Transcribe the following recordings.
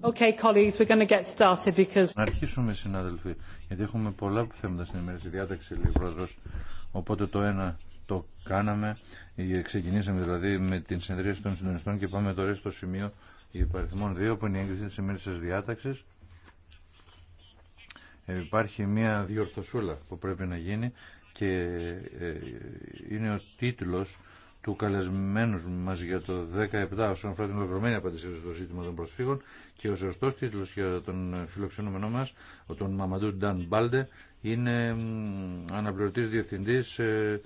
Να αρχίσουμε, συνάδελφοι, γιατί έχουμε πολλά θέματα στην ημέρα στη διάταξη, λέει ο Οπότε το ένα το κάναμε, ε, ξεκινήσαμε δηλαδή με την συνεδρίαση των συντονιστών και πάμε τώρα στο σημείο υπαριθμών 2, που είναι η έγκριση της ημέρας της διάταξης. Ε, υπάρχει μία διορθωσούλα που πρέπει να γίνει και ε, είναι ο τίτλος του καλεσμένου μα για το 17 όσον αφορά την ολοκληρωμένη απάντηση στο ζήτημα των προσφύγων και ο σωστό τίτλο για τον φιλοξενούμενό μα, τον Μαμαντού Νταν Μπάλντε, είναι αναπληρωτή διευθυντή ε,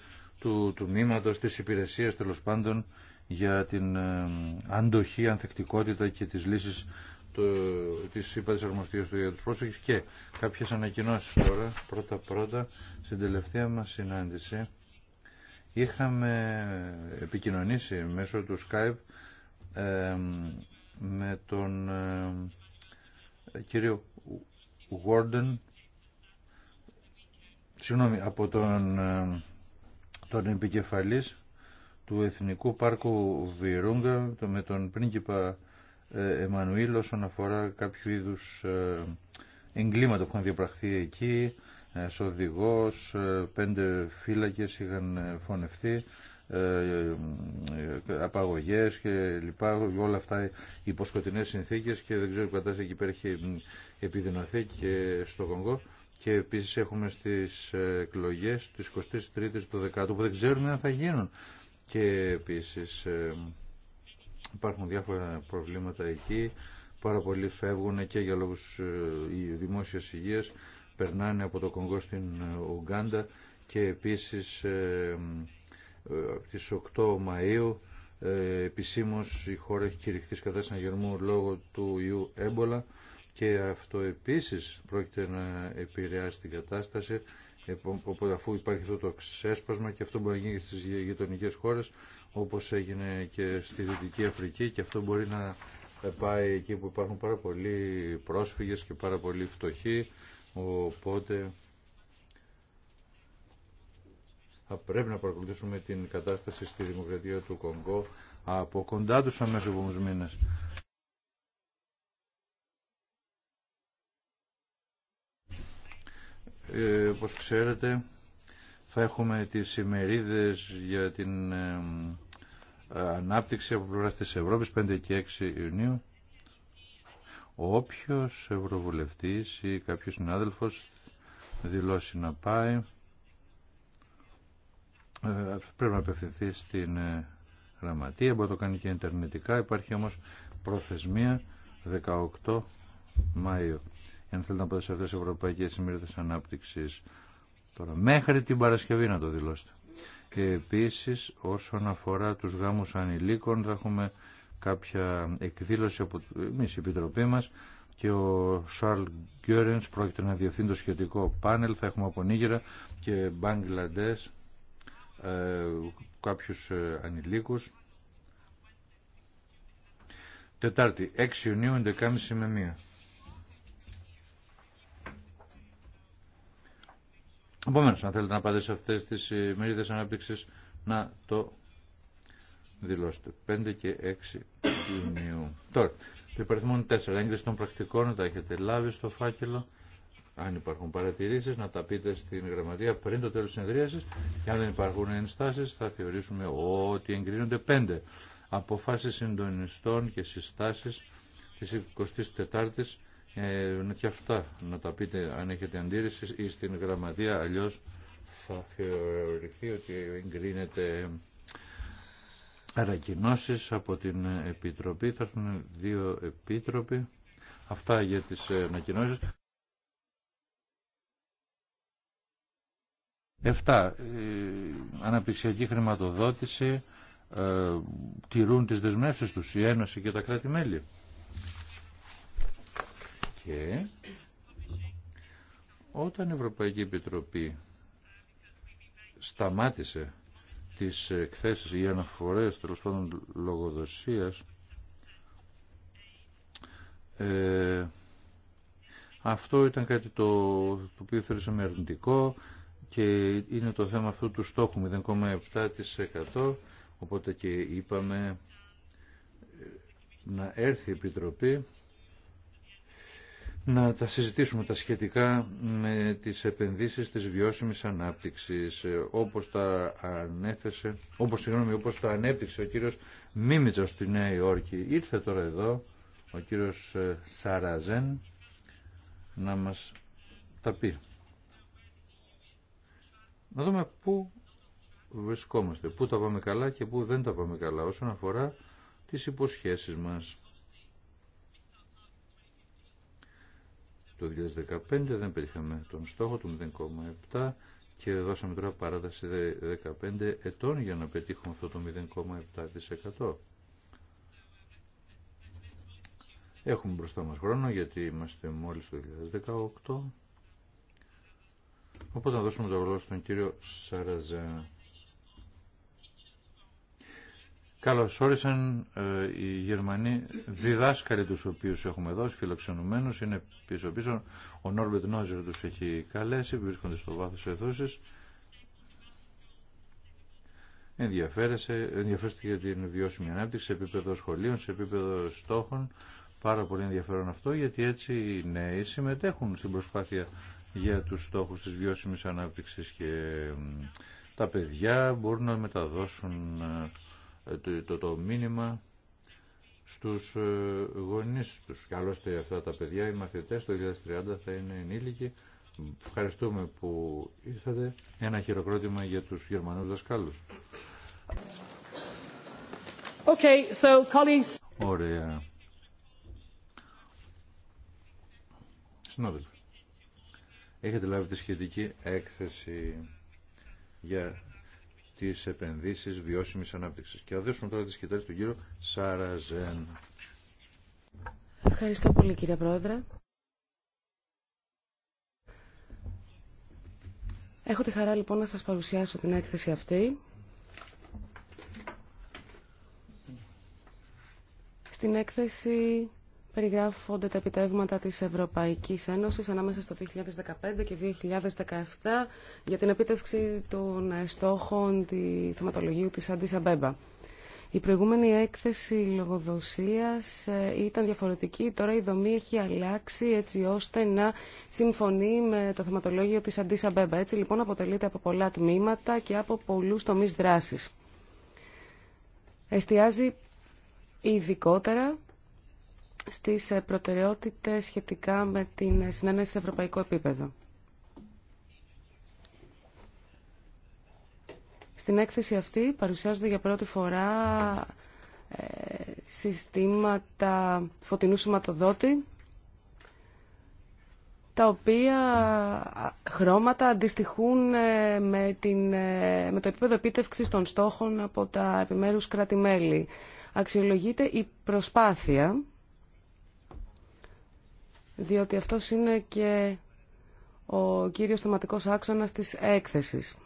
του, του μήματο τη υπηρεσία τέλο πάντων για την ε, αντοχή, ανθεκτικότητα και τι λύσει τη της ΥΠΑ του για τους πρόσφυγες και κάποιες ανακοινώσεις τώρα πρώτα πρώτα στην τελευταία μας συνάντηση Είχαμε επικοινωνήσει μέσω του Skype με τον κύριο Warden συγγνώμη, από τον, ε, τον επικεφαλής του Εθνικού Πάρκου Βιρούγκα με τον πρίγκιπα ε, Εμμανουήλ όσον αφορά κάποιο είδους ε, εγκλήματα που έχουν διαπραχθεί εκεί ένας οδηγός, ε, πέντε φύλακες είχαν ε, φωνευτεί, ε, απαγωγές και λοιπά, όλα αυτά υποσκοτεινές συνθήκες και δεν ξέρω η κατάσταση εκεί πέρα έχει επιδεινωθεί και στο Κονγκό και επίσης έχουμε στις εκλογές τις 23ης του 10 που δεν ξέρουμε αν θα γίνουν και επίσης υπάρχουν διάφορα προβλήματα εκεί πάρα πολλοί φεύγουν και για λόγους δημόσιας υγείας περνάνε από το Κονγκό στην ε, Ουγκάντα και επίσης ε, ε, από τις 8 Μαΐου επισήμως η χώρα έχει κηρυχθεί κατάσταση αγερμού λόγω του ιού έμπολα και αυτό επίσης πρόκειται να επηρεάσει την κατάσταση οπότε αφού υπάρχει αυτό το ξέσπασμα και αυτό μπορεί να γίνει στις γειτονικέ χώρες όπως έγινε και στη Δυτική Αφρική και αυτό μπορεί να πάει εκεί που υπάρχουν πάρα πολλοί πρόσφυγες και πάρα πολλοί φτωχοί Οπότε θα πρέπει να παρακολουθήσουμε την κατάσταση στη Δημοκρατία του Κονγκό από κοντά τους αμέσως μήνες. Ε, όπως ξέρετε θα έχουμε τις ημερίδες για την ε, ε, ανάπτυξη από πλευράς της Ευρώπης 5 και 6 Ιουνίου όποιος ευρωβουλευτής ή κάποιος συνάδελφος δηλώσει να πάει ε, πρέπει να απευθυνθεί στην ε, γραμματεία, μπορεί να το κάνει και ιντερνετικά υπάρχει όμως προθεσμία 18 Μαΐου αν θέλετε να πάτε σε αυτές τις Ευρωπαϊκές Ανάπτυξης τώρα μέχρι την Παρασκευή να το δηλώσετε και επίσης όσον αφορά τους γάμους ανηλίκων θα έχουμε κάποια εκδήλωση από εμείς η Επιτροπή μας και ο Σαρλ Γκιόρενς πρόκειται να διευθύνει το σχετικό πάνελ θα έχουμε από Νίγερα και Μπαγκλαντές ε, κάποιους ε, ανηλίκους Τετάρτη 6 Ιουνίου 11.30 με 1 Επομένως, αν θέλετε να πάτε σε αυτές τις μερίδες ανάπτυξης, να το δηλώστε. 5 και 6 Ιουνίου. Τώρα, το υπαριθμό 4. Έγκριση των πρακτικών να τα έχετε λάβει στο φάκελο. Αν υπάρχουν παρατηρήσεις να τα πείτε στην γραμματεία πριν το τέλος της συνεδρίασης και αν δεν υπάρχουν ενστάσεις θα θεωρήσουμε ότι εγκρίνονται 5 αποφάσεις συντονιστών και συστάσεις της 24ης ε, και αυτά να τα πείτε αν έχετε αντίρρηση ή στην γραμματεία αλλιώς θα θεωρηθεί ότι εγκρίνεται ανακοινώσει από την Επιτροπή. Θα έρθουν δύο επίτροποι. Αυτά για τις ανακοινώσει. Εφτά. Ε, αναπτυξιακή χρηματοδότηση. Ε, τηρούν τις δεσμεύσεις τους η Ένωση και τα κράτη-μέλη. Και όταν η Ευρωπαϊκή Επιτροπή σταμάτησε τις εκθέσεις ή αναφορές τέλος πάντων λογοδοσίας ε, αυτό ήταν κάτι το, το οποίο θέλησαμε αρνητικό και είναι το θέμα αυτού του στόχου 0,7% οπότε και είπαμε ε, να έρθει η Επιτροπή να τα συζητήσουμε τα σχετικά με τις επενδύσεις της βιώσιμης ανάπτυξης ε, όπως τα ανέθεσε, όπως, συγγνώμη, όπως τα ανέπτυξε ο κύριος Μίμητσος στη Νέα Υόρκη. Ήρθε τώρα εδώ ο κύριος ε, Σαραζέν να μας τα πει. Να δούμε πού βρισκόμαστε, πού τα πάμε καλά και πού δεν τα πάμε καλά όσον αφορά τις υποσχέσεις μας. Το 2015 δεν πετύχαμε τον στόχο του 0,7 και δώσαμε τώρα παράταση 15 ετών για να πετύχουμε αυτό το 0,7%. Έχουμε μπροστά μας χρόνο γιατί είμαστε μόλις το 2018. Οπότε να δώσουμε το λόγο στον κύριο Σαραζά. Καλώς όρισαν ε, οι Γερμανοί διδάσκαλοι τους οποίους έχουμε δώσει, φιλοξενουμένους, είναι πίσω-πίσω. Ο Νόρμπετ Νόζερ τους έχει καλέσει, βρίσκονται στο βάθος αιθούσης. Ενδιαφέρεσε, ενδιαφέρεστε για την βιώσιμη ανάπτυξη σε επίπεδο σχολείων, σε επίπεδο στόχων. Πάρα πολύ ενδιαφέρον αυτό γιατί έτσι οι νέοι συμμετέχουν στην προσπάθεια για τους στόχους της βιώσιμης ανάπτυξης και τα παιδιά μπορούν να μεταδώσουν ε, ε, το, το, το μήνυμα στους ε, γονείς τους. Και άλλωστε αυτά τα παιδιά, οι μαθητές, το 2030 θα είναι ενήλικοι. Ευχαριστούμε που ήρθατε. Ένα χειροκρότημα για τους Γερμανούς δασκάλους. Okay, so colleagues... Ωραία. Συνόδελφοι, έχετε λάβει τη σχετική έκθεση για τι επενδύσεις βιώσιμης ανάπτυξης. Και θα δώσουμε τώρα τις κοιτάξει του κύριο Σαραζέν. Ευχαριστώ πολύ κύριε Πρόεδρε. Έχω τη χαρά λοιπόν να σας παρουσιάσω την έκθεση αυτή. Στην έκθεση περιγράφονται τα επιτεύγματα της Ευρωπαϊκής Ένωσης ανάμεσα στο 2015 και 2017 για την επίτευξη των στόχων τη θεματολογίου της Αντίσα Η προηγούμενη έκθεση λογοδοσίας ε, ήταν διαφορετική, τώρα η δομή έχει αλλάξει έτσι ώστε να συμφωνεί με το θεματολόγιο της Αντίσα Έτσι λοιπόν αποτελείται από πολλά τμήματα και από πολλούς τομείς δράσης. Εστιάζει ειδικότερα στις ε, προτεραιότητες σχετικά με την ε, συνένεση σε ευρωπαϊκό επίπεδο. Στην έκθεση αυτή παρουσιάζονται για πρώτη φορά ε, συστήματα φωτεινού σηματοδότη τα οποία χρώματα αντιστοιχούν με, την, με το επίπεδο επίτευξης των στόχων από τα επιμέρους κράτη-μέλη. Αξιολογείται η προσπάθεια διότι αυτό είναι και ο κύριος θεματικός άξονας της έκθεσης.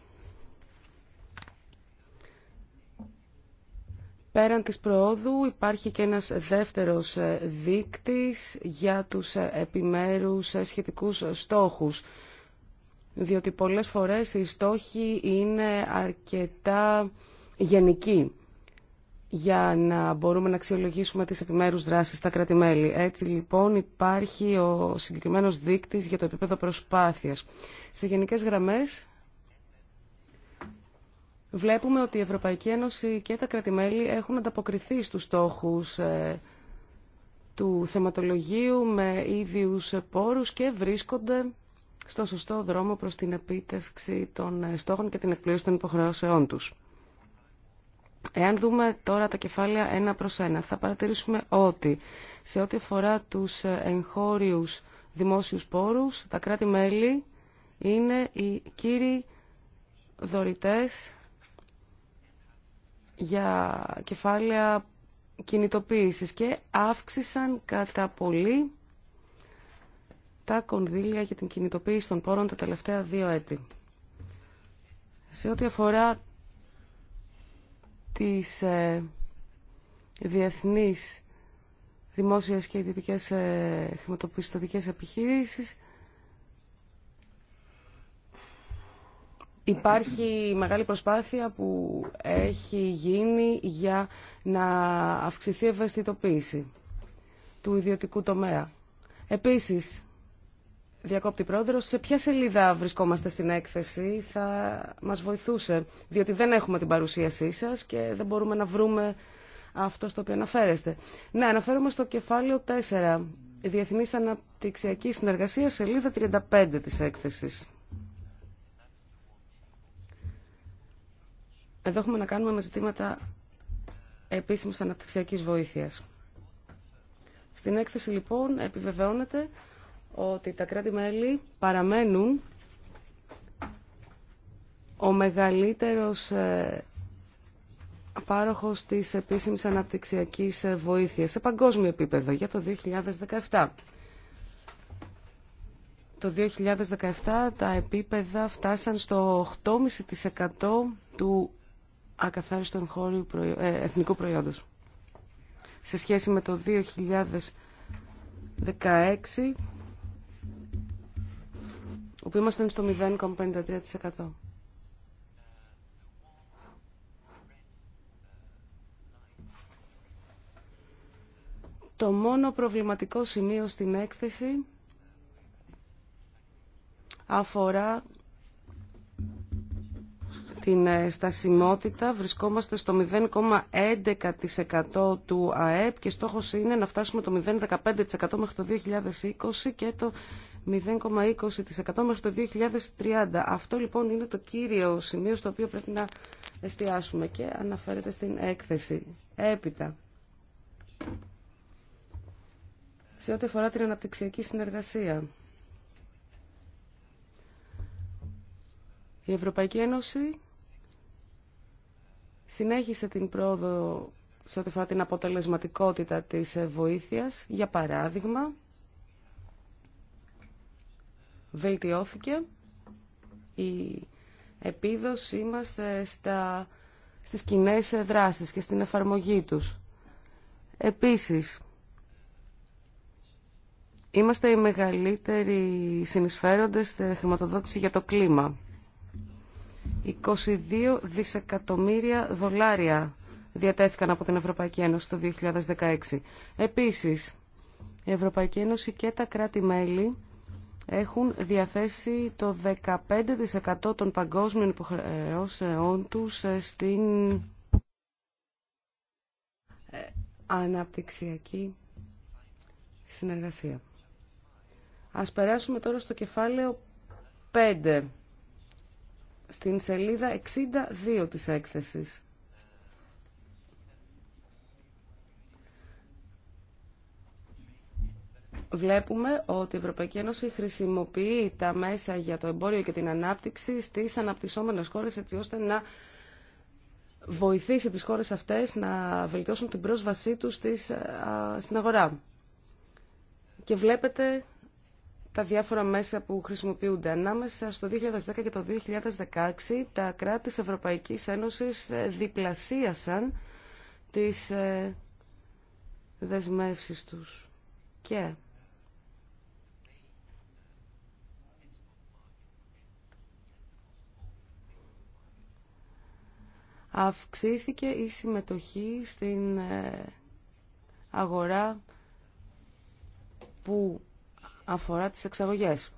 Πέραν της προόδου υπάρχει και ένας δεύτερος δείκτης για τους επιμέρους σχετικούς στόχους, διότι πολλές φορές οι στόχοι είναι αρκετά γενικοί για να μπορούμε να αξιολογήσουμε τις επιμέρους δράσεις στα κρατη Έτσι λοιπόν υπάρχει ο συγκεκριμένος δείκτης για το επίπεδο προσπάθειας. Σε γενικές γραμμές βλέπουμε ότι η Ευρωπαϊκή Ένωση και τα κράτη-μέλη έχουν ανταποκριθεί στους στόχους ε, του θεματολογίου με ίδιους πόρους και βρίσκονται στο σωστό δρόμο προς την επίτευξη των ε, στόχων και την εκπλήρωση των υποχρεώσεών τους. Εάν δούμε τώρα τα κεφάλαια ένα προς ένα, θα παρατηρήσουμε ότι σε ό,τι αφορά τους εγχώριους δημόσιους πόρους, τα κράτη-μέλη είναι οι κύριοι δωρητές για κεφάλαια κινητοποίησης και αύξησαν κατά πολύ τα κονδύλια για την κινητοποίηση των πόρων τα τελευταία δύο έτη. Σε ό,τι αφορά της ε, Διεθνής Δημόσιας και ιδιωτικές ε, χρηματοπιστωτικές επιχειρήσεις. Υπάρχει μεγάλη προσπάθεια που έχει γίνει για να αυξηθεί η ευαισθητοποίηση του ιδιωτικού τομέα. Επίσης, Διακόπτη Πρόεδρο, σε ποια σελίδα βρισκόμαστε στην έκθεση θα μας βοηθούσε, διότι δεν έχουμε την παρουσίασή σας και δεν μπορούμε να βρούμε αυτό στο οποίο αναφέρεστε. Ναι, αναφέρομαι στο κεφάλαιο 4, Διεθνής Αναπτυξιακή Συνεργασία, σελίδα 35 της έκθεσης. Εδώ έχουμε να κάνουμε με ζητήματα επίσημης αναπτυξιακής βοήθειας. Στην έκθεση λοιπόν επιβεβαιώνεται ότι τα κράτη-μέλη παραμένουν ο μεγαλύτερος ε, πάροχος της επίσημης αναπτυξιακής ε, βοήθειας σε παγκόσμιο επίπεδο για το 2017. Το 2017 τα επίπεδα φτάσαν στο 8,5% του ακαθάριστου ε, εθνικού προϊόντος. Σε σχέση με το 2016 όπου ήμασταν στο 0,53%. Το μόνο προβληματικό σημείο στην έκθεση αφορά την στασιμότητα. Βρισκόμαστε στο 0,11% του ΑΕΠ και στόχος είναι να φτάσουμε το 0,15% μέχρι το 2020 και το 0,20% μέχρι το 2030. Αυτό λοιπόν είναι το κύριο σημείο στο οποίο πρέπει να εστιάσουμε και αναφέρεται στην έκθεση. Έπειτα. Σε ό,τι αφορά την αναπτυξιακή συνεργασία. Η Ευρωπαϊκή Ένωση συνέχισε την πρόοδο σε ό,τι αφορά την αποτελεσματικότητα της βοήθειας. Για παράδειγμα, βελτιώθηκε η επίδοση μας ε, στα, στις κοινέ δράσεις και στην εφαρμογή τους. Επίσης, είμαστε οι μεγαλύτεροι συνεισφέροντες στη χρηματοδότηση για το κλίμα. 22 δισεκατομμύρια δολάρια διατέθηκαν από την Ευρωπαϊκή Ένωση το 2016. Επίσης, η Ευρωπαϊκή Ένωση και τα κράτη-μέλη έχουν διαθέσει το 15% των παγκόσμιων υποχρεώσεών τους ε, στην ε, αναπτυξιακή συνεργασία. Ας περάσουμε τώρα στο κεφάλαιο 5, στην σελίδα 62 της έκθεσης. βλέπουμε ότι η Ευρωπαϊκή Ένωση χρησιμοποιεί τα μέσα για το εμπόριο και την ανάπτυξη στις αναπτυσσόμενες χώρες έτσι ώστε να βοηθήσει τις χώρες αυτές να βελτιώσουν την πρόσβασή τους στις, στην αγορά. Και βλέπετε τα διάφορα μέσα που χρησιμοποιούνται. Ανάμεσα στο 2010 και το 2016 τα κράτη της Ευρωπαϊκής Ένωσης ε, διπλασίασαν τις ε, δεσμεύσεις τους. Και αυξήθηκε η συμμετοχή στην ε, αγορά που αφορά τις εξαγωγές.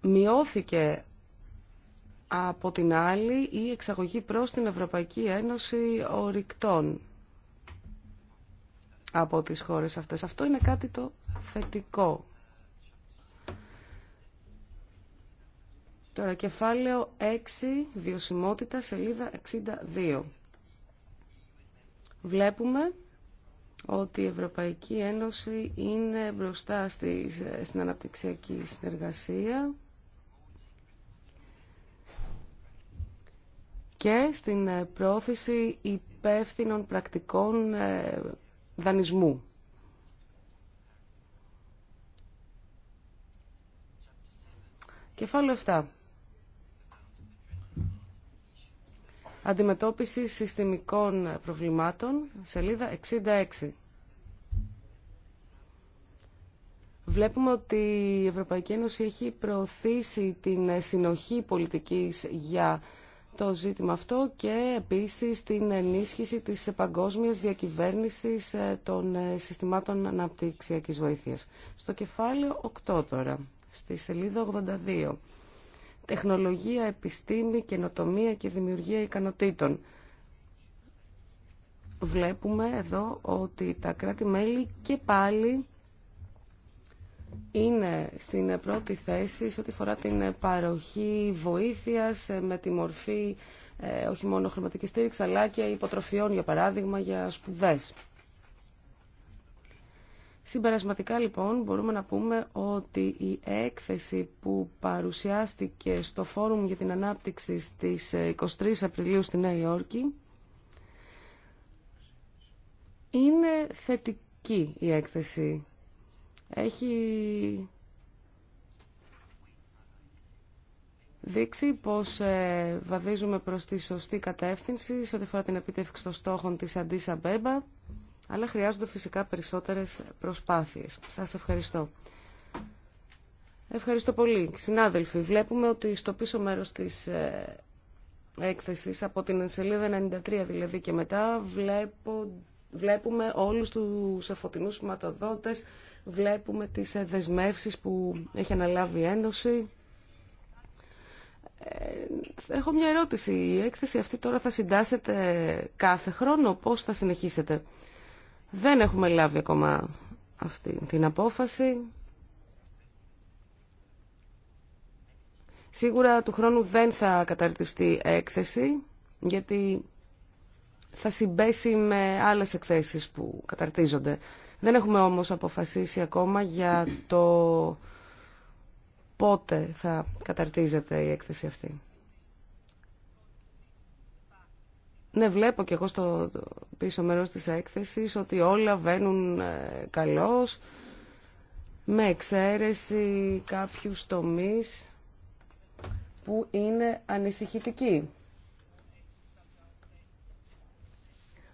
Μειώθηκε από την άλλη η εξαγωγή προς την Ευρωπαϊκή Ένωση ορυκτών από τις χώρες αυτές. Αυτό είναι κάτι το θετικό. Τώρα, κεφάλαιο 6, βιωσιμότητα, σελίδα 62. Βλέπουμε ότι η Ευρωπαϊκή Ένωση είναι μπροστά στην αναπτυξιακή συνεργασία και στην πρόθεση υπεύθυνων πρακτικών ε, δανεισμού. Κεφάλαιο 7. Αντιμετώπιση συστημικών προβλημάτων, σελίδα 66. Βλέπουμε ότι η Ευρωπαϊκή Ένωση έχει προωθήσει την συνοχή πολιτικής για το ζήτημα αυτό και επίσης την ενίσχυση της παγκόσμιας διακυβέρνησης ε, των ε, συστημάτων αναπτυξιακής βοήθειας. Στο κεφάλαιο 8 τώρα στη σελίδα 82. Τεχνολογία, επιστήμη, καινοτομία και δημιουργία ικανοτήτων. Βλέπουμε εδώ ότι τα κράτη-μέλη και πάλι είναι στην πρώτη θέση σε ό,τι φορά την παροχή βοήθειας ε, με τη μορφή ε, όχι μόνο χρηματική στήριξη αλλά και υποτροφιών για παράδειγμα για σπουδές. Συμπερασματικά λοιπόν μπορούμε να πούμε ότι η έκθεση που παρουσιάστηκε στο Φόρουμ για την Ανάπτυξη στις 23 ε, Απριλίου στη Νέα Υόρκη είναι θετική η έκθεση. Έχει δείξει πως ε, βαδίζουμε προς τη σωστή κατεύθυνση σε ό,τι φορά την επίτευξη των στόχων της Αντίσα Μπέμπα αλλά χρειάζονται φυσικά περισσότερες προσπάθειες. Σας ευχαριστώ. Ευχαριστώ πολύ. Συνάδελφοι, βλέπουμε ότι στο πίσω μέρος της ε, έκθεσης, από την σελίδα 93 δηλαδή και μετά, βλέπουμε όλους τους εφωτινούς σηματοδότες, βλέπουμε τις ε, δεσμεύσεις που έχει αναλάβει η Ένωση. Ε, έχω μια ερώτηση. Η έκθεση αυτή τώρα θα συντάσσεται κάθε χρόνο. Πώς θα συνεχίσετε. Δεν έχουμε λάβει ακόμα αυτή την απόφαση. Σίγουρα του χρόνου δεν θα καταρτιστεί έκθεση, γιατί θα συμπέσει με άλλες εκθέσεις που καταρτίζονται. Δεν έχουμε όμως αποφασίσει ακόμα για το πότε θα καταρτίζεται η έκθεση αυτή. Ναι, βλέπω και εγώ στο πίσω μέρος της έκθεσης ότι όλα βαίνουν ε, καλώς, με εξαίρεση κάποιους τομείς που είναι ανησυχητικοί.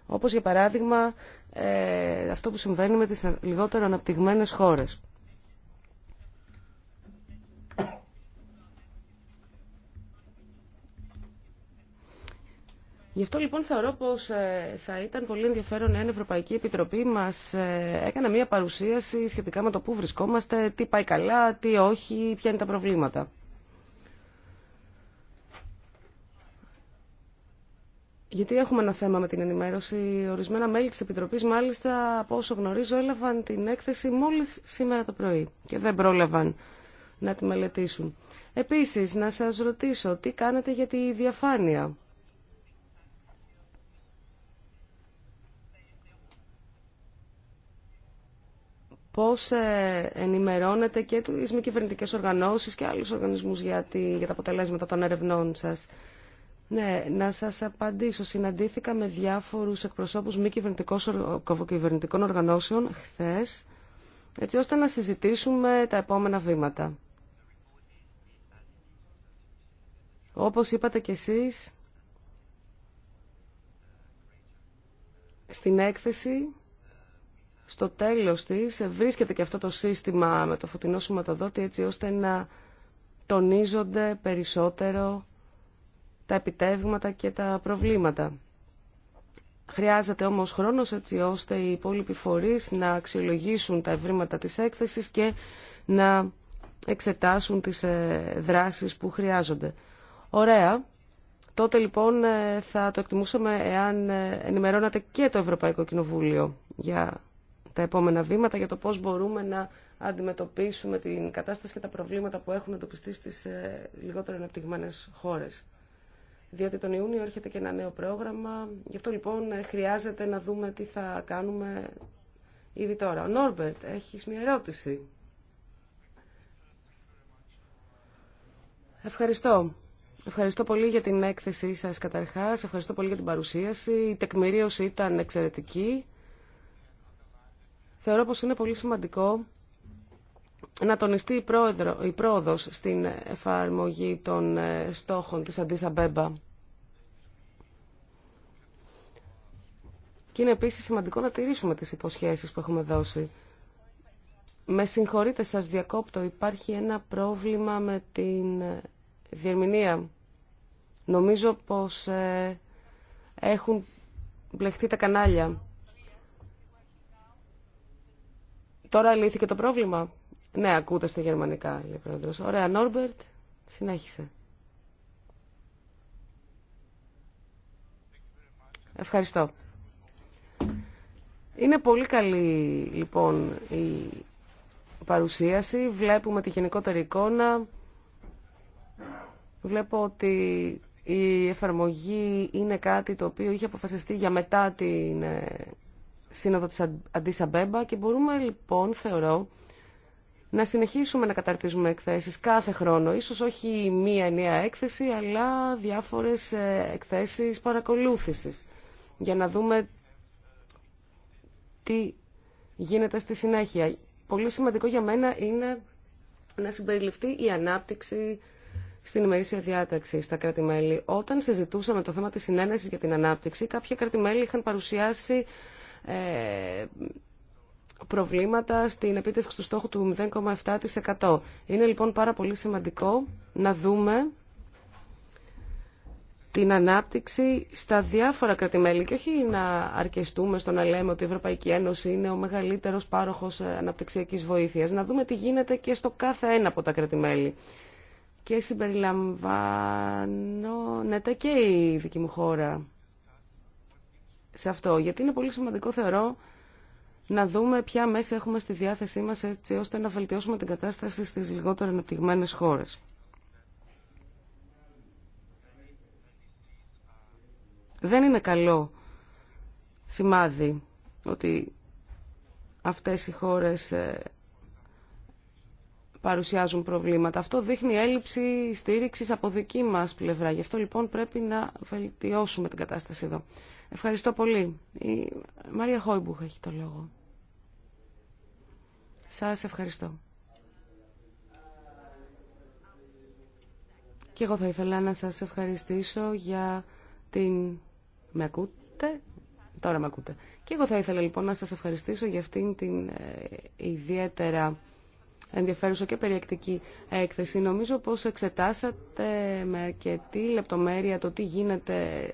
Όπως για παράδειγμα ε, αυτό που συμβαίνει με τις λιγότερο αναπτυγμένες χώρες. Γι' αυτό λοιπόν θεωρώ πως ε, θα ήταν πολύ ενδιαφέρον εάν η Ευρωπαϊκή Επιτροπή μας ε, έκανε μια παρουσίαση σχετικά με το πού βρισκόμαστε, τι πάει καλά, τι όχι, ποια είναι τα προβλήματα. Γιατί έχουμε ένα θέμα με την ενημέρωση. Ορισμένα μέλη της Επιτροπής, μάλιστα, από όσο γνωρίζω, έλαβαν την έκθεση μόλις σήμερα το πρωί και δεν πρόλαβαν να τη μελετήσουν. Επίσης, να σας ρωτήσω τι κάνετε για τη διαφάνεια. πώς ε, ενημερώνετε και τις μη κυβερνητικές οργανώσεις και άλλους οργανισμούς για, για τα αποτελέσματα των ερευνών σας. Ναι, να σας απαντήσω. Συναντήθηκα με διάφορους εκπροσώπους μη κυβερνητικών οργανώσεων χθες, έτσι ώστε να συζητήσουμε τα επόμενα βήματα. Όπως είπατε κι εσείς, στην έκθεση στο τέλος της βρίσκεται και αυτό το σύστημα με το φωτεινό σηματοδότη έτσι ώστε να τονίζονται περισσότερο τα επιτεύγματα και τα προβλήματα. Χρειάζεται όμως χρόνος έτσι ώστε οι υπόλοιποι φορείς να αξιολογήσουν τα ευρήματα της έκθεσης και να εξετάσουν τις ε, δράσεις που χρειάζονται. Ωραία. Τότε λοιπόν ε, θα το εκτιμούσαμε εάν ε, ενημερώνατε και το Ευρωπαϊκό Κοινοβούλιο για τα επόμενα βήματα για το πώς μπορούμε να αντιμετωπίσουμε την κατάσταση και τα προβλήματα που έχουν εντοπιστεί στις ε, λιγότερο αναπτυγμένες χώρες. Διότι τον Ιούνιο έρχεται και ένα νέο πρόγραμμα, γι' αυτό λοιπόν ε, χρειάζεται να δούμε τι θα κάνουμε ήδη τώρα. Ο Νόρμπερτ, έχεις μια ερώτηση. Ευχαριστώ. Ευχαριστώ πολύ για την έκθεσή σας καταρχάς, ευχαριστώ πολύ για την παρουσίαση. Η τεκμηρίωση ήταν εξαιρετική. Θεωρώ πως είναι πολύ σημαντικό να τονιστεί η, πρόεδρο, πρόοδος στην εφαρμογή των ε, στόχων της Αντίσα Μπέμπα. Και είναι επίσης σημαντικό να τηρήσουμε τις υποσχέσεις που έχουμε δώσει. Με συγχωρείτε, σας διακόπτω. Υπάρχει ένα πρόβλημα με την ε, διερμηνία. Νομίζω πως ε, έχουν μπλεχτεί τα κανάλια. Τώρα λύθηκε το πρόβλημα. Ναι, ακούτε στα γερμανικά, λέει ο πρόεδρος. Ωραία, Νόρμπερτ, συνέχισε. Ευχαριστώ. Είναι πολύ καλή, λοιπόν, η παρουσίαση. Βλέπουμε τη γενικότερη εικόνα. Βλέπω ότι η εφαρμογή είναι κάτι το οποίο είχε αποφασιστεί για μετά την ε, σύνοδο της Αντίσα Μπέμπα και μπορούμε λοιπόν, θεωρώ, να συνεχίσουμε να καταρτίζουμε εκθέσεις κάθε χρόνο. Ίσως όχι μία νέα έκθεση, αλλά διάφορες ε, εκθέσεις παρακολούθησης για να δούμε τι γίνεται στη συνέχεια. Πολύ σημαντικό για μένα είναι να συμπεριληφθεί η ανάπτυξη στην ημερήσια διάταξη στα κράτη-μέλη. Όταν συζητούσαμε το θέμα της συνένεσης για την ανάπτυξη, κάποια κράτη-μέλη είχαν παρουσιάσει ε, προβλήματα στην επίτευξη του στόχου του 0,7%. Είναι λοιπόν πάρα πολύ σημαντικό να δούμε την ανάπτυξη στα διάφορα κρατημέλη και όχι να αρκεστούμε στο να λέμε ότι η Ευρωπαϊκή Ένωση είναι ο μεγαλύτερος πάροχος ε, αναπτυξιακής βοήθειας. Να δούμε τι γίνεται και στο κάθε ένα από τα κρατημέλη. Και συμπεριλαμβάνεται και η δική μου χώρα σε αυτό, γιατί είναι πολύ σημαντικό θεωρώ να δούμε ποια μέσα έχουμε στη διάθεσή μας έτσι ώστε να βελτιώσουμε την κατάσταση στις λιγότερο αναπτυγμένες χώρες. Δεν είναι καλό σημάδι ότι αυτές οι χώρες ε, παρουσιάζουν προβλήματα. Αυτό δείχνει έλλειψη στήριξης από δική μας πλευρά. Γι' αυτό λοιπόν πρέπει να βελτιώσουμε την κατάσταση εδώ. Ευχαριστώ πολύ. Η Μαρία Χόιμπουχ έχει το λόγο. Σας ευχαριστώ. Και εγώ θα ήθελα να σας ευχαριστήσω για την... Με ακούτε? Τώρα με ακούτε. Και εγώ θα ήθελα λοιπόν να σας ευχαριστήσω για αυτήν την ε, ιδιαίτερα ενδιαφέρουσα και περιεκτική έκθεση. Νομίζω πως εξετάσατε με αρκετή λεπτομέρεια το τι γίνεται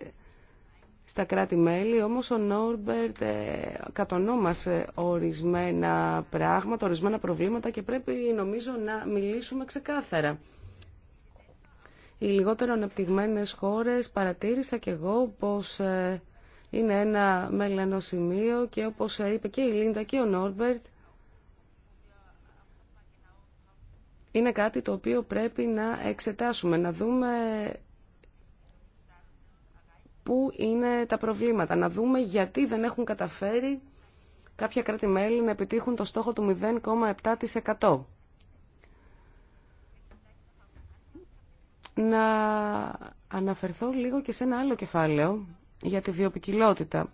στα κράτη-μέλη, όμως ο Νόρμπερτ ε, κατονόμασε ορισμένα πράγματα, ορισμένα προβλήματα και πρέπει νομίζω να μιλήσουμε ξεκάθαρα. Οι λιγότερο αναπτυγμένες χώρες παρατήρησα και εγώ πως ε, είναι ένα μελανό σημείο και όπως είπε και η Λίντα και ο Νόρμπερτ, είναι κάτι το οποίο πρέπει να εξετάσουμε, να δούμε πού είναι τα προβλήματα, να δούμε γιατί δεν έχουν καταφέρει κάποια κράτη-μέλη να επιτύχουν το στόχο του 0,7%. Να αναφερθώ λίγο και σε ένα άλλο κεφάλαιο για τη βιοπικιλότητα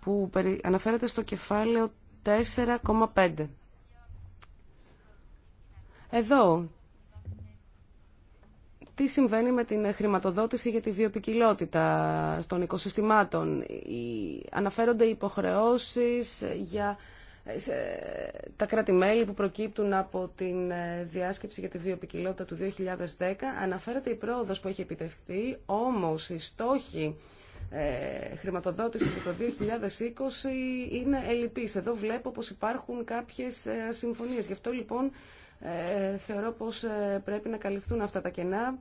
που αναφέρεται στο κεφάλαιο 4,5. Εδώ, τι συμβαίνει με την χρηματοδότηση για τη βιοπικιλότητα των οικοσυστημάτων. Αναφέρονται υποχρεώσεις για τα κράτη-μέλη που προκύπτουν από την ε, διάσκεψη για τη βιοπικιλότητα του 2010. Αναφέρεται η πρόοδος που έχει επιτευχθεί, όμως οι στόχοι ε, χρηματοδότησης για το 2020 είναι ελλειπής. Εδώ βλέπω πως υπάρχουν κάποιες ε, συμφωνίες. Γι' αυτό λοιπόν ε, θεωρώ πως ε, πρέπει να καλυφθούν αυτά τα κενά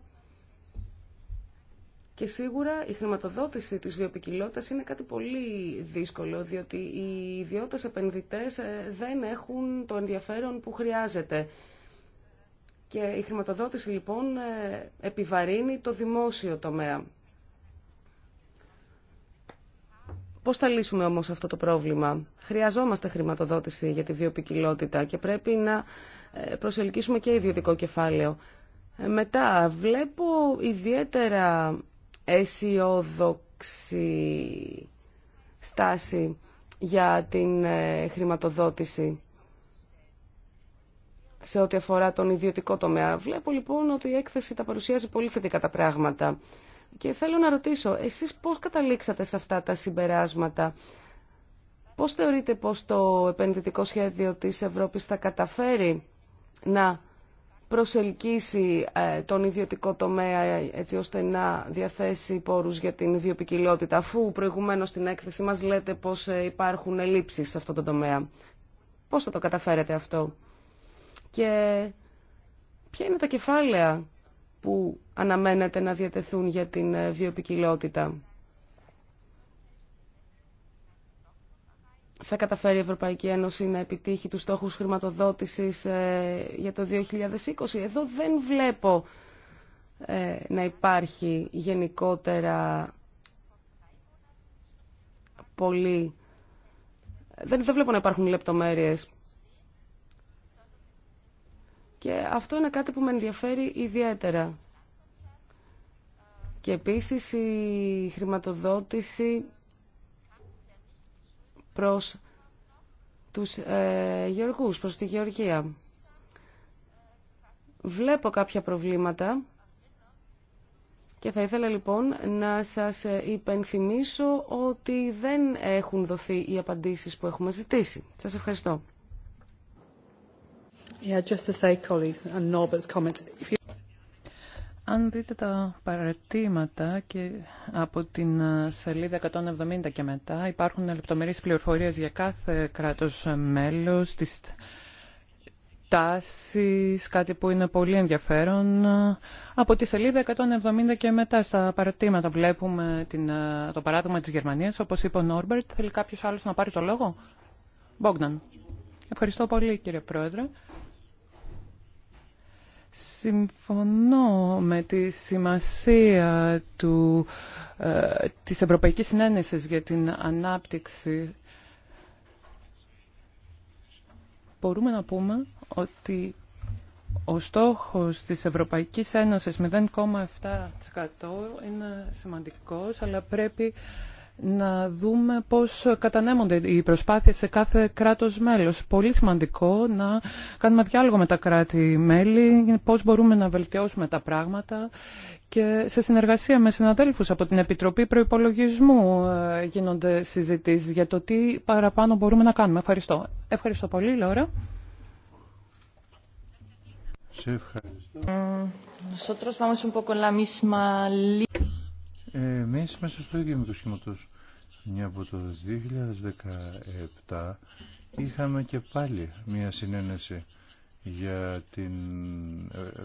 και σίγουρα η χρηματοδότηση της βιοπικιλότητας είναι κάτι πολύ δύσκολο, διότι οι ιδιώτες επενδυτές ε, δεν έχουν το ενδιαφέρον που χρειάζεται. Και η χρηματοδότηση λοιπόν επιβαρύνει το δημόσιο τομέα. Πώς θα λύσουμε όμως αυτό το πρόβλημα. Χρειαζόμαστε χρηματοδότηση για τη βιοπικιλότητα και πρέπει να ε, προσελκύσουμε και ιδιωτικό κεφάλαιο. Ε, μετά βλέπω ιδιαίτερα αισιόδοξη στάση για την ε, χρηματοδότηση σε ό,τι αφορά τον ιδιωτικό τομέα. Βλέπω λοιπόν ότι η έκθεση τα παρουσιάζει πολύ θετικά τα πράγματα. Και θέλω να ρωτήσω, εσείς πώς καταλήξατε σε αυτά τα συμπεράσματα. Πώς θεωρείτε πως το επενδυτικό σχέδιο της Ευρώπης θα καταφέρει να προσελκύσει ε, τον ιδιωτικό τομέα ε, έτσι ώστε να διαθέσει πόρους για την βιοπικιλότητα αφού προηγουμένως στην έκθεση μας λέτε πως ε, υπάρχουν ελλείψεις σε αυτό το τομέα. Πώς θα το καταφέρετε αυτό και ποια είναι τα κεφάλαια που αναμένεται να διατεθούν για την βιοπικιλότητα. θα καταφέρει η Ευρωπαϊκή Ένωση να επιτύχει τους στόχους χρηματοδότησης ε, για το 2020. Εδώ δεν βλέπω ε, να υπάρχει γενικότερα πολύ... Δεν, δεν βλέπω να υπάρχουν λεπτομέρειες. Και αυτό είναι κάτι που με ενδιαφέρει ιδιαίτερα. Και επίσης η χρηματοδότηση προς τους ε, γεωργούς, προς τη γεωργία. Βλέπω κάποια προβλήματα και θα ήθελα λοιπόν να σας ε, υπενθυμίσω ότι δεν έχουν δοθεί οι απαντήσεις που έχουμε ζητήσει. Σας ευχαριστώ. Αν δείτε τα παρατήματα και από την ε, σελίδα 170 και μετά υπάρχουν λεπτομερείς πληροφορίες για κάθε κράτος μέλος, τις τάσεις, κάτι που είναι πολύ ενδιαφέρον. Από τη σελίδα 170 και μετά στα παρατήματα βλέπουμε την, ε, το παράδειγμα της Γερμανίας. Όπως είπε ο Νόρμπερτ, θέλει κάποιος άλλος να πάρει το λόγο. Μπόγκναν. Ευχαριστώ πολύ κύριε Πρόεδρε. Συμφωνώ με τη σημασία του, ε, της Ευρωπαϊκής Συνένεσης για την ανάπτυξη. Μπορούμε να πούμε ότι ο στόχος της Ευρωπαϊκής Ένωσης 0,7% είναι σημαντικός, αλλά πρέπει να δούμε πώς κατανέμονται οι προσπάθειες σε κάθε κράτος μέλος. Πολύ σημαντικό να κάνουμε διάλογο με τα κράτη-μέλη, πώς μπορούμε να βελτιώσουμε τα πράγματα και σε συνεργασία με συναδέλφους από την Επιτροπή Προϋπολογισμού ε, γίνονται συζητήσεις για το τι παραπάνω μπορούμε να κάνουμε. Ευχαριστώ. Ευχαριστώ πολύ, Λόρα. Σε ευχαριστώ. Εμεί μέσα στο ίδιο με μια από το 2017 είχαμε και πάλι μια συνένεση για την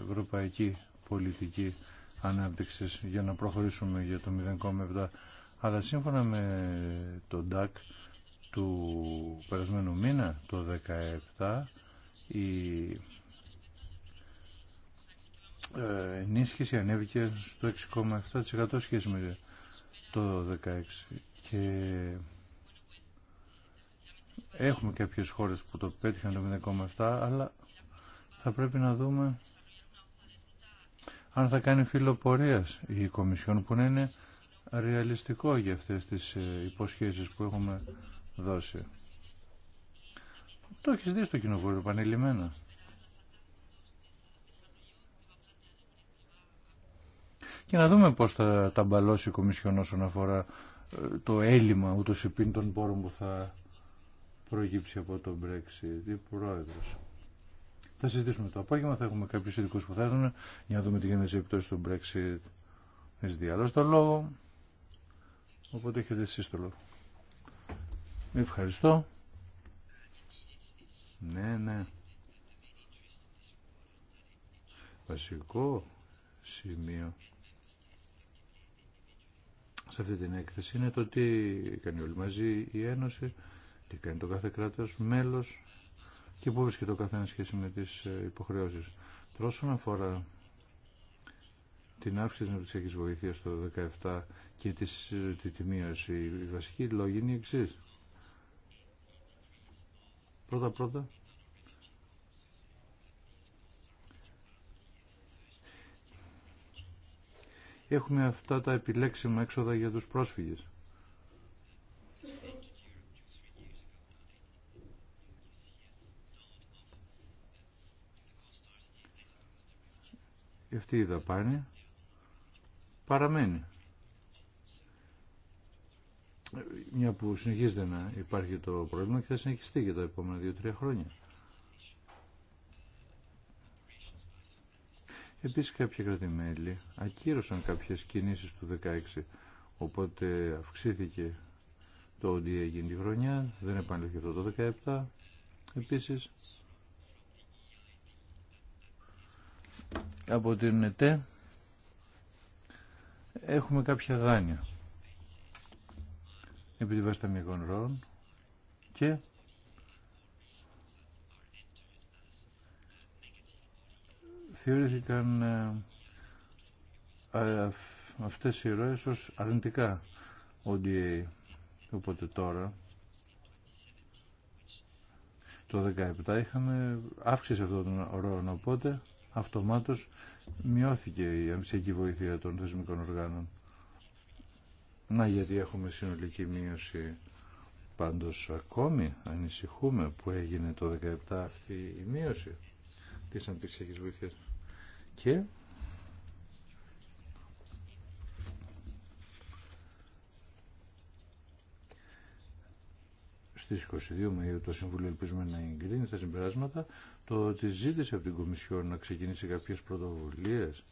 ευρωπαϊκή πολιτική ανάπτυξη για να προχωρήσουμε για το 0,7 αλλά σύμφωνα με το DAC του περασμένου μήνα το 2017 η ε, ενίσχυση ανέβηκε στο 6,7% σχέση με το 16 και έχουμε κάποιες χώρες που το πέτυχαν το 0,7 αλλά θα πρέπει να δούμε αν θα κάνει φιλοπορίας η Κομισιόν που να είναι ρεαλιστικό για αυτές τις ε, υποσχέσεις που έχουμε δώσει. Το έχεις δει στο κοινοβούλιο πανελλημένα. και να δούμε πώς θα τα μπαλώσει η Κομισιόν όσον αφορά ε, το έλλειμμα ούτως επίν των πόρων που θα προγύψει από το Brexit ή πρόεδρος. Θα συζητήσουμε το απόγευμα, θα έχουμε κάποιους ειδικού που θα έρθουν για να δούμε τι γίνεται σε επιπτώσεις του Brexit. Έχει διάλογος το λόγο. Οπότε έχετε εσείς το λόγο. Ευχαριστώ. Ναι, ναι. Βασικό σημείο σε αυτή την έκθεση είναι το τι κάνει όλοι μαζί η Ένωση, τι κάνει το κάθε κράτος μέλος και πού βρίσκεται το καθένα σχέση με τις ε, υποχρεώσεις. Τώρα όσον αφορά την αύξηση της νευρωσιακής βοήθειας το 2017 και ε, τη, τιμήωση, η βασική λόγη είναι η εξής. Πρώτα-πρώτα έχουμε αυτά τα επιλέξιμα έξοδα για τους πρόσφυγες. αυτή η δαπάνη παραμένει. Μια που συνεχίζεται να υπάρχει το πρόβλημα και θα συνεχιστεί για τα επόμενα δύο-τρία χρόνια. Επίσης κάποια κρατημέλη ακύρωσαν κάποιες κινήσεις του 16, οπότε αυξήθηκε το ότι έγινε τη χρονιά, δεν επανέλθει το 17. Επίσης, από την ΕΤΕ έχουμε κάποια δάνεια επί τη βάση ταμιακών ροών και θεωρήθηκαν ε, αυτές οι ροές ως αρνητικά ODA. Οπότε τώρα το 2017 είχαμε αύξηση αυτών των ροών, οπότε αυτομάτως μειώθηκε η αμυσιακή βοήθεια των θεσμικών οργάνων. Να γιατί έχουμε συνολική μείωση πάντως ακόμη ανησυχούμε που έγινε το 17 αυτή η μείωση της αντίστοιχη βοήθειας και στις 22 Μαΐου το Συμβούλιο ελπίζουμε να εγκρίνει στα συμπεράσματα το ότι ζήτησε από την Κομισιό να ξεκινήσει κάποιες πρωτοβουλίες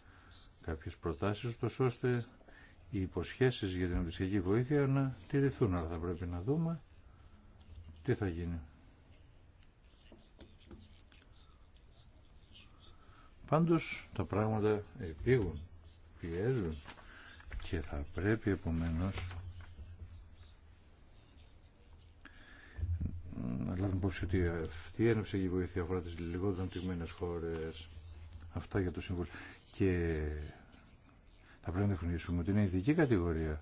κάποιες προτάσεις τόσο ώστε οι υποσχέσεις για την εμπιστική βοήθεια να τηρηθούν αλλά θα πρέπει να δούμε τι θα γίνει Πάντως τα πράγματα επίγουν, πιέζουν και θα πρέπει επομένως να λάβουμε υπόψη ότι αυτή η ένευση έχει βοηθεί αφορά τις λιγότερο αντιγμένες χώρες. Αυτά για το σύμβολο Και θα πρέπει να διευκρινίσουμε ότι είναι ειδική κατηγορία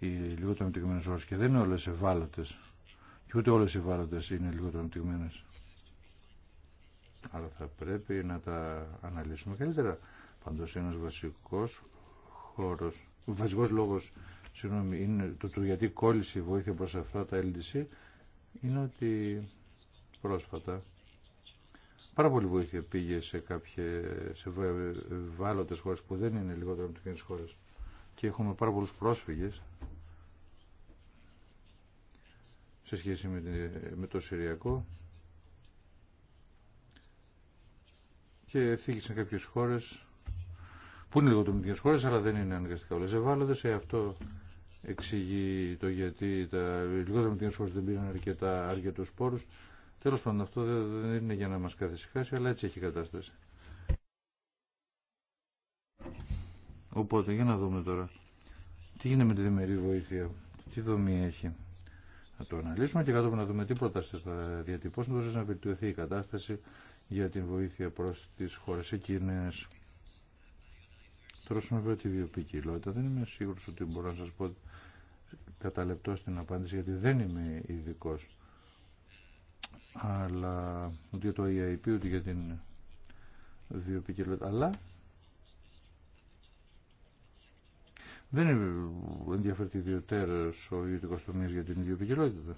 οι λιγότερο αντιγμένες χώρες και δεν είναι όλες ευάλωτες. Και ούτε όλες οι ευάλωτες είναι λιγότερο αντιγμένες αλλά θα πρέπει να τα αναλύσουμε καλύτερα. Πάντως ένας βασικός χώρος, βασικός λόγος συγγνώμη, είναι το, του γιατί κόλλησε η βοήθεια προς αυτά τα LDC είναι ότι πρόσφατα πάρα πολύ βοήθεια πήγε σε κάποιες σε ευάλωτες χώρες που δεν είναι λιγότερο από τις χώρες και έχουμε πάρα πολλούς πρόσφυγες σε σχέση με, με το Συριακό και ευθύγησαν κάποιε χώρε που είναι λιγοτομικές χώρε, αλλά δεν είναι αναγκαστικά όλε ευάλωτε. Ε, αυτό εξηγεί το γιατί τα λιγοτομικές χώρε δεν πήραν αρκετά, αρκετού πόρου. Τέλο πάντων αυτό δεν είναι για να μα καθησυχάσει αλλά έτσι έχει η κατάσταση. Οπότε για να δούμε τώρα τι γίνεται με τη διμερή βοήθεια, τι δομή έχει. να το αναλύσουμε και κατόπιν να δούμε τι πρόταση θα διατυπώσουμε, τόσο να βελτιωθεί η κατάσταση για την βοήθεια προς τις χώρες εκείνες. Τώρα σου με τη βιοποικιλότητα δεν είμαι σίγουρος ότι μπορώ να σας πω κατά λεπτό στην απάντηση γιατί δεν είμαι ειδικό. Αλλά ούτε για το EIP ούτε για την βιοποικιλότητα. Αλλά δεν ενδιαφέρει ιδιωτέρως ο ιδιωτικός τομέας για την βιοποικιλότητα.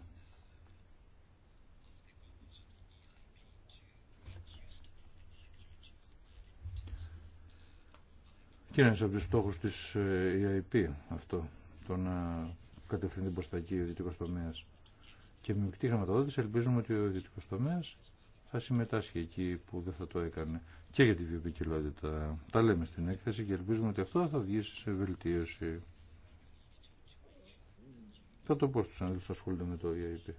Και είναι από του στόχου τη ε, EIP αυτό, το να κατευθύνει προ εκεί ο ιδιωτικό τομέα. Και με μεικτή χρηματοδότηση ελπίζουμε ότι ο ιδιωτικό τομέα θα συμμετάσχει εκεί που δεν θα το έκανε και για τη βιοποικιλότητα. Τα λέμε στην έκθεση και ελπίζουμε ότι αυτό θα βγει σε βελτίωση. Θα το πω στους συναδέλφους που ασχολούνται με το EIP.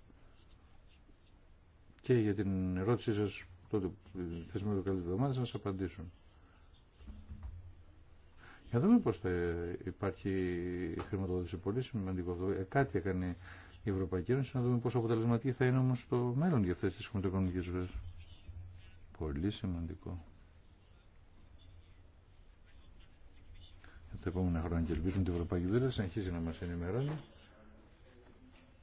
Και για την ερώτησή σας τότε ε, θες το καλή εβδομάδα να σας απαντήσουν. Να δούμε πώς θα υπάρχει χρηματοδότηση. Πολύ σημαντικό αυτό. Ε, κάτι έκανε η Ευρωπαϊκή Ένωση. Να δούμε πόσο αποτελεσματική θα είναι όμως το μέλλον για αυτές τις χρηματοοικονομικέ ζωές. Πολύ σημαντικό. Για τα επόμενα χρόνια και ελπίζουμε ότι η Ευρωπαϊκή Ένωση συνεχίζει να μας ενημερώνει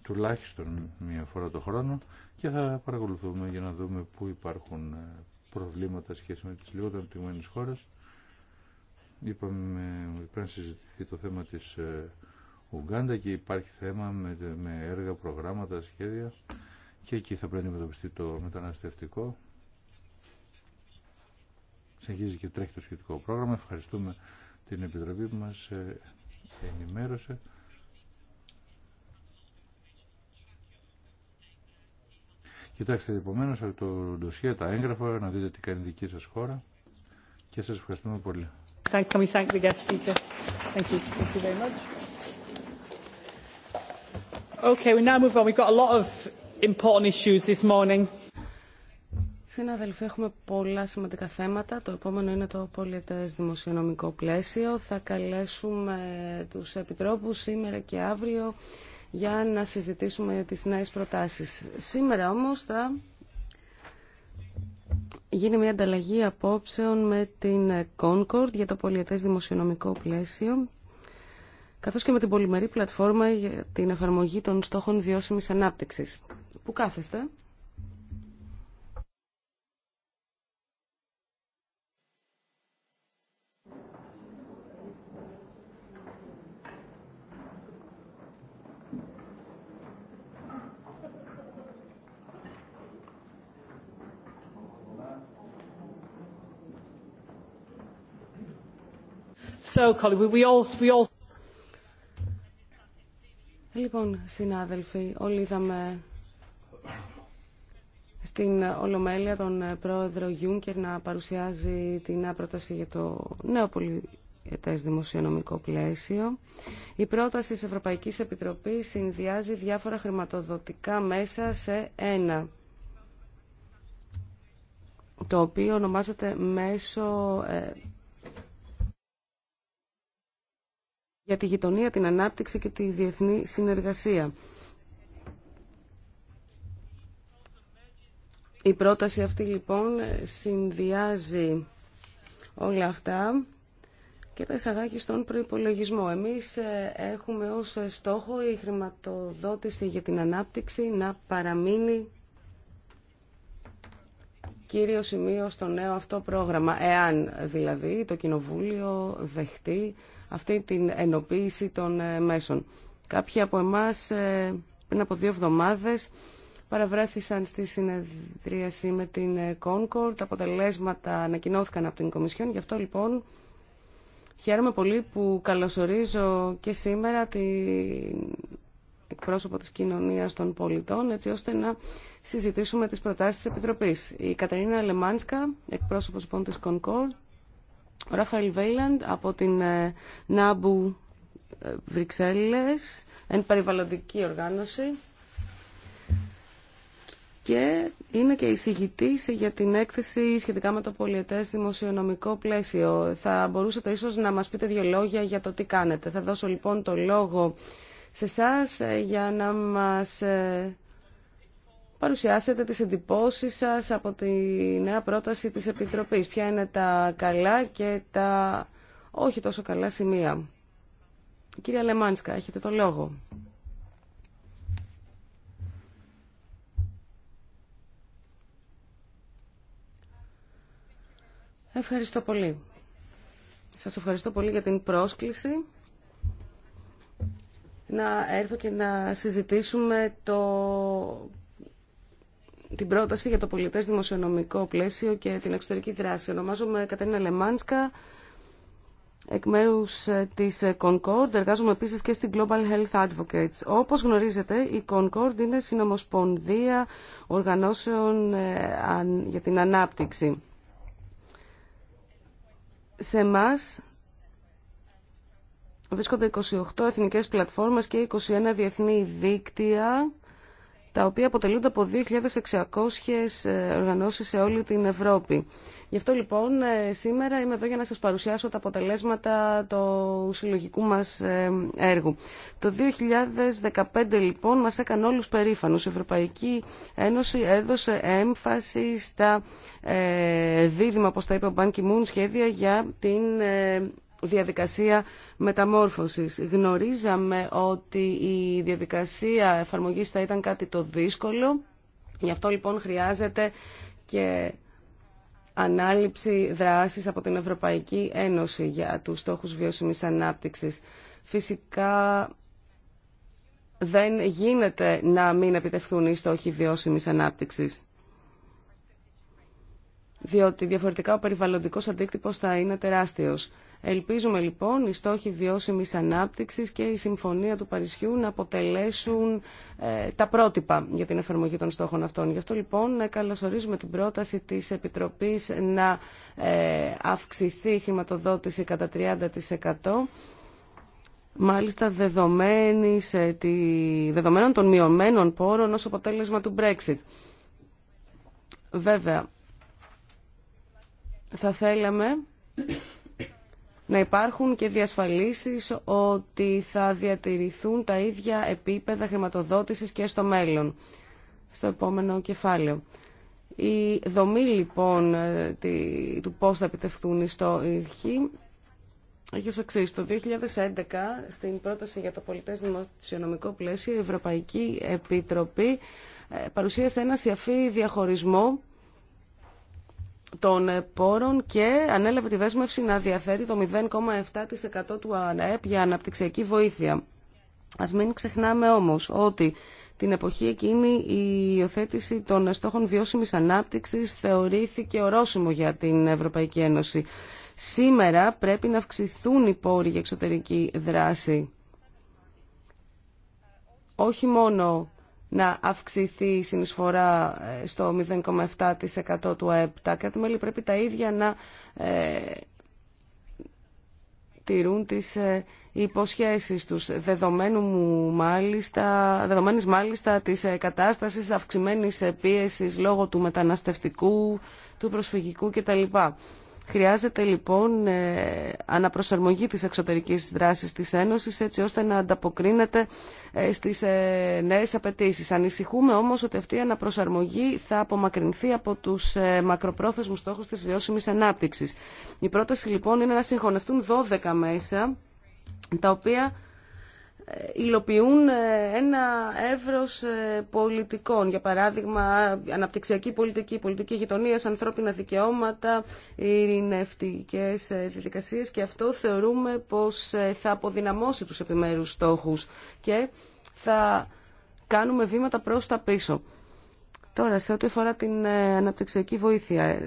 τουλάχιστον μία φορά το χρόνο και θα παρακολουθούμε για να δούμε πού υπάρχουν ε, προβλήματα σχέση με τις λιγότερο αντιμονές χώρες Είπαμε ότι να συζητηθεί το θέμα της ε, Ουγγάντα και υπάρχει θέμα με, έργα, προγράμματα, σχέδια και εκεί θα πρέπει να αντιμετωπιστεί το μεταναστευτικό. Συνεχίζει και τρέχει το σχετικό πρόγραμμα. Ευχαριστούμε την Επιτροπή που μας ε, ενημέρωσε. Κοιτάξτε επομένως το ντοσιέ, τα έγγραφα, να δείτε τι κάνει η δική σας χώρα και σας ευχαριστούμε πολύ. Can we thank the guest speaker? Thank you. Thank you very much. Okay, we now move on. We've got a lot of important issues this morning. Συναδελφοί, έχουμε πολλά σημαντικά θέματα. Το επόμενο είναι το πολιτές δημοσιονομικό πλαίσιο. Θα καλέσουμε τους επιτρόπους σήμερα και αύριο για να συζητήσουμε τις νέες προτάσεις. Σήμερα όμως θα γίνει μια ανταλλαγή απόψεων με την Concord για το πολιετές δημοσιονομικό πλαίσιο, καθώς και με την πολυμερή πλατφόρμα για την εφαρμογή των στόχων βιώσιμης ανάπτυξης. Πού κάθεστε? So, we Λοιπόν, συνάδελφοι, όλοι είδαμε στην Ολομέλεια τον πρόεδρο Γιούνκερ να παρουσιάζει την πρόταση για το νέο πολιτές δημοσιονομικό πλαίσιο. Η πρόταση της Ευρωπαϊκής Επιτροπής συνδυάζει διάφορα χρηματοδοτικά μέσα σε ένα το οποίο ονομάζεται μέσω ε, για τη γειτονία, την ανάπτυξη και τη διεθνή συνεργασία. Η πρόταση αυτή λοιπόν συνδυάζει όλα αυτά και τα εισαγάγει στον προϋπολογισμό. Εμείς ε, έχουμε ως στόχο η χρηματοδότηση για την ανάπτυξη να παραμείνει κύριο σημείο στο νέο αυτό πρόγραμμα, εάν δηλαδή το Κοινοβούλιο δεχτεί αυτή την ενοποίηση των ε, μέσων. Κάποιοι από εμάς ε, πριν από δύο εβδομάδες παραβρέθησαν στη συνεδρίαση με την ε, Concord. Τα αποτελέσματα ανακοινώθηκαν από την Κομισιόν. Γι' αυτό λοιπόν χαίρομαι πολύ που καλωσορίζω και σήμερα την εκπρόσωπο της κοινωνίας των πολιτών, έτσι ώστε να συζητήσουμε τις προτάσεις της Επιτροπής. Η Καταρίνα Λεμάνσκα, εκπρόσωπος λοιπόν της Concord, ο Ραφαήλ Βέιλαντ από την ε, Νάμπου ε, Βρυξέλλες, εν περιβαλλοντική οργάνωση και είναι και εισηγητής για την έκθεση σχετικά με το πολιετές δημοσιονομικό πλαίσιο. Θα μπορούσατε ίσως να μας πείτε δύο λόγια για το τι κάνετε. Θα δώσω λοιπόν το λόγο σε εσά ε, για να μας παρουσιάσετε τις εντυπώσεις σας από τη νέα πρόταση της Επιτροπής. Ποια είναι τα καλά και τα όχι τόσο καλά σημεία. κυρία Λεμάνσκα, έχετε το λόγο. Ευχαριστώ πολύ. Σας ευχαριστώ πολύ για την πρόσκληση να έρθω και να συζητήσουμε το την πρόταση για το πολιτέ δημοσιονομικό πλαίσιο και την εξωτερική δράση. Ονομάζομαι Κατερίνα Λεμάνσκα, εκ μέρου ε, τη ε, Concord. Εργάζομαι επίση και στην Global Health Advocates. Όπω γνωρίζετε, η Concord είναι συνομοσπονδία οργανώσεων ε, για την ανάπτυξη. Σε εμά βρίσκονται 28 εθνικές πλατφόρμες και 21 διεθνή δίκτυα τα οποία αποτελούνται από 2.600 ε, οργανώσεις σε όλη την Ευρώπη. Γι' αυτό λοιπόν ε, σήμερα είμαι εδώ για να σας παρουσιάσω τα αποτελέσματα του συλλογικού μας ε, έργου. Το 2015 λοιπόν μας έκανε όλους περήφανους. Η Ευρωπαϊκή Ένωση έδωσε έμφαση στα δίδυμα, όπως τα είπε ο Μπάνκι Μουν, σχέδια για την διαδικασία μεταμόρφωσης. Γνωρίζαμε ότι η διαδικασία εφαρμογής θα ήταν κάτι το δύσκολο, γι' αυτό λοιπόν χρειάζεται και ανάληψη δράσης από την Ευρωπαϊκή Ένωση για τους στόχους βιώσιμης ανάπτυξης. Φυσικά δεν γίνεται να μην επιτευχθούν οι στόχοι βιώσιμης ανάπτυξης διότι διαφορετικά ο περιβαλλοντικός αντίκτυπος θα είναι τεράστιος. Ελπίζουμε λοιπόν οι στόχοι βιώσιμης ανάπτυξης και η Συμφωνία του Παρισιού να αποτελέσουν ε, τα πρότυπα για την εφαρμογή των στόχων αυτών. Γι' αυτό λοιπόν καλωσορίζουμε την πρόταση της Επιτροπής να ε, αυξηθεί η χρηματοδότηση κατά 30% μάλιστα ε, δεδομένων των μειωμένων πόρων ως αποτέλεσμα του Brexit. Βέβαια, θα θέλαμε να υπάρχουν και διασφαλίσεις ότι θα διατηρηθούν τα ίδια επίπεδα χρηματοδότησης και στο μέλλον, στο επόμενο κεφάλαιο. Η δομή λοιπόν ε, του πώς θα επιτευχθούν οι στόχοι έχει ως εξής. Το 2011 στην πρόταση για το πολιτές δημοσιονομικό πλαίσιο η Ευρωπαϊκή Επιτροπή ε, παρουσίασε ένα σιαφή διαχωρισμό των πόρων και ανέλαβε τη δέσμευση να διαθέτει το 0,7% του ΑΝΕΠ για αναπτυξιακή βοήθεια. Ας μην ξεχνάμε όμως ότι την εποχή εκείνη η υιοθέτηση των στόχων βιώσιμης ανάπτυξης θεωρήθηκε ορόσημο για την Ευρωπαϊκή Ένωση. Σήμερα πρέπει να αυξηθούν οι πόροι για εξωτερική δράση. Όχι μόνο να αυξηθεί η συνεισφορά ε, στο 0,7% του ΑΕΠ. Τα κράτη-μέλη πρέπει τα ίδια να ε, τηρούν τις ε, υποσχέσεις τους. Δεδομένου μάλιστα, δεδομένης μάλιστα της ε, κατάστασης αυξημένης ε, πίεσης λόγω του μεταναστευτικού, του προσφυγικού κτλ. Χρειάζεται λοιπόν ε, αναπροσαρμογή της εξωτερικής δράσης της Ένωσης έτσι ώστε να ανταποκρίνεται ε, στις ε, νέες απαιτήσεις. Ανησυχούμε όμως ότι αυτή η αναπροσαρμογή θα απομακρυνθεί από τους μακροπρόθεσμους στόχους της βιώσιμης ανάπτυξης. Η πρόταση λοιπόν είναι να συγχωνευτούν 12 μέσα τα οποία υλοποιούν ε, ένα εύρος ε, πολιτικών. Για παράδειγμα, αναπτυξιακή πολιτική, πολιτική γειτονία, ανθρώπινα δικαιώματα, ειρηνευτικές ε, διδικασίες και αυτό θεωρούμε πως θα αποδυναμώσει τους επιμέρους στόχους και θα κάνουμε βήματα προς τα πίσω. Τώρα, σε ό,τι αφορά την αναπτυξιακή βοήθεια,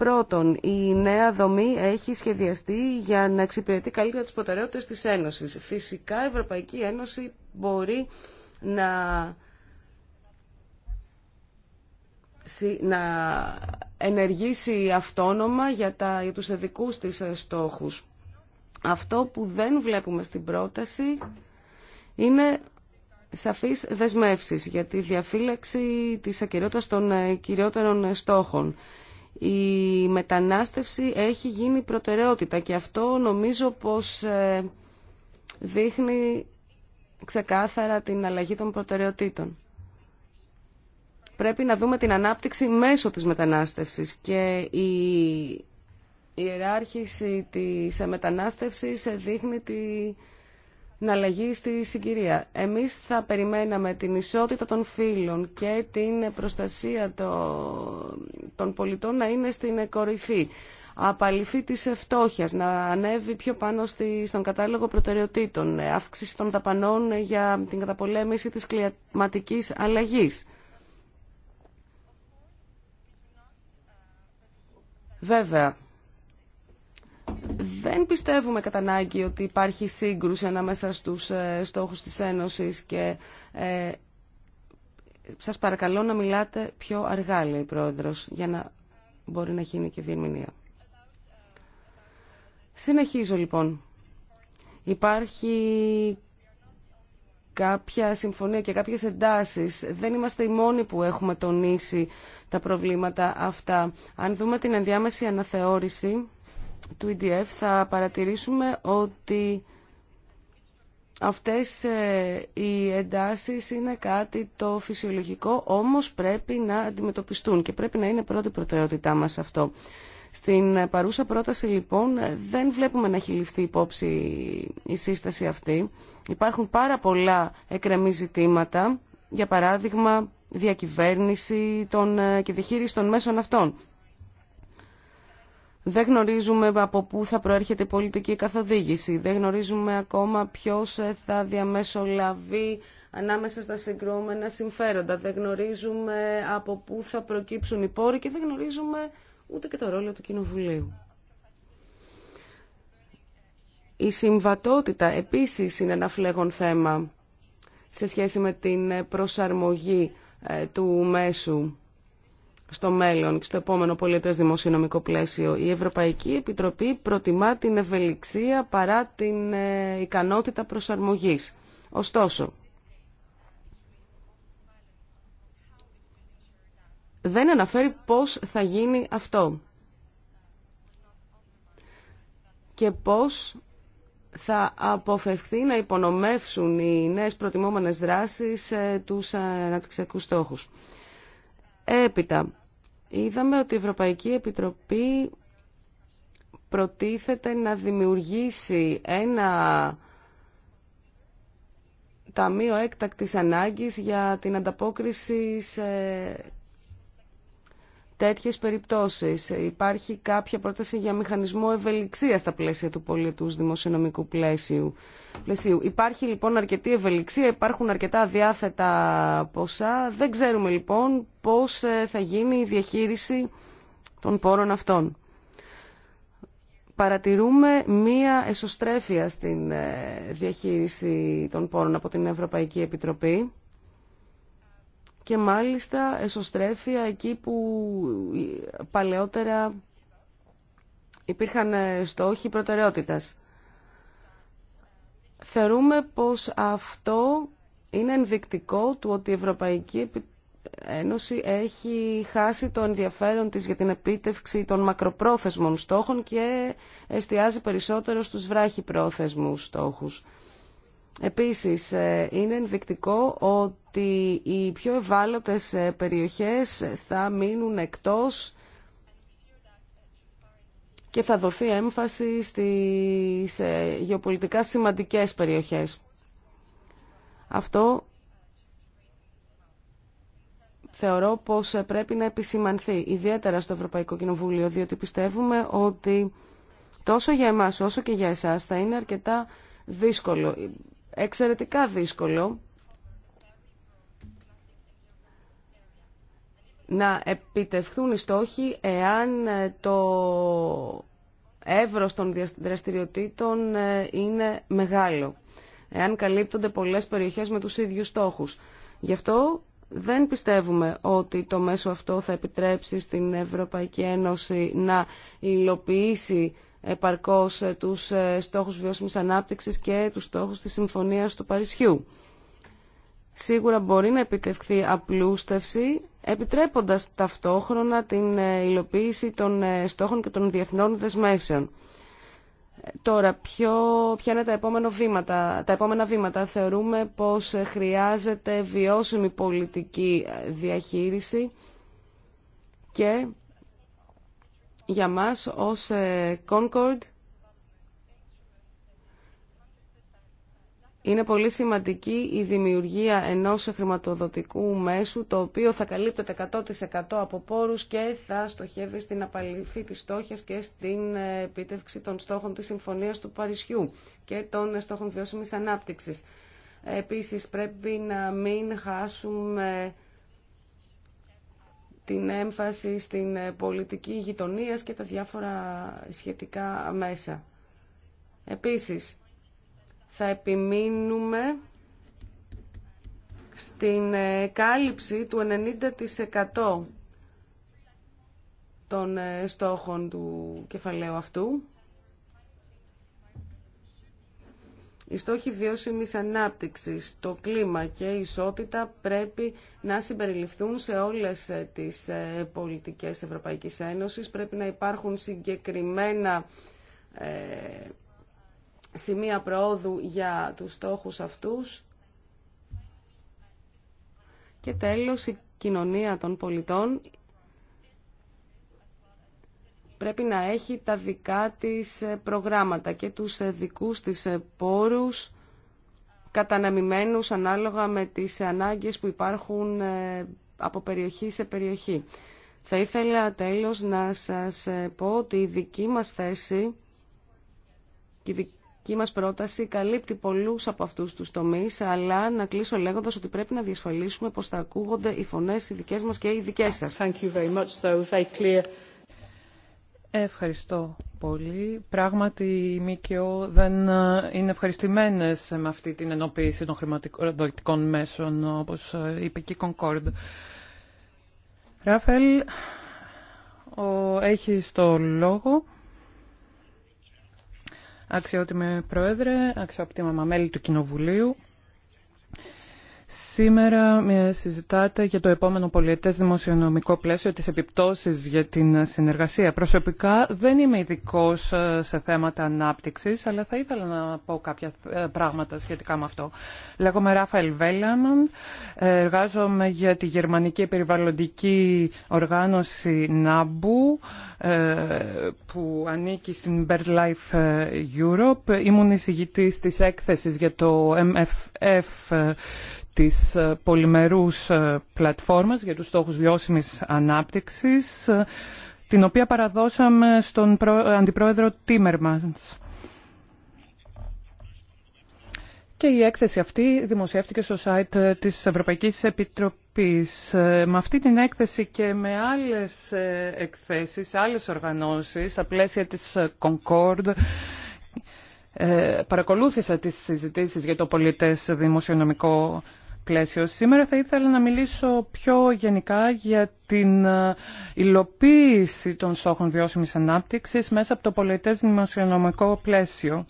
Πρώτον, η νέα δομή έχει σχεδιαστεί για να εξυπηρετεί καλύτερα τις προτεραιότητες της Ένωσης. Φυσικά, η Ευρωπαϊκή Ένωση μπορεί να, να ενεργήσει αυτόνομα για, τα, για τους εδικούς της ε, στόχους. Αυτό που δεν βλέπουμε στην πρόταση είναι σαφείς δεσμεύσεις για τη διαφύλαξη της ακυριότητας των ε, κυριότερων ε, στόχων η μετανάστευση έχει γίνει προτεραιότητα και αυτό νομίζω πως ε, δείχνει ξεκάθαρα την αλλαγή των προτεραιοτήτων. Πρέπει να δούμε την ανάπτυξη μέσω της μετανάστευσης και η ιεράρχηση της μετανάστευσης δείχνει τη να αλλαγεί στη συγκυρία. Εμείς θα περιμέναμε την ισότητα των φύλων και την προστασία των πολιτών να είναι στην κορυφή. Απαλυφή της φτώχεια, να ανέβει πιο πάνω στον κατάλογο προτεραιοτήτων, αύξηση των δαπανών για την καταπολέμηση της κλιματικής αλλαγής. Βέβαια, δεν πιστεύουμε κατά ανάγκη ότι υπάρχει σύγκρουση ανάμεσα στους ε, στόχους της Ένωσης και ε, σας παρακαλώ να μιλάτε πιο αργά, λέει η Πρόεδρος, για να μπορεί να γίνει και διερμηνία. Συνεχίζω λοιπόν. Υπάρχει κάποια συμφωνία και κάποιες εντάσεις. Δεν είμαστε οι μόνοι που έχουμε τονίσει τα προβλήματα αυτά. Αν δούμε την ενδιάμεση αναθεώρηση του EDF θα παρατηρήσουμε ότι αυτές ε, οι εντάσεις είναι κάτι το φυσιολογικό, όμως πρέπει να αντιμετωπιστούν και πρέπει να είναι πρώτη προτεραιότητά μας αυτό. Στην παρούσα πρόταση λοιπόν δεν βλέπουμε να έχει ληφθεί υπόψη η σύσταση αυτή. Υπάρχουν πάρα πολλά εκρεμή ζητήματα, για παράδειγμα διακυβέρνηση των, ε, και διαχείριση των μέσων αυτών. Δεν γνωρίζουμε από πού θα προέρχεται η πολιτική καθοδήγηση. Δεν γνωρίζουμε ακόμα ποιος θα διαμεσολαβεί ανάμεσα στα συγκρόμενα συμφέροντα. Δεν γνωρίζουμε από πού θα προκύψουν οι πόροι και δεν γνωρίζουμε ούτε και το ρόλο του Κοινοβουλίου. Η συμβατότητα επίσης είναι ένα φλέγον θέμα σε σχέση με την προσαρμογή ε, του μέσου στο μέλλον και στο επόμενο πολιτές δημοσιονομικό πλαίσιο. Η Ευρωπαϊκή Επιτροπή προτιμά την ευελιξία παρά την ε, ικανότητα προσαρμογής. Ωστόσο, δεν αναφέρει πώς θα γίνει αυτό και πώς θα αποφευχθεί να υπονομεύσουν οι νέες προτιμόμενες δράσεις ε, τους αναπτυξιακούς στόχους. Έπειτα, είδαμε ότι η Ευρωπαϊκή Επιτροπή προτίθεται να δημιουργήσει ένα ταμείο έκτακτης ανάγκης για την ανταπόκριση σε τέτοιες περιπτώσεις. Υπάρχει κάποια πρόταση για μηχανισμό ευελιξία στα πλαίσια του πολιτούς δημοσιονομικού πλαίσιου. Υπάρχει λοιπόν αρκετή ευελιξία, υπάρχουν αρκετά διάθετα ποσά. Δεν ξέρουμε λοιπόν πώς ε, θα γίνει η διαχείριση των πόρων αυτών. Παρατηρούμε μία εσωστρέφεια στην ε, διαχείριση των πόρων από την Ευρωπαϊκή Επιτροπή και μάλιστα εσωστρέφεια εκεί που παλαιότερα υπήρχαν ε, στόχοι προτεραιότητας. Θεωρούμε πως αυτό είναι ενδεικτικό του ότι η Ευρωπαϊκή Ένωση έχει χάσει το ενδιαφέρον της για την επίτευξη των μακροπρόθεσμων στόχων και εστιάζει περισσότερο στους βράχυπρόθεσμους στόχους. Επίσης, ε, είναι ενδεικτικό ότι οι πιο ευάλωτες ε, περιοχές θα μείνουν εκτός και θα δοθεί έμφαση στις ε, γεωπολιτικά σημαντικές περιοχές. Αυτό θεωρώ πως πρέπει να επισημανθεί, ιδιαίτερα στο Ευρωπαϊκό Κοινοβούλιο, διότι πιστεύουμε ότι τόσο για εμάς όσο και για εσάς θα είναι αρκετά δύσκολο εξαιρετικά δύσκολο να επιτευχθούν οι στόχοι εάν ε, το εύρος των δραστηριοτήτων ε, είναι μεγάλο, εάν καλύπτονται πολλές περιοχές με τους ίδιους στόχους. Γι' αυτό δεν πιστεύουμε ότι το μέσο αυτό θα επιτρέψει στην Ευρωπαϊκή Ένωση να υλοποιήσει επαρκώς ε, τους ε, στόχους βιώσιμης ανάπτυξης και τους στόχους της Συμφωνίας του Παρισιού. Σίγουρα μπορεί να επιτευχθεί απλούστευση, επιτρέποντας ταυτόχρονα την ε, υλοποίηση των στόχων και των διεθνών δεσμεύσεων. Τώρα, ποια είναι τα επόμενα βήματα. Τα επόμενα βήματα θεωρούμε πως χρειάζεται βιώσιμη πολιτική διαχείριση και για μας ως ε, Concord είναι πολύ σημαντική η δημιουργία ενός χρηματοδοτικού μέσου το οποίο θα καλύπτεται 100% από πόρους και θα στοχεύει στην απαλληλή της στόχης και στην ε, επίτευξη των στόχων της Συμφωνίας του Παρισιού και των ε, στόχων βιώσιμης ανάπτυξης. Επίσης πρέπει να μην χάσουμε την έμφαση στην ε, πολιτική γειτονία και τα διάφορα σχετικά μέσα. Επίσης, θα επιμείνουμε στην ε, κάλυψη του 90% των ε, στόχων του κεφαλαίου αυτού Οι στόχοι βιώσιμη ανάπτυξη, το κλίμα και η ισότητα πρέπει να συμπεριληφθούν σε όλες ε, τις ε, πολιτικές Ευρωπαϊκή Ένωσης. Πρέπει να υπάρχουν συγκεκριμένα ε, σημεία προόδου για τους στόχους αυτούς. Και τέλος, η κοινωνία των πολιτών πρέπει να έχει τα δικά της ε, προγράμματα και τους δικούς της ε, πόρους καταναμημένους ανάλογα με τις ανάγκες που υπάρχουν ε, από περιοχή σε περιοχή. Θα ήθελα τέλος να σας πω ότι η δική μας θέση και η δική μας πρόταση καλύπτει πολλούς από αυτούς τους τομείς, αλλά να κλείσω λέγοντας ότι πρέπει να διασφαλίσουμε πως θα ακούγονται οι φωνές οι δικές μας και οι δικές σας. Ευχαριστώ πολύ. Πράγματι, οι ΜΚΟ δεν ε, είναι ευχαριστημένε με αυτή την ενοποίηση των χρηματοδοτικών μέσων, όπω ε, είπε και η Κονκόρντ. Ράφελ, ο, έχει το λόγο. Αξιότιμε Πρόεδρε, αξιότιμα μέλη του Κοινοβουλίου. Σήμερα ε, συζητάτε για το επόμενο πολιετές δημοσιονομικό πλαίσιο της επιπτώσεις για την συνεργασία. Προσωπικά δεν είμαι ειδικό ε, σε θέματα ανάπτυξης, αλλά θα ήθελα να πω κάποια ε, πράγματα σχετικά με αυτό. Λέγομαι Ράφαελ Βέλαμαν, εργάζομαι για τη Γερμανική Περιβαλλοντική Οργάνωση ΝΑΜΠΟΥ, που ανήκει στην BirdLife Europe. Ήμουν εισηγητής της έκθεσης για το MFF της ε, πολυμερούς ε, πλατφόρμας για τους στόχους βιώσιμης ανάπτυξης, ε, την οποία παραδώσαμε στον Αντιπρόεδρο Τίμερμαντς. Και η έκθεση αυτή δημοσιεύτηκε στο site της Ευρωπαϊκής Επιτροπής. Με αυτή την έκθεση και με άλλες εκθέσεις, άλλες οργανώσεις, στα πλαίσια της Concord, παρακολούθησα τις συζητήσεις για το πολιτές δημοσιονομικό πλαίσιο. Σήμερα θα ήθελα να μιλήσω πιο γενικά για την ε, υλοποίηση των στόχων βιώσιμης ανάπτυξης μέσα από το πολιτές δημοσιονομικό πλαίσιο.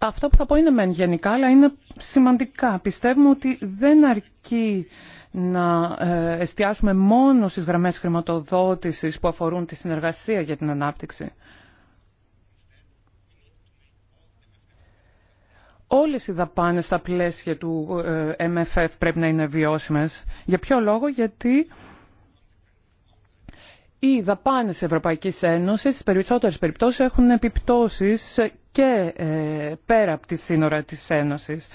Αυτό που θα πω είναι μεν γενικά, αλλά είναι σημαντικά. Πιστεύουμε ότι δεν αρκεί να ε, εστιάσουμε μόνο στις γραμμές χρηματοδότησης που αφορούν τη συνεργασία για την ανάπτυξη. όλες οι δαπάνες στα πλαίσια του ε, MFF πρέπει να είναι βιώσιμες. Για ποιο λόγο, γιατί οι δαπάνες Ευρωπαϊκής Ένωσης στις περισσότερες περιπτώσεις έχουν επιπτώσεις και ε, πέρα από τη σύνορα της Ένωσης.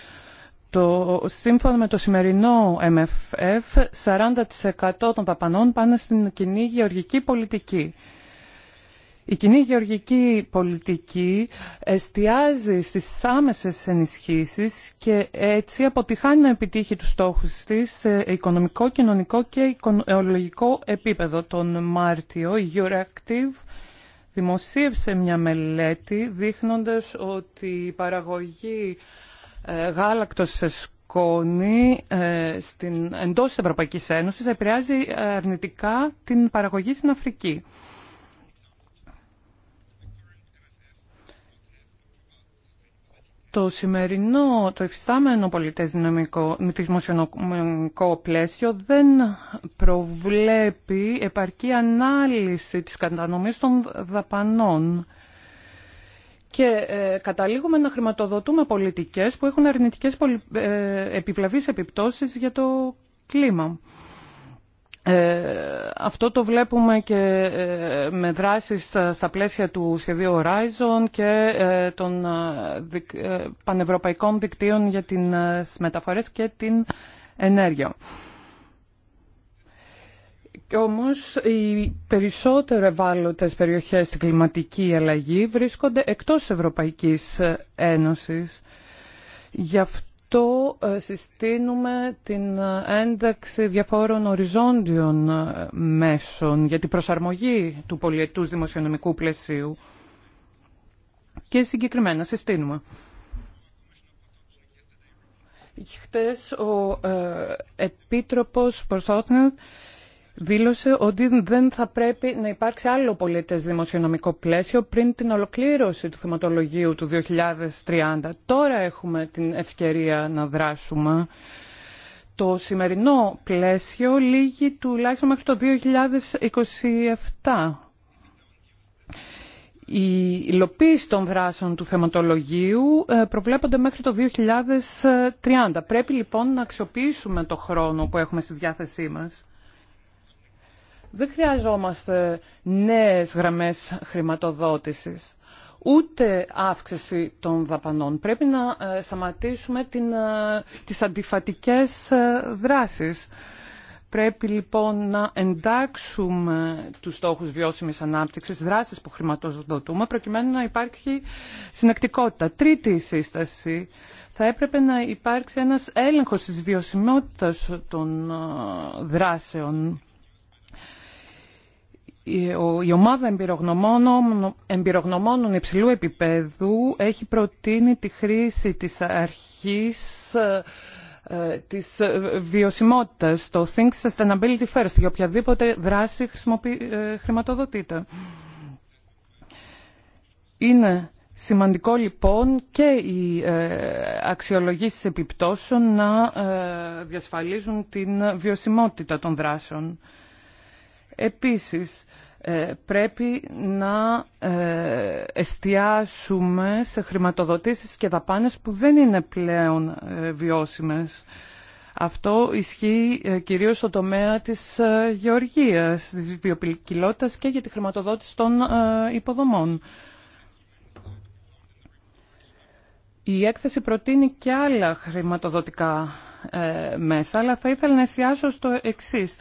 Το, σύμφωνα με το σημερινό MFF, 40% των δαπανών πάνε στην κοινή γεωργική πολιτική. Η κοινή γεωργική πολιτική εστιάζει στις άμεσες ενισχύσεις και έτσι αποτυχάνει να επιτύχει τους στόχους της σε οικονομικό, κοινωνικό και οικολογικό επίπεδο. Τον Μάρτιο η Euroactive δημοσίευσε μια μελέτη δείχνοντας ότι η παραγωγή ε, γάλακτος σε σκόνη ε, στην, εντός της Ευρωπαϊκής Ένωσης επηρεάζει ε, αρνητικά την παραγωγή στην Αφρική. το σημερινό, το εφιστάμενο πολιτές δυναμικό, δημοσιονομικό πλαίσιο δεν προβλέπει επαρκή ανάλυση της κατανομής των δαπανών. Και ε, καταλήγουμε να χρηματοδοτούμε πολιτικές που έχουν αρνητικές ε, επιβλαβείς επιπτώσεις για το κλίμα. Ε, αυτό το βλέπουμε και ε, με δράσεις στα πλαίσια του σχεδίου Horizon και ε, των πανευρωπαϊκών δικτύων για τις μεταφορές και την ενέργεια. και όμως οι περισσότερο ευάλωτες περιοχές στην κλιματική αλλαγή βρίσκονται εκτός Ευρωπαϊκής Ένωσης. Γι' αυτό αυτό ε, συστήνουμε την ε, ένταξη διαφόρων οριζόντιων ε, μέσων για την προσαρμογή του πολιετούς δημοσιονομικού πλαισίου και συγκεκριμένα συστήνουμε. Χτες ο ε, Επίτροπος δήλωσε ότι δεν θα πρέπει να υπάρξει άλλο πολίτες δημοσιονομικό πλαίσιο πριν την ολοκλήρωση του θεματολογίου του 2030. Τώρα έχουμε την ευκαιρία να δράσουμε. Το σημερινό πλαίσιο λύγει τουλάχιστον μέχρι το 2027. Οι υλοποίηση των δράσεων του θεματολογίου ε, προβλέπονται μέχρι το 2030. Πρέπει λοιπόν να αξιοποιήσουμε το χρόνο που έχουμε στη διάθεσή μας. Δεν χρειαζόμαστε νέες γραμμές χρηματοδότησης, ούτε αύξηση των δαπανών. Πρέπει να ε, σταματήσουμε την, ε, τις αντιφατικές ε, δράσεις. Πρέπει λοιπόν να εντάξουμε τους στόχους βιώσιμης ανάπτυξης, δράσεις που χρηματοδοτούμε, προκειμένου να υπάρχει συνεκτικότητα. Τρίτη σύσταση, θα έπρεπε να υπάρξει ένας έλεγχος της βιωσιμότητας των δράσεων η ομάδα εμπειρογνωμόνων, εμπειρογνωμόνων υψηλού επίπεδου έχει προτείνει τη χρήση της αρχής ε, ε, της βιωσιμότητας, το Think Sustainability First, για οποιαδήποτε δράση ε, χρηματοδοτείται. Είναι σημαντικό λοιπόν και οι αξιολογήσεις επιπτώσεων να διασφαλίζουν την βιωσιμότητα των δράσεων. Επίσης, ε, πρέπει να ε, εστιάσουμε σε χρηματοδοτήσεις και δαπάνες που δεν είναι πλέον ε, βιώσιμες. Αυτό ισχύει κυρίως στο τομέα της γεωργίας, της βιοποικιλότητας και για τη χρηματοδότηση των υποδομών. Η έκθεση προτείνει και άλλα χρηματοδοτικά μέσα, αλλά θα ήθελα να εστιάσω στο εξής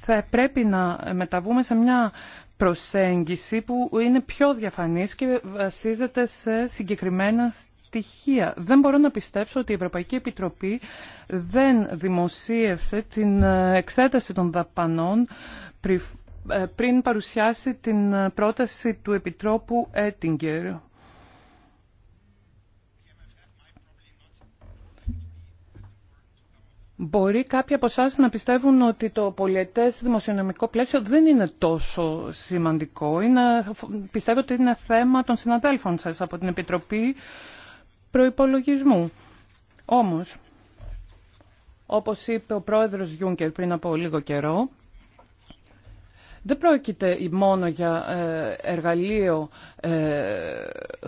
θα πρέπει να μεταβούμε σε μια προσέγγιση που είναι πιο διαφανής και βασίζεται σε συγκεκριμένα στοιχεία. Δεν μπορώ να πιστέψω ότι η Ευρωπαϊκή Επιτροπή δεν δημοσίευσε την ε, εξέταση των δαπανών ε, πριν παρουσιάσει την ε, πρόταση του Επιτρόπου Έτιγκερ Μπορεί κάποιοι από εσά να πιστεύουν ότι το πολιτεύσιο δημοσιονομικό πλαίσιο δεν είναι τόσο σημαντικό. Είναι, πιστεύω ότι είναι θέμα των συναδέλφων σα από την Επιτροπή Προϋπολογισμού. Όμως, όπω είπε ο πρόεδρο Γιούγκερ πριν από λίγο καιρό, δεν πρόκειται μόνο για ε, εργαλείο ε,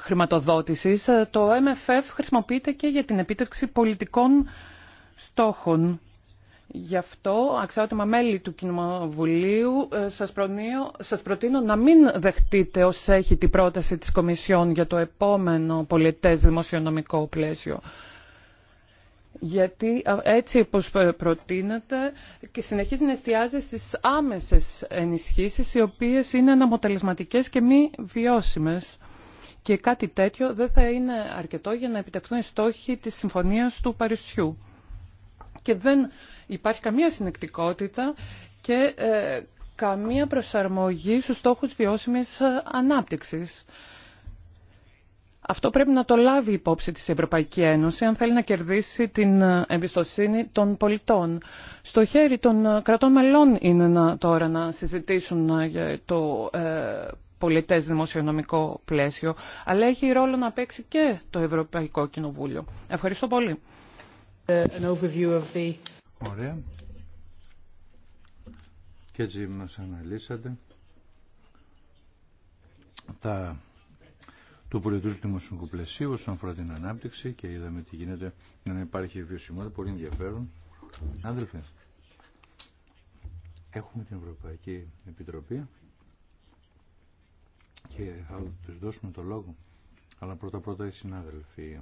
χρηματοδότησης. Ε, το MFF χρησιμοποιείται και για την επίτευξη πολιτικών στόχων. Γι' αυτό, αξιότιμα μέλη του Κοινοβουλίου, ε, σας, προτείνω να μην δεχτείτε ως έχει την πρόταση της Κομισιόν για το επόμενο πολιτές δημοσιονομικό πλαίσιο. Γιατί έτσι όπως προτείνεται και συνεχίζει να εστιάζει στις άμεσες ενισχύσεις οι οποίες είναι αναμοτελεσματικές και μη βιώσιμες. Και κάτι τέτοιο δεν θα είναι αρκετό για να επιτευχθούν οι στόχοι της Συμφωνίας του Παρισιού και δεν υπάρχει καμία συνεκτικότητα και ε, καμία προσαρμογή στους στόχους βιώσιμης ε, ανάπτυξης. Αυτό πρέπει να το λάβει υπόψη της Ευρωπαϊκή Ένωση αν θέλει να κερδίσει την ε, εμπιστοσύνη των πολιτών. Στο χέρι των κρατών μελών είναι να, τώρα να συζητήσουν για το ε, πολιτές δημοσιονομικό πλαίσιο, αλλά έχει ρόλο να παίξει και το Ευρωπαϊκό Κοινοβούλιο. Ευχαριστώ πολύ. Uh, Ωραία. Και έτσι μας αναλύσατε τα του πολιτού του δημοσιονομικού πλαισίου όσον αφορά την ανάπτυξη και είδαμε τι γίνεται να υπάρχει βιωσιμότητα. Πολύ ενδιαφέρον. Άδελφε, έχουμε την Ευρωπαϊκή Επιτροπή και θα του δώσουμε το λόγο. Αλλά πρώτα-πρώτα οι συνάδελφοι.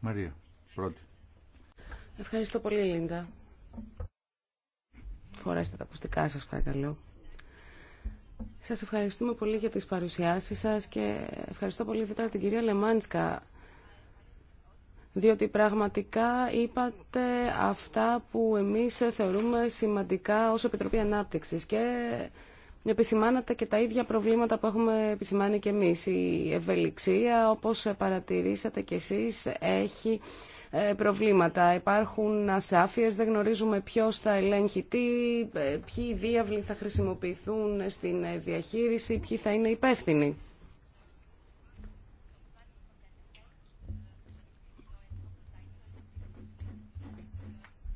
Μαρία, πρώτη. Ευχαριστώ πολύ, Λίντα. Φορέστε τα ακουστικά σας, παρακαλώ. Σας ευχαριστούμε πολύ για τις παρουσιάσεις σας και ευχαριστώ πολύ ιδιαίτερα την κυρία Λεμάντσκα διότι πραγματικά είπατε αυτά που εμείς θεωρούμε σημαντικά ως Επιτροπή Ανάπτυξης και επισημάνατε και τα ίδια προβλήματα που έχουμε επισημάνει και εμείς. Η ευελιξία, όπως παρατηρήσατε κι εσείς, έχει ε, προβλήματα. Υπάρχουν ασάφειες, δεν γνωρίζουμε ποιος θα ελέγχει τι, ε, ποιοι διάβλοι θα χρησιμοποιηθούν στην ε, διαχείριση, ποιοι θα είναι υπεύθυνοι.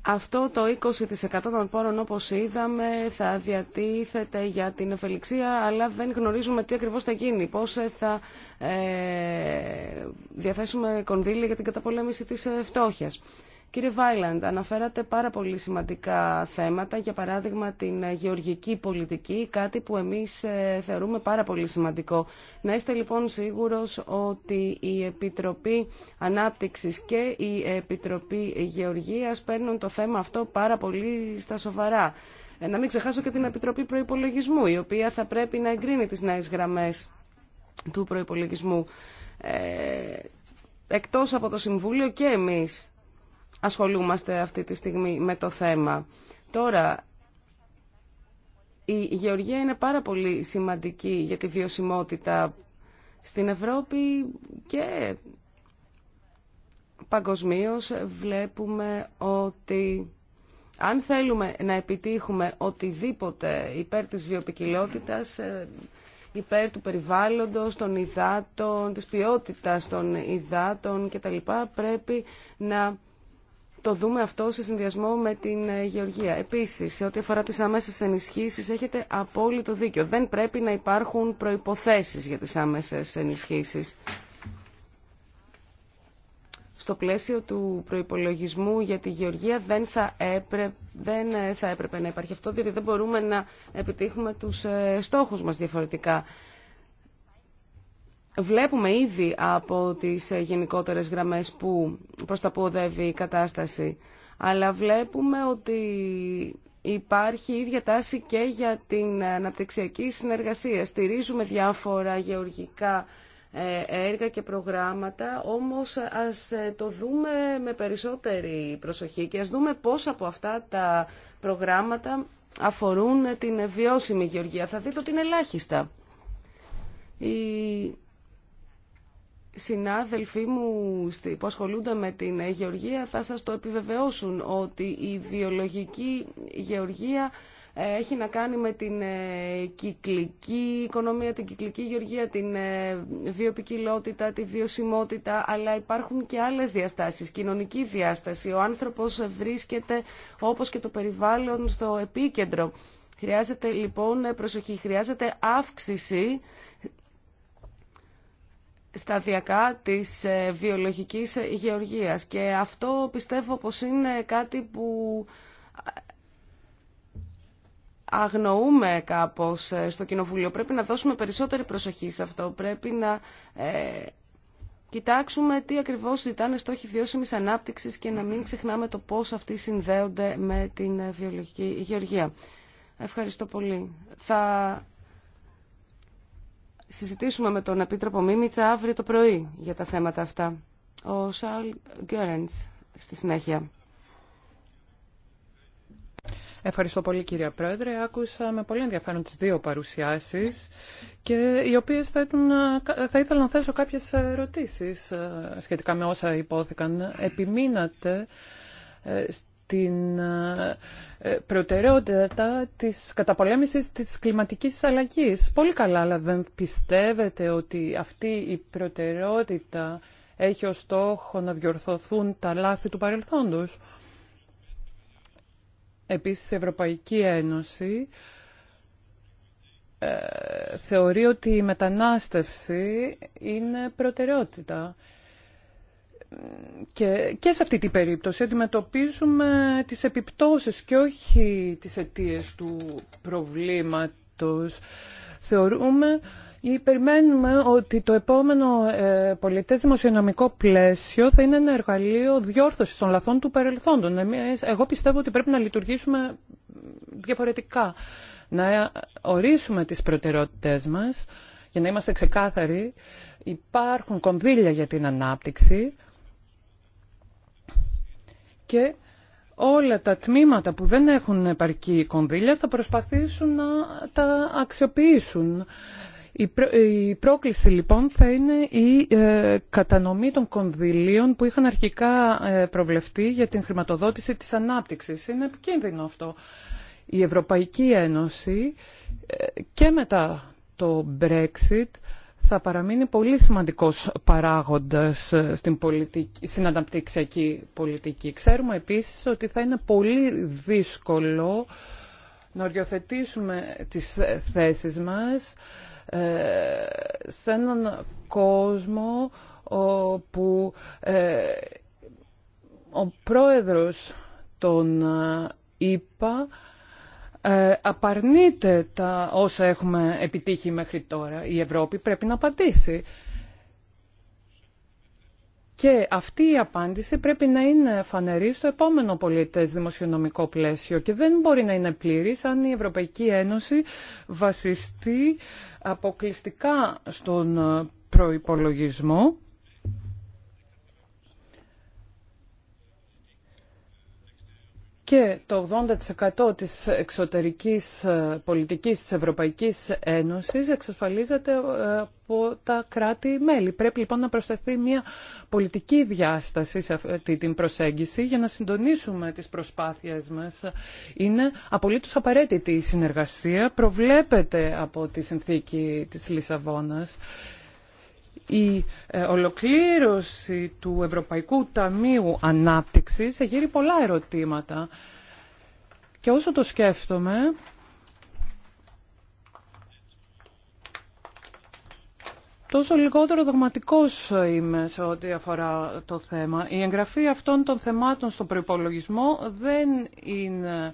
Αυτό το 20% των πόρων, όπως είδαμε, θα διατίθεται για την ευελιξία, αλλά δεν γνωρίζουμε τι ακριβώς θα γίνει, πώς ε, θα ε, διαθέσουμε κονδύλια για την καταπολέμηση της ε, φτώχειας. Κύριε Βάιλαντ, αναφέρατε πάρα πολύ σημαντικά θέματα, για παράδειγμα την ε, γεωργική πολιτική, κάτι που εμείς ε, θεωρούμε πάρα πολύ σημαντικό. Να είστε λοιπόν σίγουρος ότι η Επιτροπή Ανάπτυξης και η Επιτροπή Γεωργίας παίρνουν το θέμα αυτό πάρα πολύ στα σοβαρά. Ε, να μην ξεχάσω και την Επιτροπή Προϋπολογισμού, η οποία θα πρέπει να εγκρίνει τις νέες γραμμές του προϋπολογισμού. Ε, εκτός από το Συμβούλιο και εμείς ασχολούμαστε αυτή τη στιγμή με το θέμα. Τώρα, η γεωργία είναι πάρα πολύ σημαντική για τη βιωσιμότητα στην Ευρώπη και παγκοσμίω βλέπουμε ότι αν θέλουμε να επιτύχουμε οτιδήποτε υπέρ της βιοπικιλότητας, ε, υπέρ του περιβάλλοντος, των υδάτων, της ποιότητας των υδάτων κτλ. πρέπει να το δούμε αυτό σε συνδυασμό με την ε, γεωργία. Επίσης, σε ό,τι αφορά τι άμεσες ενισχύσει, έχετε απόλυτο δίκιο. Δεν πρέπει να υπάρχουν προϋποθέσεις για τις άμεσες ενισχύσεις. Στο πλαίσιο του προϋπολογισμού για τη γεωργία δεν θα, έπρεπε, δεν ε, θα έπρεπε να υπάρχει αυτό, διότι δεν μπορούμε να επιτύχουμε τους ε, στόχους μας διαφορετικά. Βλέπουμε ήδη από τις ε, γενικότερες γραμμές που, προς τα η κατάσταση, αλλά βλέπουμε ότι υπάρχει η ίδια τάση και για την αναπτυξιακή συνεργασία. Στηρίζουμε διάφορα γεωργικά ε, έργα και προγράμματα, όμως ας ε, το δούμε με περισσότερη προσοχή και ας δούμε πώς από αυτά τα προγράμματα αφορούν την βιώσιμη γεωργία. Θα δείτε ότι είναι ελάχιστα. Η συνάδελφοί μου που ασχολούνται με την γεωργία θα σας το επιβεβαιώσουν ότι η βιολογική γεωργία ε, έχει να κάνει με την ε, κυκλική οικονομία, την κυκλική γεωργία, την ε, βιοπικιλότητα, τη βιωσιμότητα, αλλά υπάρχουν και άλλες διαστάσεις, κοινωνική διάσταση. Ο άνθρωπος βρίσκεται, όπως και το περιβάλλον, στο επίκεντρο. Χρειάζεται λοιπόν προσοχή, χρειάζεται αύξηση σταδιακά της ε, βιολογικής γεωργίας και αυτό πιστεύω πως είναι κάτι που ε, αγνοούμε κάπως ε, στο Κοινοβούλιο. Πρέπει να δώσουμε περισσότερη προσοχή σε αυτό. Πρέπει να κοιτάξουμε τι ακριβώς ζητάνε στόχοι βιώσιμης ανάπτυξης και να μην ξεχνάμε το πώς αυτοί συνδέονται με την βιολογική γεωργία. Ευχαριστώ πολύ. Θα συζητήσουμε με τον Επίτροπο Μίμητσα αύριο το πρωί για τα θέματα αυτά. Ο Σαλ Γκέρεντς στη συνέχεια. Ευχαριστώ πολύ κύριε Πρόεδρε. Άκουσα με πολύ ενδιαφέρον τις δύο παρουσιάσεις και οι οποίες θα, ήθελα να θέσω κάποιες ερωτήσεις ε, σχετικά με όσα υπόθηκαν. Επιμείνατε ε, την ε, ε, προτεραιότητα της καταπολέμησης της κλιματικής αλλαγής. Πολύ καλά, αλλά δεν πιστεύετε ότι αυτή η προτεραιότητα έχει ως στόχο να διορθωθούν τα λάθη του παρελθόντος. Επίσης, η Ευρωπαϊκή Ένωση ε, θεωρεί ότι η μετανάστευση είναι προτεραιότητα και, και σε αυτή την περίπτωση αντιμετωπίζουμε τις επιπτώσεις και όχι τις αιτίες του προβλήματος. Θεωρούμε ή περιμένουμε ότι το επόμενο ε, πολιτές δημοσιονομικό πλαίσιο θα είναι ένα εργαλείο διόρθωσης των λαθών του παρελθόντων. εγώ πιστεύω ότι πρέπει να λειτουργήσουμε διαφορετικά. Να ορίσουμε τις προτεραιότητές μας, για να είμαστε ξεκάθαροι, υπάρχουν κονδύλια για την ανάπτυξη, και όλα τα τμήματα που δεν έχουν επαρκή κονδύλια θα προσπαθήσουν να τα αξιοποιήσουν. Η, η πρόκληση λοιπόν θα είναι η ε, κατανομή των κονδυλίων που είχαν αρχικά ε, προβλεφτεί για την χρηματοδότηση της ανάπτυξης. Είναι επικίνδυνο αυτό. Η Ευρωπαϊκή Ένωση ε, και μετά το Brexit θα παραμείνει πολύ σημαντικός παράγοντας στην, πολιτική, στην αναπτυξιακή πολιτική. Ξέρουμε επίσης ότι θα είναι πολύ δύσκολο να οριοθετήσουμε τις θέσεις μας ε, σε έναν κόσμο όπου ε, ο πρόεδρος των είπα. Ε, απαρνείται τα όσα έχουμε επιτύχει μέχρι τώρα. Η Ευρώπη πρέπει να απαντήσει. Και αυτή η απάντηση πρέπει να είναι φανερή στο επόμενο πολίτες δημοσιονομικό πλαίσιο και δεν μπορεί να είναι πλήρης αν η Ευρωπαϊκή Ένωση βασιστεί αποκλειστικά στον προϋπολογισμό και το 80% της εξωτερικής ε, πολιτικής της Ευρωπαϊκής Ένωσης εξασφαλίζεται ε, από τα κράτη-μέλη. Πρέπει λοιπόν να προσθεθεί μια πολιτική διάσταση σε αυτή την προσέγγιση για να συντονίσουμε τις προσπάθειες μας. Είναι απολύτως απαραίτητη η συνεργασία, προβλέπεται από τη συνθήκη της Λισαβόνας η ε, ολοκλήρωση του Ευρωπαϊκού Ταμείου Ανάπτυξης γύρει πολλά ερωτήματα. Και όσο το σκέφτομαι, τόσο λιγότερο δογματικός είμαι σε ό,τι αφορά το θέμα. Η εγγραφή αυτών των θεμάτων στον προϋπολογισμό δεν είναι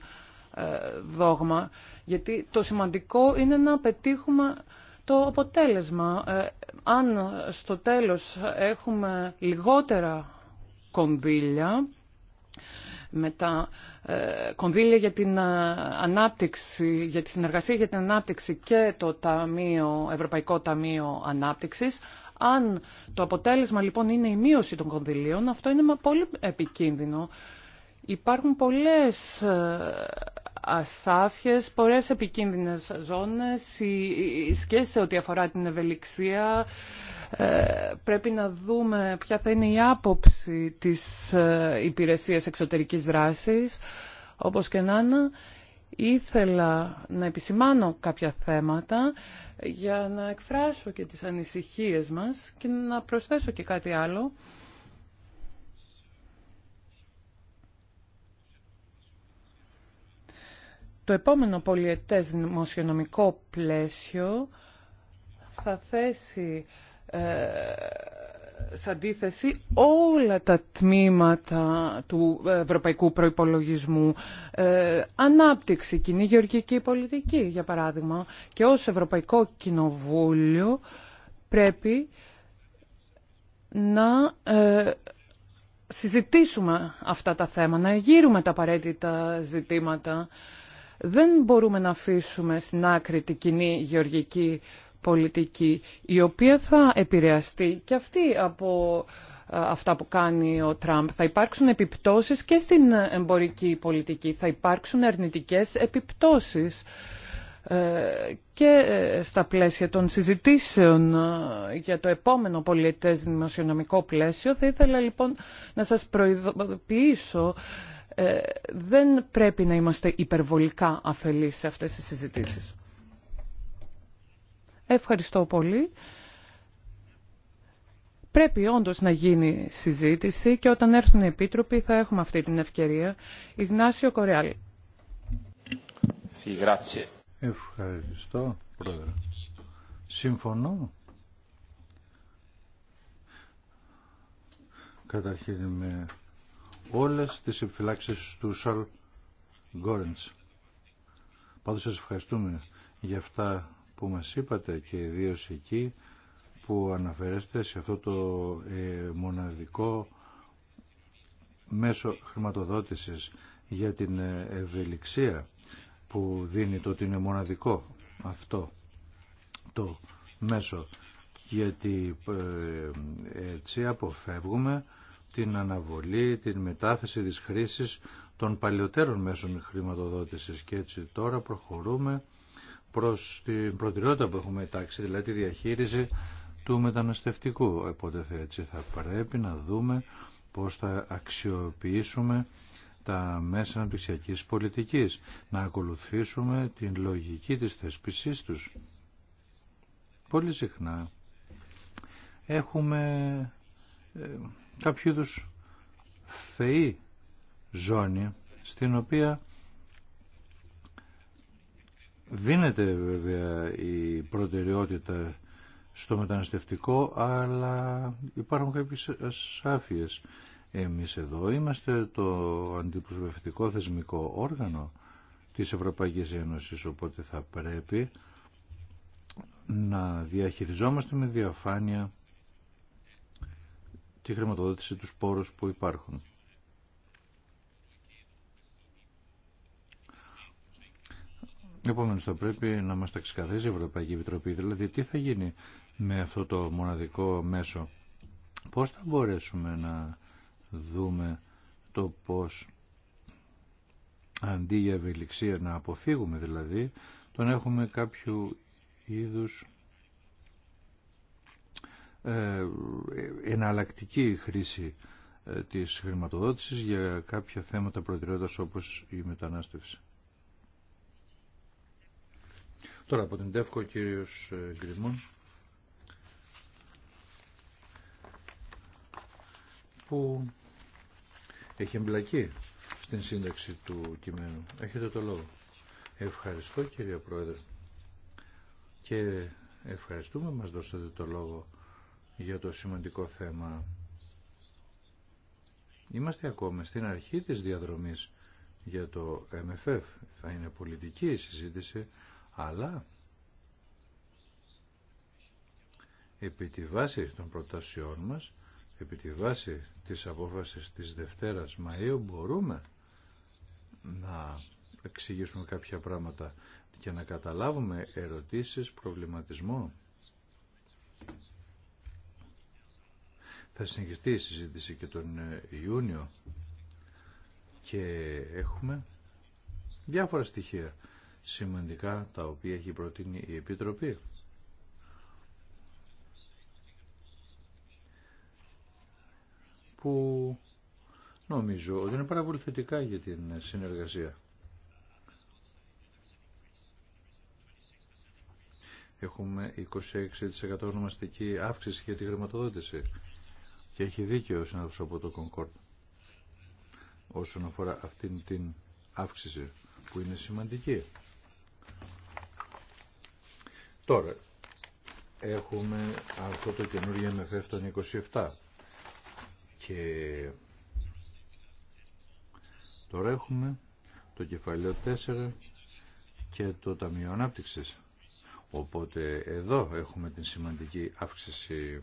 ε, δόγμα, γιατί το σημαντικό είναι να πετύχουμε το αποτέλεσμα. Ε, αν στο τέλος έχουμε λιγότερα κονδύλια, με τα ε, κονδύλια για την ε, ανάπτυξη, για τη συνεργασία για την ανάπτυξη και το ταμείο, Ευρωπαϊκό Ταμείο Ανάπτυξης. Αν το αποτέλεσμα λοιπόν είναι η μείωση των κονδυλίων, αυτό είναι πολύ επικίνδυνο. Υπάρχουν πολλές ασάφιες, πολλές επικίνδυνες ζώνες και σε ό,τι αφορά την ευελιξία. Ε, πρέπει να δούμε ποια θα είναι η άποψη της ε, υπηρεσίας εξωτερικής δράσης. Όπως και να ήθελα να επισημάνω κάποια θέματα για να εκφράσω και τις ανησυχίες μας και να προσθέσω και κάτι άλλο. Το επόμενο πολιετές δημοσιονομικό πλαίσιο θα θέσει ε, σε αντίθεση όλα τα τμήματα του ευρωπαϊκού προϋπολογισμού. Ε, ανάπτυξη, κοινή γεωργική πολιτική, για παράδειγμα. Και ως Ευρωπαϊκό Κοινοβούλιο πρέπει να ε, συζητήσουμε αυτά τα θέματα, να γύρουμε τα απαραίτητα ζητήματα. Δεν μπορούμε να αφήσουμε στην άκρη την κοινή γεωργική πολιτική, η οποία θα επηρεαστεί και αυτή από ε, αυτά που κάνει ο Τραμπ. Θα υπάρξουν επιπτώσεις και στην εμπορική πολιτική. Θα υπάρξουν αρνητικές επιπτώσεις ε, και ε, στα πλαίσια των συζητήσεων για το επόμενο πολιετές δημοσιονομικό πλαίσιο. Θα ήθελα λοιπόν να σας προειδοποιήσω ε, δεν πρέπει να είμαστε υπερβολικά αφελείς σε αυτές τις συζητήσεις. Ευχαριστώ πολύ. Πρέπει όντως να γίνει συζήτηση και όταν έρθουν οι επίτροποι θα έχουμε αυτή την ευκαιρία. Ιγνάσιο Κορεάλ. Ευχαριστώ, Συμφωνώ. Καταρχήν με όλες τις επιφυλάξεις του Σαλ Γκόρεντς. Πάντως σας ευχαριστούμε για αυτά που μας είπατε και ιδίω εκεί που αναφέρεστε σε αυτό το ε, μοναδικό μέσο χρηματοδότησης για την ε, ευελιξία που δίνει το ότι είναι μοναδικό αυτό το μέσο γιατί ε, έτσι αποφεύγουμε την αναβολή, την μετάθεση της χρήσης των παλιωτέρων μέσων χρηματοδότησης και έτσι τώρα προχωρούμε προς την προτεραιότητα που έχουμε τάξει, δηλαδή τη διαχείριση του μεταναστευτικού. Οπότε έτσι θα πρέπει να δούμε πώς θα αξιοποιήσουμε τα μέσα αναπτυξιακής πολιτικής, να ακολουθήσουμε την λογική της θέσπισής τους. Πολύ συχνά έχουμε ε, κάποιο είδου θεή ζώνη στην οποία δίνεται βέβαια η προτεραιότητα στο μεταναστευτικό αλλά υπάρχουν κάποιες ασάφειες εμείς εδώ είμαστε το αντιπροσωπευτικό θεσμικό όργανο της Ευρωπαϊκής Ένωσης οπότε θα πρέπει να διαχειριζόμαστε με διαφάνεια τη χρηματοδότηση τους πόρους που υπάρχουν. Επομένως θα πρέπει να μας τα η Ευρωπαϊκή Επιτροπή, δηλαδή τι θα γίνει με αυτό το μοναδικό μέσο. Πώς θα μπορέσουμε να δούμε το πώς αντί για ευελιξία να αποφύγουμε δηλαδή, τον έχουμε κάποιο είδους ε, εναλλακτική χρήση ε, της χρηματοδότησης για κάποια θέματα προτεραιότητας όπως η μετανάστευση. Τώρα από την ΤΕΦΚΟ ο κύριος ε, Γκριμών που έχει εμπλακεί στην σύνταξη του κειμένου. Έχετε το λόγο. Ευχαριστώ κύριε Πρόεδρε και ευχαριστούμε μας δώσατε το λόγο για το σημαντικό θέμα. Είμαστε ακόμα στην αρχή της διαδρομής για το MFF. Θα είναι πολιτική η συζήτηση, αλλά επί τη βάση των προτασιών μας, επί τη βάση της απόφασης της Δευτέρας Μαΐου μπορούμε να εξηγήσουμε κάποια πράγματα και να καταλάβουμε ερωτήσεις, προβληματισμό. Θα συνεχιστεί η συζήτηση και τον ε, Ιούνιο και έχουμε διάφορα στοιχεία σημαντικά τα οποία έχει προτείνει η Επιτροπή. που νομίζω ότι είναι πάρα πολύ θετικά για την συνεργασία. Έχουμε 26% ονομαστική αύξηση για τη χρηματοδότηση. Και έχει δίκιο ο συνάδελφος από το Κονκόρτ όσον αφορά αυτήν την αύξηση που είναι σημαντική. Τώρα, έχουμε αυτό το καινούργιο MFF των 27 και τώρα έχουμε το κεφαλαίο 4 και το Ταμείο Ανάπτυξης. Οπότε εδώ έχουμε την σημαντική αύξηση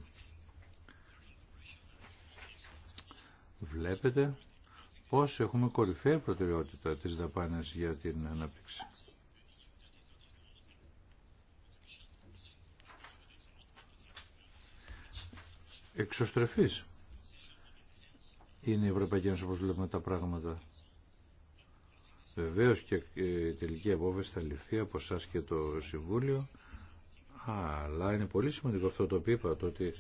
βλέπετε πώς έχουμε κορυφαία προτεραιότητα της δαπάνης για την ανάπτυξη. Εξωστρεφής είναι η Ευρωπαϊκή Ένωση όπως βλέπουμε τα πράγματα. Βεβαίως και ε, η τελική απόφαση θα ληφθεί από εσά και το Συμβούλιο αλλά είναι πολύ σημαντικό αυτό το οποίο το ότι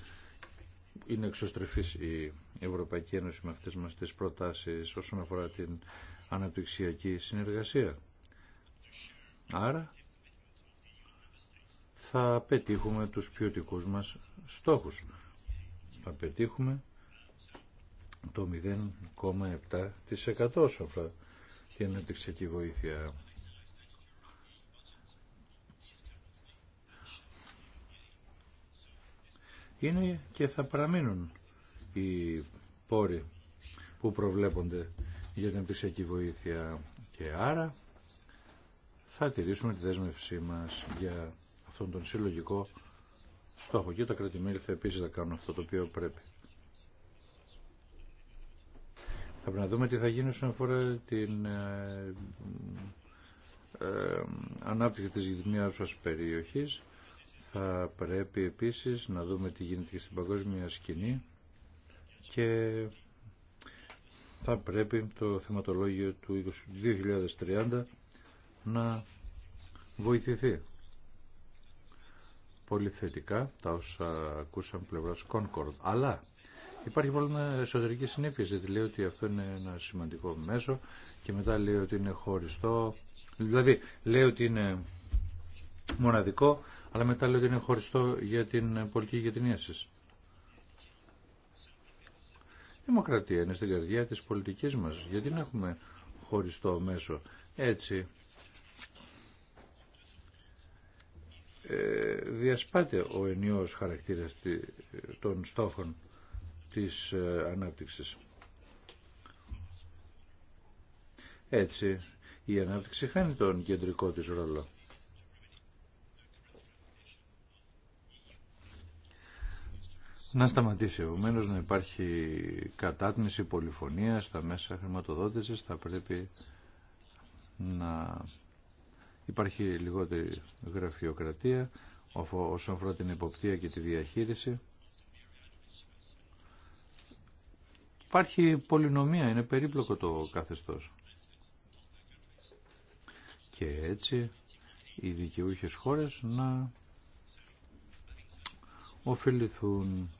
είναι εξωστρεφής η Ευρωπαϊκή Ένωση με αυτές μας τις προτάσεις όσον αφορά την αναπτυξιακή συνεργασία. Άρα θα πετύχουμε τους ποιοτικού μας στόχους. Θα πετύχουμε το 0,7% όσον αφορά την αναπτυξιακή βοήθεια. είναι και θα παραμείνουν οι πόροι που προβλέπονται για την επιστημική βοήθεια και άρα θα τηρήσουμε τη δέσμευσή μας για αυτόν τον συλλογικό στόχο και τα κρατημέρια θα επίσης θα κάνουν αυτό το οποίο πρέπει. Θα πρέπει να δούμε τι θα γίνει όσον αφορά την ε, ε, ε ανάπτυξη της γειτονιάς σας περιοχής θα πρέπει επίσης να δούμε τι γίνεται και στην παγκόσμια σκηνή και θα πρέπει το θεματολόγιο του 2030 να βοηθηθεί. Πολύ θετικά τα όσα ακούσαν πλευράς Concord. Αλλά υπάρχει πρόβλημα εσωτερική συνέπεια, γιατί λέει ότι αυτό είναι ένα σημαντικό μέσο και μετά λέει ότι είναι χωριστό. Δηλαδή λέει ότι είναι μοναδικό αλλά μετά λέω ότι είναι χωριστό για την πολιτική γειτονία σα. δημοκρατία είναι στην καρδιά της πολιτικής μας. Γιατί να έχουμε χωριστό μέσο. Έτσι ε, διασπάται ο ενιός χαρακτήρας των στόχων της ε, ανάπτυξης. Έτσι η ανάπτυξη χάνει τον κεντρικό της ρόλο. να σταματήσει επομένω να υπάρχει κατάτμιση πολυφωνία στα μέσα χρηματοδότησης θα πρέπει να υπάρχει λιγότερη γραφειοκρατία όσον αφορά την υποπτία και τη διαχείριση υπάρχει πολυνομία είναι περίπλοκο το καθεστώς και έτσι οι δικαιούχες χώρες να ωφεληθούν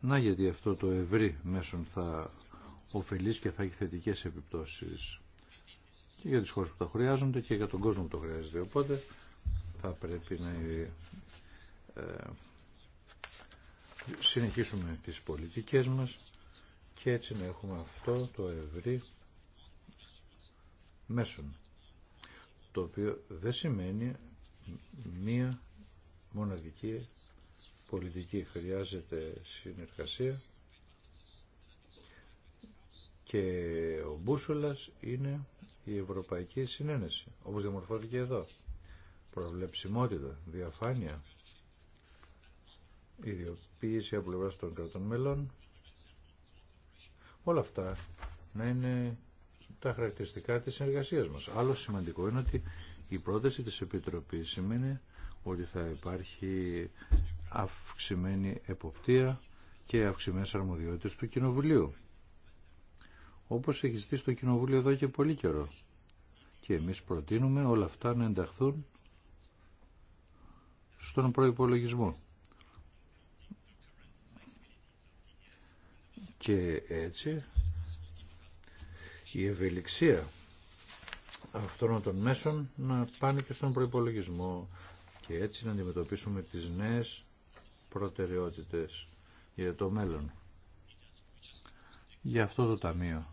να γιατί αυτό το ευρύ μέσον θα ωφελείς και θα έχει θετικέ επιπτώσεις και για τις χώρες που τα χρειάζονται και για τον κόσμο που το χρειάζεται. Οπότε θα πρέπει να ε, ε, συνεχίσουμε τις πολιτικές μας και έτσι να έχουμε αυτό το ευρύ μέσον το οποίο δεν σημαίνει μία μοναδική πολιτική. Χρειάζεται συνεργασία και ο μπούσουλας είναι η Ευρωπαϊκή Συνένεση, όπως διαμορφώθηκε εδώ. Προβλεψιμότητα, διαφάνεια, ιδιοποίηση από πλευράς των κρατών μελών, όλα αυτά να είναι τα χαρακτηριστικά της συνεργασίας μας. Άλλο σημαντικό είναι ότι η πρόταση της Επιτροπής σημαίνει ότι θα υπάρχει αυξημένη εποπτεία και αυξημένες αρμοδιότητες του Κοινοβουλίου. Όπως έχει ζητήσει το Κοινοβούλιο εδώ και πολύ καιρό. Και εμείς προτείνουμε όλα αυτά να ενταχθούν στον προϋπολογισμό. Και έτσι η ευελιξία αυτών των μέσων να πάνε και στον προϋπολογισμό και έτσι να αντιμετωπίσουμε τις νέες προτεραιότητες για το μέλλον. Για αυτό το ταμείο.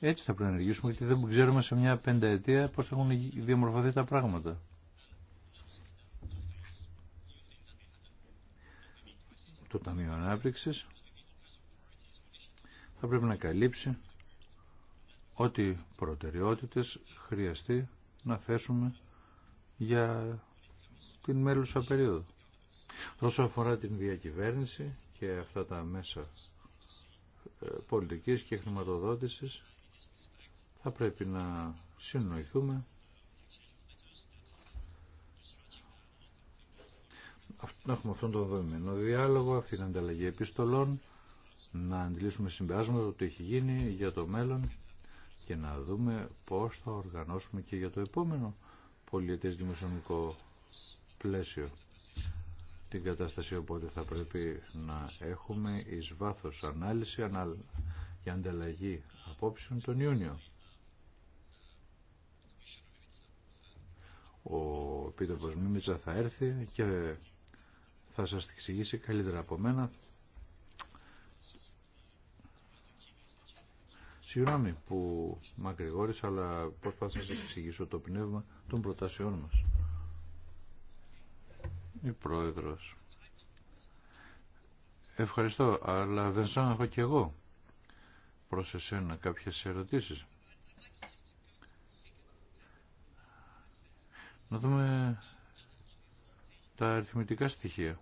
Έτσι θα προενεργήσουμε, γιατί δεν ξέρουμε σε μια πενταετία πώς θα έχουν διαμορφωθεί τα πράγματα. Το Ταμείο Ανάπτυξης θα πρέπει να καλύψει ό,τι προτεραιότητες χρειαστεί να θέσουμε για την μέλουσα περίοδο. Όσο αφορά την διακυβέρνηση και αυτά τα μέσα ε, πολιτικής και χρηματοδότησης θα πρέπει να συνοηθούμε να έχουμε αυτόν τον δομημένο διάλογο, αυτή την ανταλλαγή επιστολών, να αντιλήσουμε συμπεράσματα του έχει γίνει για το μέλλον και να δούμε πώς θα οργανώσουμε και για το επόμενο πολιετές δημοσιονομικό πλαίσιο την κατάσταση οπότε θα πρέπει να έχουμε εις βάθος ανάλυση για ανταλλαγή απόψεων τον Ιούνιο. Ο Επίτροπος Μίμητσα θα έρθει και θα σας εξηγήσει καλύτερα από μένα. Συγγνώμη που μακρηγόρησα, αλλά προσπάθησα να σας εξηγήσω το πνεύμα των προτάσεών μας η Πρόεδρος. Ευχαριστώ, αλλά δεν σαν έχω κι εγώ προς εσένα κάποιες ερωτήσεις. Να δούμε τα αριθμητικά στοιχεία.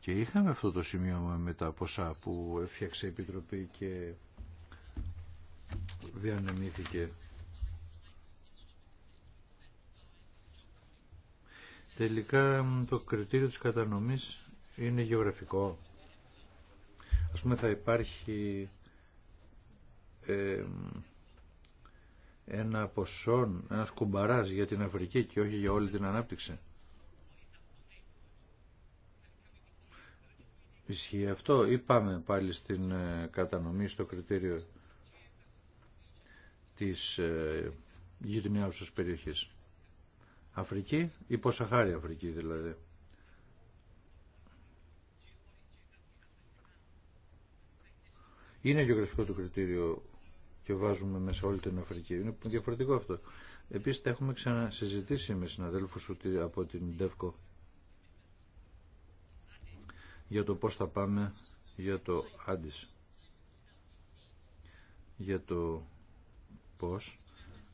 Και είχαμε αυτό το σημείο με τα ποσά που έφτιαξε η Επιτροπή και διανεμήθηκε Τελικά το κριτήριο της κατανομής είναι γεωγραφικό. Ας πούμε θα υπάρχει ε, ένα ποσό, ένα κουμπαράς για την Αφρική και όχι για όλη την ανάπτυξη. Ισχύει αυτό ή πάμε πάλι στην ε, κατανομή στο κριτήριο της ε, γειτονιάς περιοχής. Αφρική, υποσαχάρη Αφρική δηλαδή. Είναι γεωγραφικό το κριτήριο και βάζουμε μέσα όλη την Αφρική. Είναι διαφορετικό αυτό. Επίσης τα έχουμε ξανασυζητήσει με συναδέλφους από την ΔΕΦΚΟ για το πώς θα πάμε για το Άντις. Για το πώς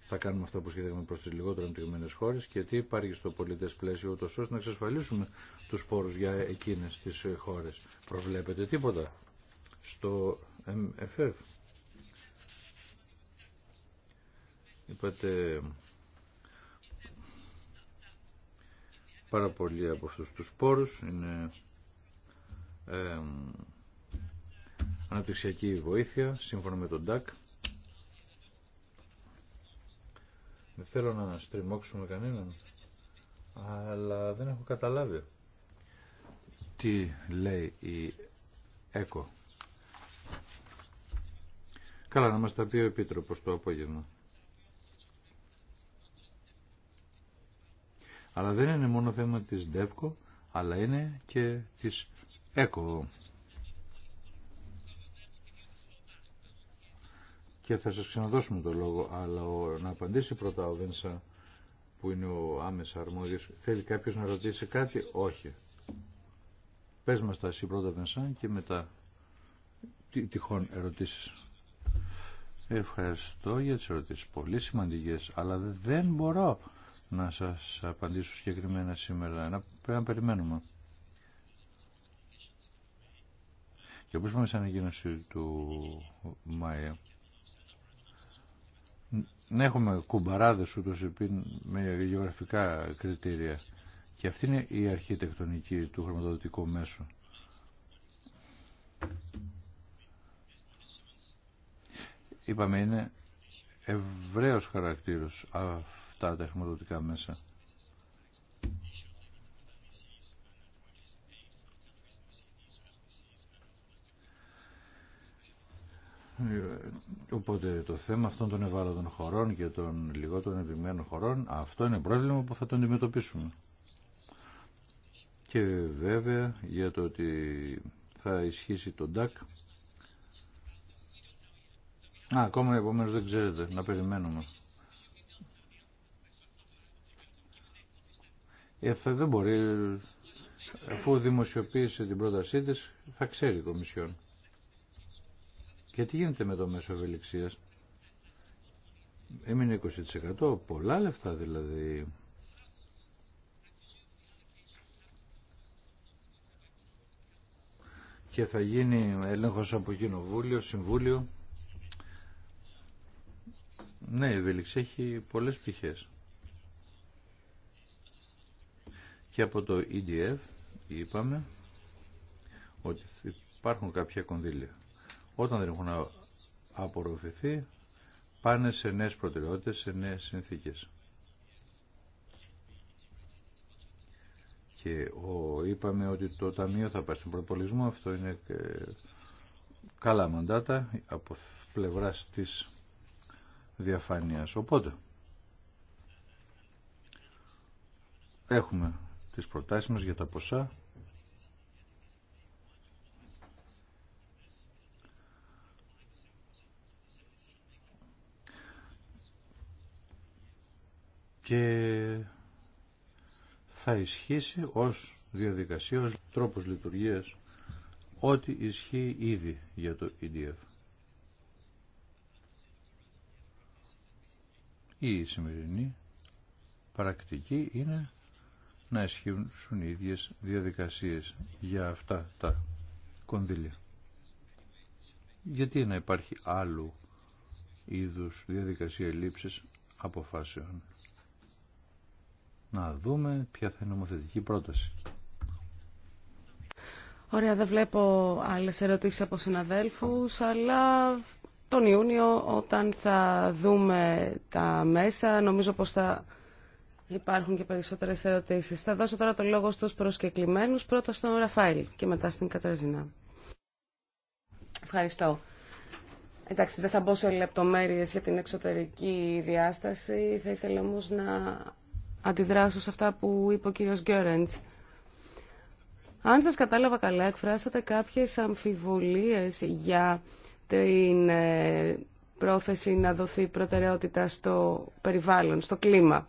θα κάνουμε αυτά που σχεδιάζουμε προ τι λιγότερο ανεπτυγμένε χώρε και τι υπάρχει στο πολιτέ πλαίσιο, ούτω ώστε να εξασφαλίσουμε του πόρου για εκείνε τι χώρε. Προβλέπετε τίποτα στο MFF. Είπατε πάρα πολλοί από αυτούς τους πόρους είναι ε, αναπτυξιακή βοήθεια σύμφωνα με τον ΤΑΚ Δεν θέλω να στριμώξουμε κανέναν, αλλά δεν έχω καταλάβει. Τι λέει η ΕΚΟ. Καλά να μας τα πει ο Επίτροπος το απόγευμα. Αλλά δεν είναι μόνο θέμα της ΔΕΒΚΟ, αλλά είναι και της ΕΚΟ. και θα σας ξαναδώσουμε το λόγο, αλλά να απαντήσει πρώτα ο Βένσα που είναι ο άμεσα αρμόδιος. Θέλει κάποιος να ρωτήσει κάτι, όχι. Πες μας τα εσύ πρώτα Βενσα και μετά τυχόν ερωτήσεις. Ευχαριστώ για τις ερωτήσεις. Πολύ σημαντικές, αλλά δεν μπορώ να σας απαντήσω συγκεκριμένα σήμερα. Να, περιμένουμε. Και όπως είπαμε σαν ανακοίνωση του Μάια, να έχουμε κουμπαράδες ούτως επίν με γεωγραφικά κριτήρια και αυτή είναι η αρχιτεκτονική του χρηματοδοτικού μέσου. Είπαμε είναι ευρέως χαρακτήρος αυτά τα χρηματοδοτικά μέσα. Ε, οπότε το θέμα αυτών των ευάλωτων χωρών και των λιγότερων επιμένων χωρών, αυτό είναι πρόβλημα που θα το αντιμετωπίσουμε. Και βέβαια για το ότι θα ισχύσει το ΝΤΑΚ Α, ακόμα επομένως δεν ξέρετε, να περιμένουμε. Ε, δεν μπορεί, αφού δημοσιοποίησε την πρότασή της, θα ξέρει η Κομισιόν. Και τι γίνεται με το μέσο ευελιξία. Έμεινε 20%, πολλά λεφτά δηλαδή. Και θα γίνει έλεγχος από κοινοβούλιο, συμβούλιο. Ναι, η ευελιξία έχει πολλές πτυχές. Και από το EDF είπαμε ότι υπάρχουν κάποια κονδύλια όταν δεν έχουν απορροφηθεί πάνε σε νέες προτεραιότητες, σε νέες συνθήκες. Και ο, είπαμε ότι το Ταμείο θα πάει στον προπολισμό, αυτό είναι ε, καλά μαντάτα από πλευράς της διαφάνειας. Οπότε, έχουμε τις προτάσεις μας για τα ποσά και θα ισχύσει ως διαδικασία, ως τρόπος λειτουργίας ό,τι ισχύει ήδη για το EDF. Η σημερινή πρακτική είναι να ισχύουν οι ίδιες διαδικασίες για αυτά τα κονδύλια. Γιατί να υπάρχει άλλου είδους διαδικασία λήψης αποφάσεων να δούμε ποια θα είναι η νομοθετική πρόταση. Ωραία, δεν βλέπω άλλες ερωτήσεις από συναδέλφους, αλλά τον Ιούνιο όταν θα δούμε τα μέσα, νομίζω πως θα υπάρχουν και περισσότερες ερωτήσεις. Θα δώσω τώρα το λόγο στους προσκεκλημένους, πρώτα στον Ραφάηλ και μετά στην Κατραζινά. Ευχαριστώ. Εντάξει, δεν θα μπω σε λεπτομέρειες για την εξωτερική διάσταση. Θα ήθελα όμως να αντιδράσω σε αυτά που είπε ο κύριος Γκέρεντς. Αν σας κατάλαβα καλά, εκφράσατε κάποιες αμφιβολίες για την ε, πρόθεση να δοθεί προτεραιότητα στο περιβάλλον, στο κλίμα.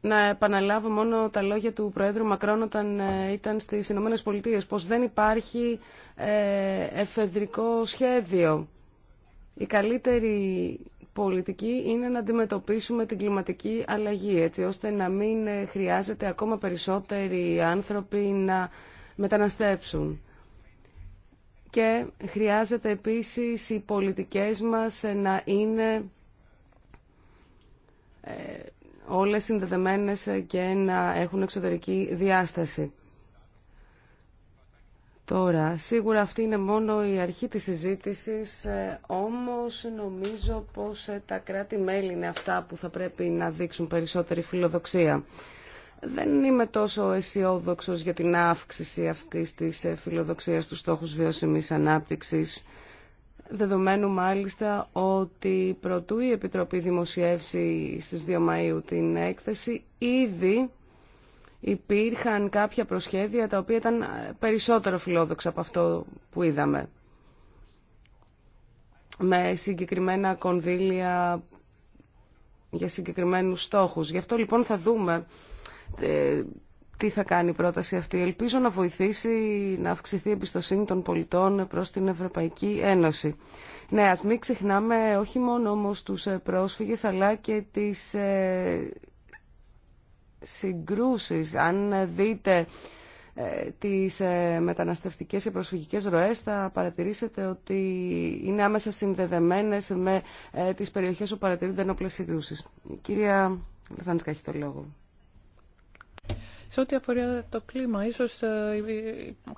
Να επαναλάβω μόνο τα λόγια του Προέδρου Μακρόν όταν ε, ήταν στις Ηνωμένε Πολιτείες, πως δεν υπάρχει ε, εφεδρικό σχέδιο. Η καλύτερη πολιτική είναι να αντιμετωπίσουμε την κλιματική αλλαγή, έτσι ώστε να μην ε, χρειάζεται ακόμα περισσότεροι άνθρωποι να μεταναστέψουν. Και χρειάζεται επίσης οι πολιτικές μας ε, να είναι ε, όλες συνδεδεμένες και να έχουν εξωτερική διάσταση. Τώρα, σίγουρα αυτή είναι μόνο η αρχή της συζήτησης, ε, όμως νομίζω πως ε, τα κράτη-μέλη είναι αυτά που θα πρέπει να δείξουν περισσότερη φιλοδοξία. Δεν είμαι τόσο αισιόδοξο για την αύξηση αυτής της ε, φιλοδοξίας του στόχου βιώσιμης ανάπτυξης, δεδομένου μάλιστα ότι προτού η Επιτροπή δημοσιεύσει στις 2 Μαΐου την έκθεση, ήδη υπήρχαν κάποια προσχέδια τα οποία ήταν περισσότερο φιλόδοξα από αυτό που είδαμε. Με συγκεκριμένα κονδύλια για συγκεκριμένους στόχους. Γι' αυτό λοιπόν θα δούμε ε, τι θα κάνει η πρόταση αυτή. Ελπίζω να βοηθήσει να αυξηθεί η εμπιστοσύνη των πολιτών προς την Ευρωπαϊκή Ένωση. Ναι, ας μην ξεχνάμε όχι μόνο όμως τους ε, πρόσφυγες αλλά και τις ε, συγκρούσεις. Αν δείτε ε, τις ε, μεταναστευτικές και προσφυγικές ροές θα παρατηρήσετε ότι είναι άμεσα συνδεδεμένες με ε, τις περιοχές που παρατηρούνται ενόπλες συγκρούσεις. κυρία Λασάνισκα, έχει το λόγο. Σε ό,τι αφορά το κλίμα, ίσως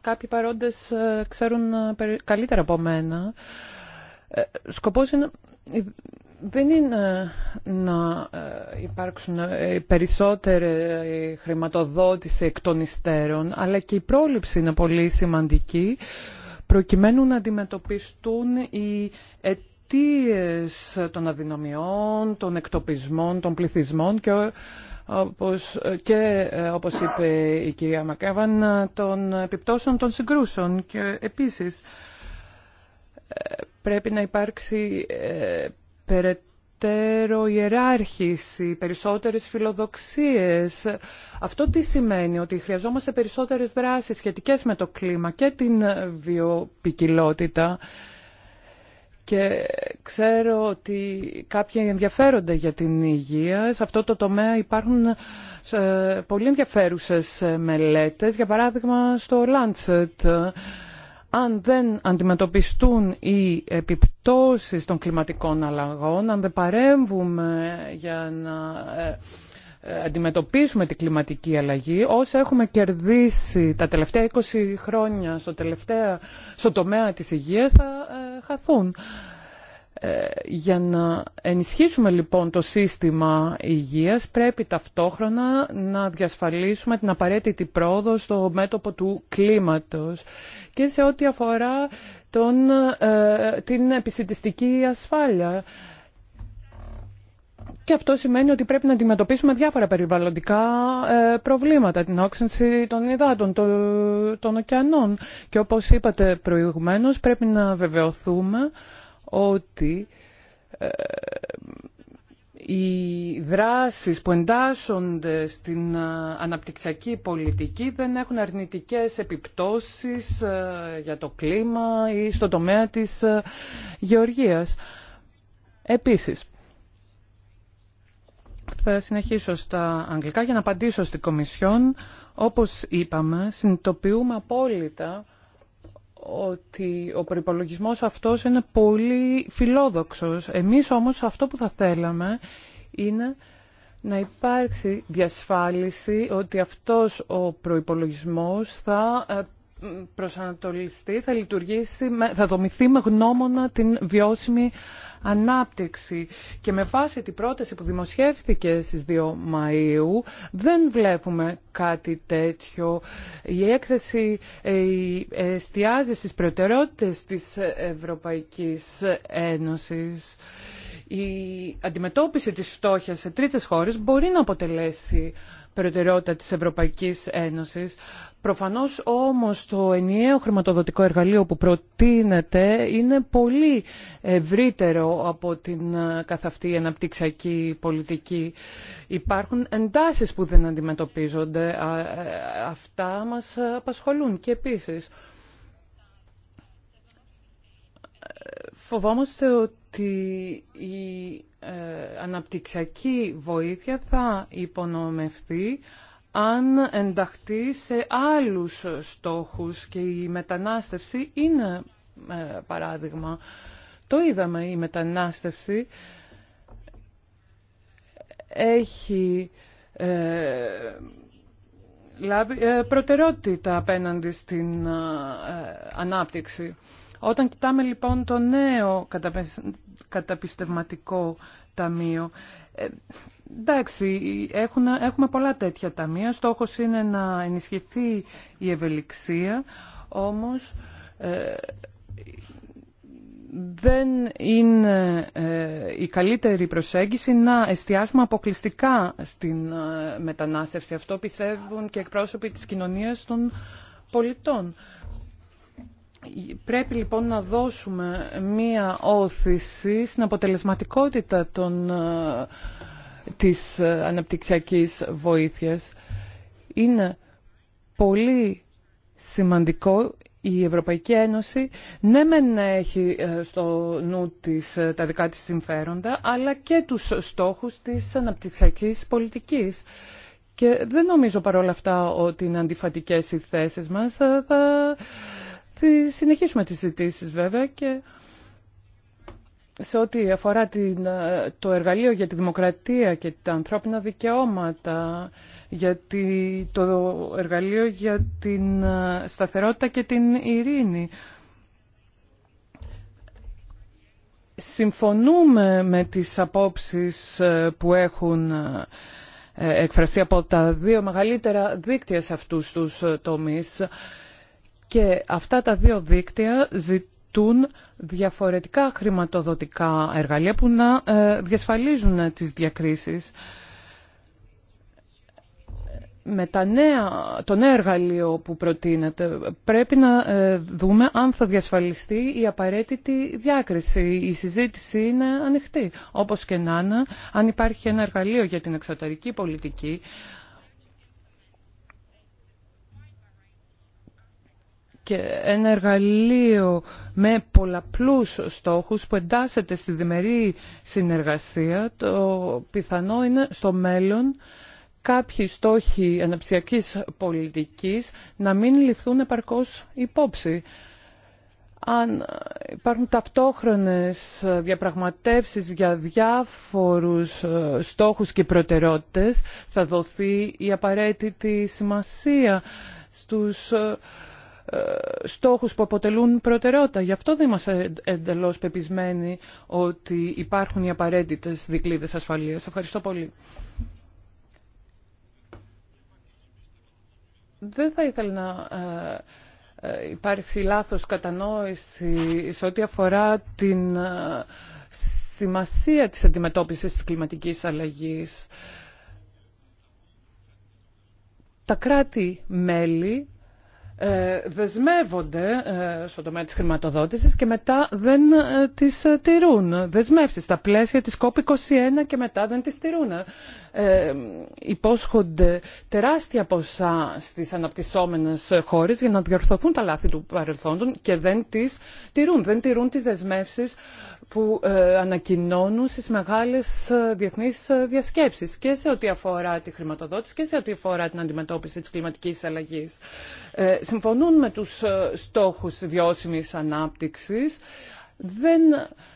κάποιοι παρόντες ξέρουν καλύτερα από μένα. Σκοπός είναι δεν είναι ε, να ε, υπάρξουν ε, περισσότερη χρηματοδότηση εκ των υστέρων, αλλά και η πρόληψη είναι πολύ σημαντική, προκειμένου να αντιμετωπιστούν οι αιτίες των αδυναμιών, των εκτοπισμών, των πληθυσμών και όπως, και όπως είπε η κυρία Μακέβαν, των επιπτώσεων των συγκρούσεων και επίσης πρέπει να υπάρξει περαιτέρω ιεράρχηση, περισσότερες φιλοδοξίες. Αυτό τι σημαίνει, ότι χρειαζόμαστε περισσότερες δράσεις σχετικές με το κλίμα και την βιοπικιλότητα. Και ξέρω ότι κάποιοι ενδιαφέρονται για την υγεία. Σε αυτό το τομέα υπάρχουν ε, πολύ ενδιαφέρουσες μελέτες, για παράδειγμα στο Lancet αν δεν αντιμετωπιστούν οι επιπτώσεις των κλιματικών αλλαγών, αν δεν παρέμβουμε για να ε, ε, αντιμετωπίσουμε την κλιματική αλλαγή, όσα έχουμε κερδίσει τα τελευταία 20 χρόνια στο, τελευταία, τομέα της υγείας θα ε, χαθούν. Ε, για να ενισχύσουμε λοιπόν το σύστημα υγείας πρέπει ταυτόχρονα να διασφαλίσουμε την απαραίτητη πρόοδο στο μέτωπο του κλίματος και σε ό,τι αφορά τον, ε, την επισητιστική ασφάλεια. Και αυτό σημαίνει ότι πρέπει να αντιμετωπίσουμε διάφορα περιβαλλοντικά ε, προβλήματα, την όξυνση των υδάτων, των ωκεανών. Και όπως είπατε προηγουμένως πρέπει να βεβαιωθούμε ότι ε, οι δράσεις που εντάσσονται στην ε, αναπτυξιακή πολιτική δεν έχουν αρνητικές επιπτώσεις ε, για το κλίμα ή στο τομέα της γεωργίας. Επίσης, θα συνεχίσω στα αγγλικά για να απαντήσω στην Κομισιόν. Όπως είπαμε, συνειδητοποιούμε απόλυτα ότι ο προπολογισμό αυτός είναι πολύ φιλόδοξος. Εμείς όμως αυτό που θα θέλαμε είναι να υπάρξει διασφάλιση ότι αυτός ο προϋπολογισμός θα ε, προσανατολιστεί, θα λειτουργήσει, θα δομηθεί με γνώμονα την βιώσιμη ανάπτυξη. Και με βάση την πρόταση που δημοσιεύθηκε στις 2 Μαΐου, δεν βλέπουμε κάτι τέτοιο. Η έκθεση ε, εστιάζει στις προτεραιότητες της Ευρωπαϊκής Ένωσης. Η αντιμετώπιση της φτώχειας σε τρίτες χώρες μπορεί να αποτελέσει προτεραιότητα της Ευρωπαϊκής Ένωσης. Προφανώς όμως το ενιαίο χρηματοδοτικό εργαλείο που προτείνεται είναι πολύ ευρύτερο από την ε, καθ' αυτή αναπτυξιακή πολιτική. Υπάρχουν εντάσεις που δεν αντιμετωπίζονται. Ε, αυτά μας απασχολούν και επίσης. Ε, φοβόμαστε ότι η αναπτυξιακή βοήθεια θα υπονομευτεί αν ενταχθεί σε άλλους στόχους και η μετανάστευση είναι ε, παράδειγμα. Το είδαμε η μετανάστευση έχει ε, λάβει ε, προτερότητα απέναντι στην ανάπτυξη. Όταν κοιτάμε λοιπόν το νέο καταπιστευματικό ταμείο, ε, εντάξει, έχουν, έχουμε πολλά τέτοια ταμεία. Στόχος είναι να ενισχυθεί η ευελιξία, όμως ε, δεν είναι ε, η καλύτερη προσέγγιση να εστιάσουμε αποκλειστικά στην μετανάστευση. Αυτό πιστεύουν και εκπρόσωποι της κοινωνίας των πολιτών. Πρέπει λοιπόν να δώσουμε μία όθηση στην αποτελεσματικότητα των, ε, της ε, αναπτυξιακής βοήθειας. Είναι πολύ σημαντικό η Ευρωπαϊκή Ένωση ναι να έχει ε, στο νου της τα δικά της συμφέροντα αλλά και τους στόχους της αναπτυξιακής πολιτικής. Και δεν νομίζω παρόλα αυτά ότι είναι αντιφατικές οι θέσεις μας συνεχίσουμε τις συζητήσεις βέβαια και σε ό,τι αφορά την, ε, το εργαλείο για τη δημοκρατία και τα ανθρώπινα δικαιώματα, για το εργαλείο για την ε, σταθερότητα και την ειρήνη. Συμφωνούμε με τις απόψεις ε, που έχουν εκφραστεί από τα δύο μεγαλύτερα δίκτυα σε αυτούς τους τομείς. Και αυτά τα δύο δίκτυα ζητούν διαφορετικά χρηματοδοτικά εργαλεία που να ε, διασφαλίζουν τις διακρίσεις. Με τα νέα, το νέο εργαλείο που προτείνεται πρέπει να ε, δούμε αν θα διασφαλιστεί η απαραίτητη διάκριση. Η συζήτηση είναι ανοιχτή. Όπως και να αν υπάρχει ένα εργαλείο για την εξωτερική πολιτική και ένα εργαλείο με πολλαπλούς στόχους που εντάσσεται στη διμερή συνεργασία, το πιθανό είναι στο μέλλον κάποιοι στόχοι αναψιακής πολιτικής να μην ληφθούν επαρκώς υπόψη. Αν υπάρχουν ταυτόχρονες διαπραγματεύσεις για διάφορους ε, στόχους και προτεραιότητες, θα δοθεί η απαραίτητη σημασία στους ε, ε, στόχους που αποτελούν προτεραιότητα. Γι' αυτό δεν είμαστε εντελώς πεπισμένοι ότι υπάρχουν οι απαραίτητες δικλείδες ασφαλείας. Ευχαριστώ πολύ. Δεν θα ήθελα να ε, ε, υπάρξει λάθος κατανόηση σε ό,τι αφορά την σημασία της αντιμετώπισης της κλιματικής αλλαγής. Τα κράτη-μέλη ε, δεσμεύονται ε, στον τομέα της χρηματοδότησης και μετά δεν ε, τις τηρούν. Δεσμεύσεις στα πλαίσια της COP21 και μετά δεν τις τηρούν. Ε, υπόσχονται τεράστια ποσά στις αναπτυσσόμενες χώρες για να διορθωθούν τα λάθη του παρελθόντων και δεν τις τηρούν. Δεν τηρούν τις δεσμεύσεις που ε, ανακοινώνουν στις μεγάλες ε, διεθνείς ε, διασκέψεις και σε ό,τι αφορά τη χρηματοδότηση και σε ό,τι αφορά την αντιμετώπιση της κλιματικής αλλαγής. Συμφωνούν με τους στόχους βιώσιμης ανάπτυξης, δεν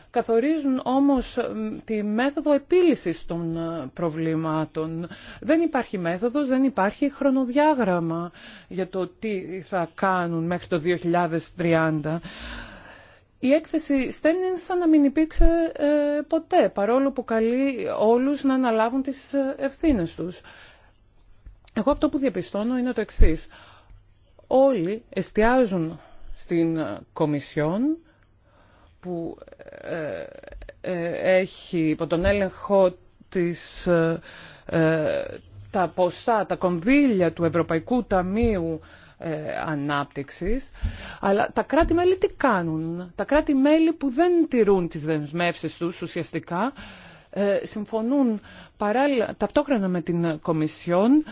καθορίζουν όμως τη μέθοδο επίλυσης των προβλημάτων. Δεν υπάρχει μέθοδος, δεν υπάρχει χρονοδιάγραμμα για το τι θα κάνουν μέχρι το 2030 η έκθεση στέλνει σαν να μην υπήρξε ε, ποτέ, παρόλο που καλεί όλους να αναλάβουν τις ε, ευθύνες τους. Εγώ αυτό που διαπιστώνω είναι το εξής. Όλοι εστιάζουν στην ε, Κομισιόν που έχει υπό τον έλεγχο της, τα ποσά, τα κονδύλια του Ευρωπαϊκού Ταμείου ε, ανάπτυξης. Αλλά τα κράτη-μέλη τι κάνουν. Τα κράτη-μέλη που δεν τηρούν τις δεσμεύσεις τους ουσιαστικά ε, συμφωνούν παράλληλα ταυτόχρονα με την Κομισιόν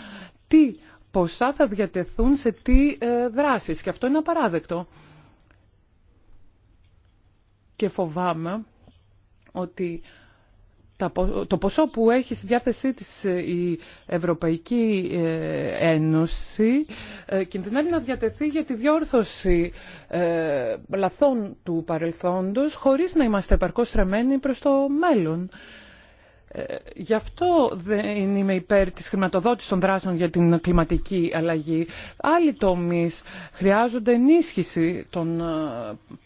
τι ποσά θα διατεθούν σε τι ε, δράσεις. Και αυτό είναι απαράδεκτο. Και φοβάμαι ότι το ποσό που έχει στη διάθεσή της ε, η Ευρωπαϊκή ε, Ένωση ε, κινδυνεύει να διατεθεί για τη διόρθωση λαθών του παρελθόντος χωρίς να είμαστε επαρκώς στρεμμένοι προς το μέλλον. Γι' αυτό δεν είμαι υπέρ της χρηματοδότησης των δράσεων για την κλιματική αλλαγή. Άλλοι τομείς χρειάζονται ενίσχυση των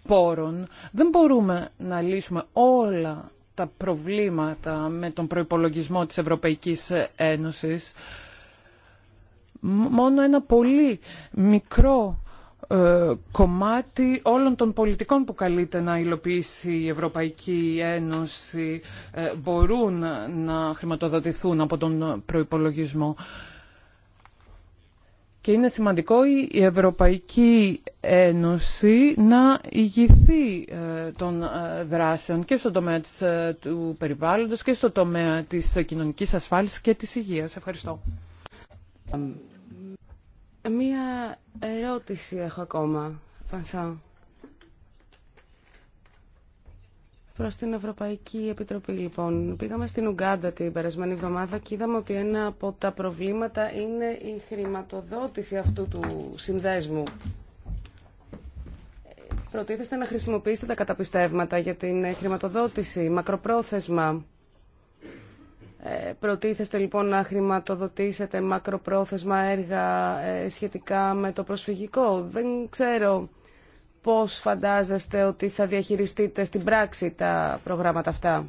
πόρων. Δεν μπορούμε να λύσουμε όλα τα προβλήματα με τον προϋπολογισμό της Ευρωπαϊκής Ένωσης, μόνο ένα πολύ μικρό ε, κομμάτι όλων των πολιτικών που καλείται να υλοποιήσει η Ευρωπαϊκή Ένωση ε, μπορούν να χρηματοδοτηθούν από τον προϋπολογισμό και είναι σημαντικό η Ευρωπαϊκή Ένωση να ηγηθεί ε, των ε, δράσεων και στον τομέα ε, του περιβάλλοντος και στο τομέα της κοινωνικής ασφάλισης και της υγείας. Ευχαριστώ. Μία ερώτηση έχω ακόμα, Φανσά. Προ την Ευρωπαϊκή Επιτροπή. Λοιπόν, πήγαμε στην ουγγάντα την περασμένη εβδομάδα και είδαμε ότι ένα από τα προβλήματα είναι η χρηματοδότηση αυτού του συνδέσμου. Προτίθεστε να χρησιμοποιήσετε τα καταπιστεύματα για την χρηματοδότηση, μακροπρόθεσμα. Ε, προτίθεστε λοιπόν να χρηματοδοτήσετε μακροπρόθεσμα έργα ε, σχετικά με το προσφυγικό. Δεν ξέρω πώς φαντάζεστε ότι θα διαχειριστείτε στην πράξη τα προγράμματα αυτά.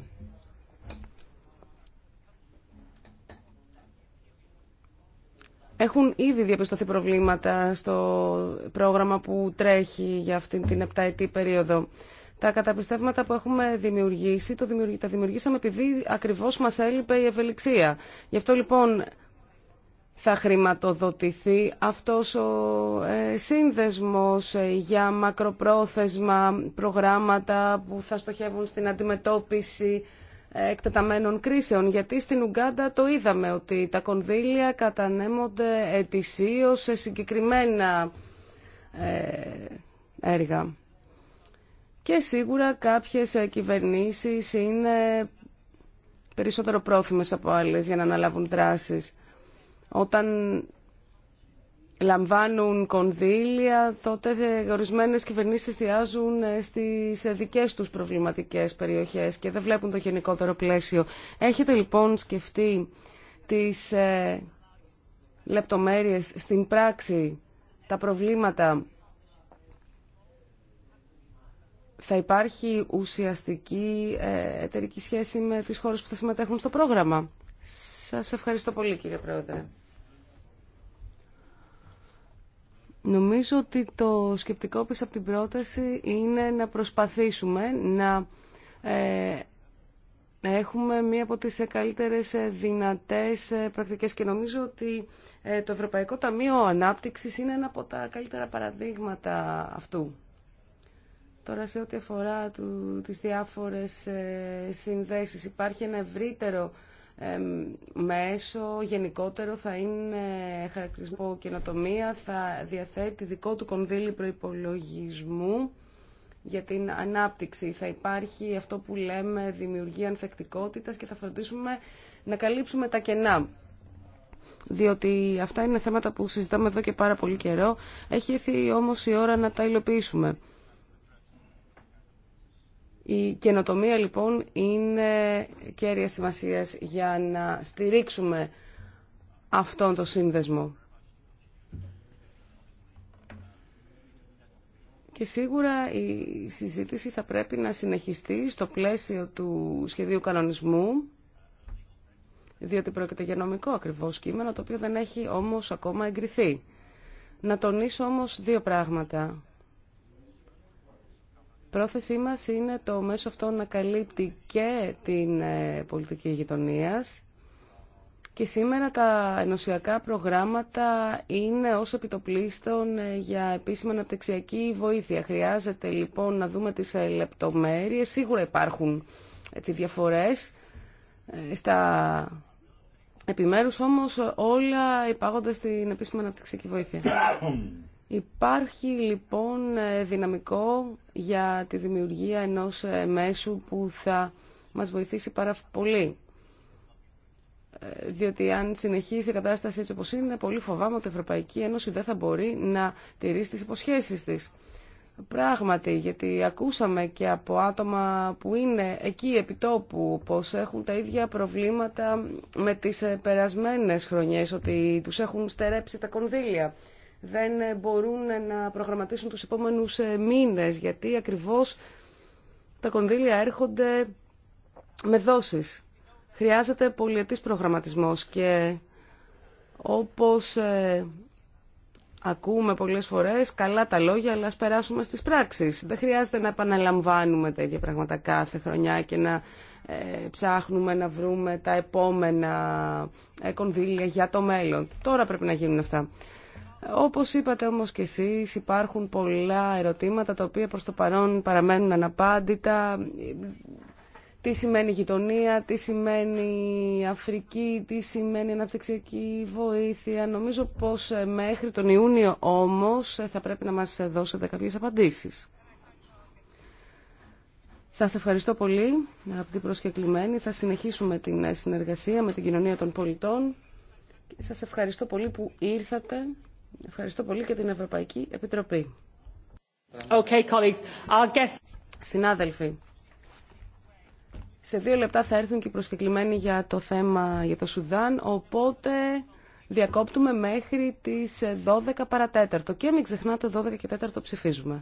Έχουν ήδη διαπιστωθεί προβλήματα στο πρόγραμμα που τρέχει για αυτήν την επταετή περίοδο. Τα καταπιστεύματα που έχουμε δημιουργήσει, το τα δημιουργήσαμε επειδή ακριβώς μας έλειπε η ευελιξία. Γι' αυτό λοιπόν θα χρηματοδοτηθεί αυτός ο ε, σύνδεσμος ε, για μακροπρόθεσμα προγράμματα που θα στοχεύουν στην αντιμετώπιση ε, εκτεταμένων κρίσεων. Γιατί στην Ουγκάντα το είδαμε ότι τα κονδύλια κατανέμονται ετησίως σε συγκεκριμένα έργα. Και σίγουρα κάποιες κυβερνήσεις είναι περισσότερο πρόθυμες από άλλες για να αναλάβουν δράσεις. Όταν λαμβάνουν κονδύλια, τότε ορισμένε κυβερνήσει εστιάζουν ε, στι δικέ του προβληματικέ περιοχέ και δεν βλέπουν το γενικότερο πλαίσιο. Έχετε λοιπόν σκεφτεί τι ε, λεπτομέρειε στην πράξη, τα προβλήματα. Θα υπάρχει ουσιαστική ε, εταιρική σχέση με τις χώρες που θα συμμετέχουν στο πρόγραμμα. Σας ευχαριστώ πολύ κύριε Πρόεδρε. Νομίζω ότι το σκεπτικό πίσω από την πρόταση είναι να προσπαθήσουμε να ε, έχουμε μία από τις ε, καλύτερες ε, δυνατές πρακτικές και νομίζω ότι το Ευρωπαϊκό Ταμείο Ανάπτυξης είναι ένα από τα καλύτερα παραδείγματα αυτού. Τώρα σε ό,τι αφορά του, τις διάφορες συνδέσεις υπάρχει ένα ευρύτερο μέσο γενικότερο θα είναι χαρακτηρισμό καινοτομία, θα διαθέτει δικό του κονδύλι προϋπολογισμού για την ανάπτυξη. Θα υπάρχει αυτό που λέμε δημιουργία ανθεκτικότητας και θα φροντίσουμε να καλύψουμε τα κενά. Διότι αυτά είναι θέματα που συζητάμε εδώ και πάρα πολύ καιρό. Έχει έρθει όμως η ώρα να τα υλοποιήσουμε. Η καινοτομία λοιπόν είναι κέρια σημασίας για να στηρίξουμε αυτόν τον σύνδεσμο. Και σίγουρα η συζήτηση θα πρέπει να συνεχιστεί στο πλαίσιο του σχεδίου κανονισμού, διότι πρόκειται για νομικό ακριβώς κείμενο, το οποίο δεν έχει όμως ακόμα εγκριθεί. Να τονίσω όμως δύο πράγματα. Πρόθεσή μας είναι το μέσο αυτό να καλύπτει και την ε, πολιτική γειτονίας και σήμερα τα ενωσιακά προγράμματα είναι ως επιτοπλίστων ε, για επίσημα αναπτυξιακή βοήθεια. Χρειάζεται λοιπόν να δούμε τις ε, λεπτομέρειες. Σίγουρα υπάρχουν έτσι, διαφορές στα επιμέρους όμως όλα υπάγονται στην επίσημα αναπτυξιακή βοήθεια. Υπάρχει λοιπόν δυναμικό για τη δημιουργία ενός μέσου που θα μας βοηθήσει πάρα πολύ. Ε, διότι αν συνεχίσει η κατάσταση έτσι όπως είναι, πολύ φοβάμαι ότι η Ευρωπαϊκή Ένωση δεν θα μπορεί να τηρήσει τις υποσχέσεις της. Πράγματι, γιατί ακούσαμε και από άτομα που είναι εκεί επιτόπου πως έχουν τα ίδια προβλήματα με τις ε, περασμένες χρονιές, ότι τους έχουν στερέψει τα κονδύλια δεν μπορούν να προγραμματίσουν τους επόμενους ε, μήνες, γιατί ακριβώς τα κονδύλια έρχονται με δόσεις. Χρειάζεται πολυετής προγραμματισμός και όπως ε, ακούμε πολλές φορές καλά τα λόγια, αλλά ας περάσουμε στις πράξεις. Δεν χρειάζεται να επαναλαμβάνουμε τα ίδια πράγματα κάθε χρονιά και να ε, ψάχνουμε να βρούμε τα επόμενα κονδύλια για το μέλλον. Τώρα πρέπει να γίνουν αυτά. Όπως είπατε όμως και εσείς υπάρχουν πολλά ερωτήματα τα οποία προς το παρόν παραμένουν αναπάντητα. Τι σημαίνει γειτονία, τι σημαίνει Αφρική, τι σημαίνει αναπτυξιακή βοήθεια. Νομίζω πως ε, μέχρι τον Ιούνιο όμως ε, θα πρέπει να μας ε, δώσετε κάποιες απαντήσεις. Σας ευχαριστώ πολύ, αγαπητοί προσκεκλημένοι. Θα συνεχίσουμε την συνεργασία με την κοινωνία των πολιτών. Σας ευχαριστώ πολύ που ήρθατε. Ευχαριστώ πολύ και την Ευρωπαϊκή Επιτροπή. Okay, colleagues. Συνάδελφοι, σε δύο λεπτά θα έρθουν και οι προσκεκλημένοι για το θέμα για το Σουδάν, οπότε διακόπτουμε μέχρι τις 12 παρατέταρτο. Και μην ξεχνάτε 12 και 4 ψηφίζουμε.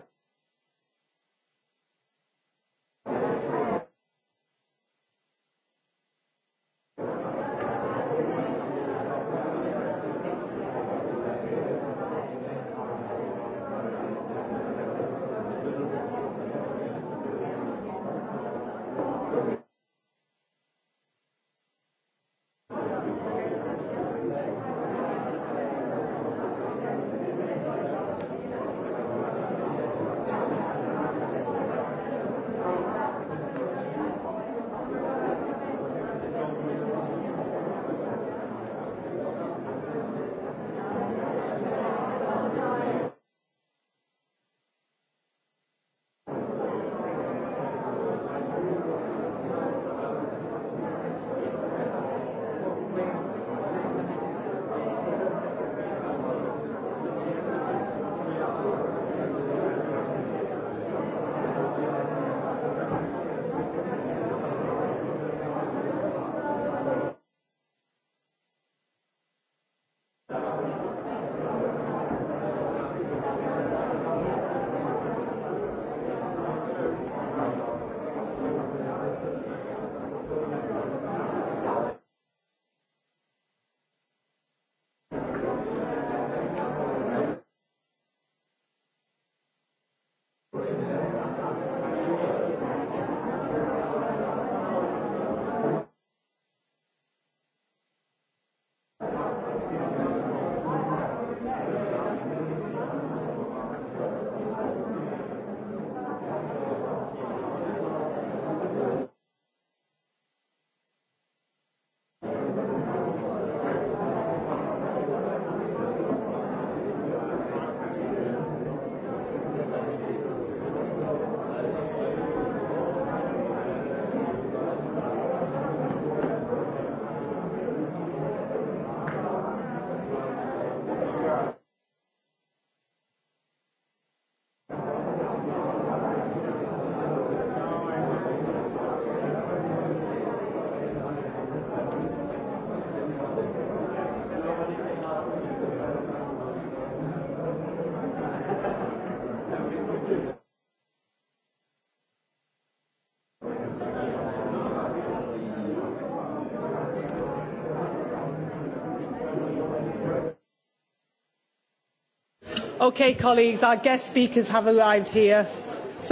Okay, colleagues, our guest speakers have arrived here.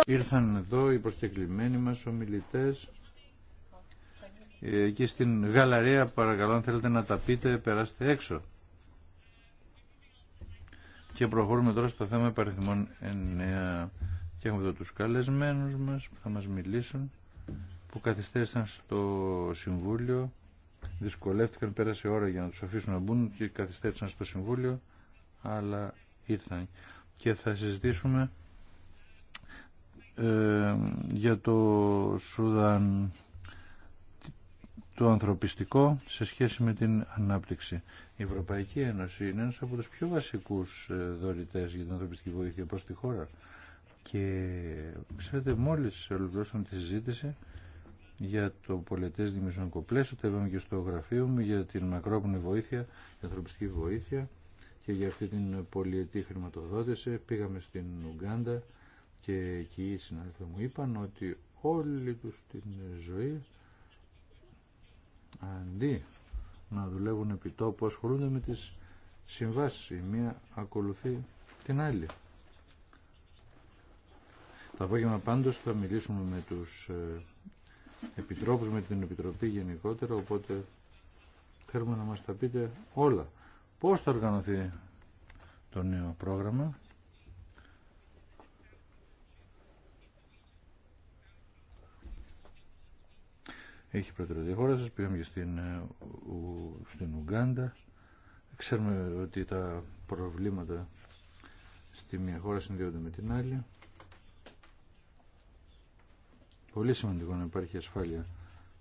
Ήρθαν εδώ οι προσκεκλημένοι μας ομιλητές. Ε, και στην γαλαρία, παρακαλώ, αν θέλετε να τα πείτε, περάστε έξω. Και προχωρούμε τώρα στο θέμα υπαριθμών εννέα. Και έχουμε εδώ τους καλεσμένους μας που θα μας μιλήσουν, που καθυστέρησαν στο Συμβούλιο. Δυσκολεύτηκαν, πέρασε ώρα για να τους αφήσουν να μπουν και καθυστέρησαν στο Συμβούλιο αλλά ήρθαν και θα συζητήσουμε ε, για το Σούδαν το ανθρωπιστικό σε σχέση με την ανάπτυξη. Η Ευρωπαϊκή Ένωση είναι ένας από τους πιο βασικούς ε, δωρητές για την ανθρωπιστική βοήθεια προς τη χώρα. Και ξέρετε μόλις ολοκληρώσαμε τη συζήτηση για το πολιτές δημιουργικό πλαίσιο, τα είπαμε και στο γραφείο μου για την μακρόπνη βοήθεια, την ανθρωπιστική βοήθεια και για αυτή την πολιετή χρηματοδότηση πήγαμε στην Ουγκάντα και εκεί οι συνάδελφοι μου είπαν ότι όλη τους την ζωή αντί να δουλεύουν επί τόπου ασχολούνται με τις συμβάσεις η μία ακολουθεί την άλλη Τα απόγευμα πάντως θα μιλήσουμε με τους ε, επιτρόπους με την Επιτροπή γενικότερα οπότε θέλουμε να μας τα πείτε όλα Πώς θα οργανωθεί το νέο πρόγραμμα. Έχει προτεραιότητα η χώρα σας, πήγαμε και στην, ε, στην Ουγκάντα. Ξέρουμε ότι τα προβλήματα στη μία χώρα συνδέονται με την άλλη. Πολύ σημαντικό να υπάρχει ασφάλεια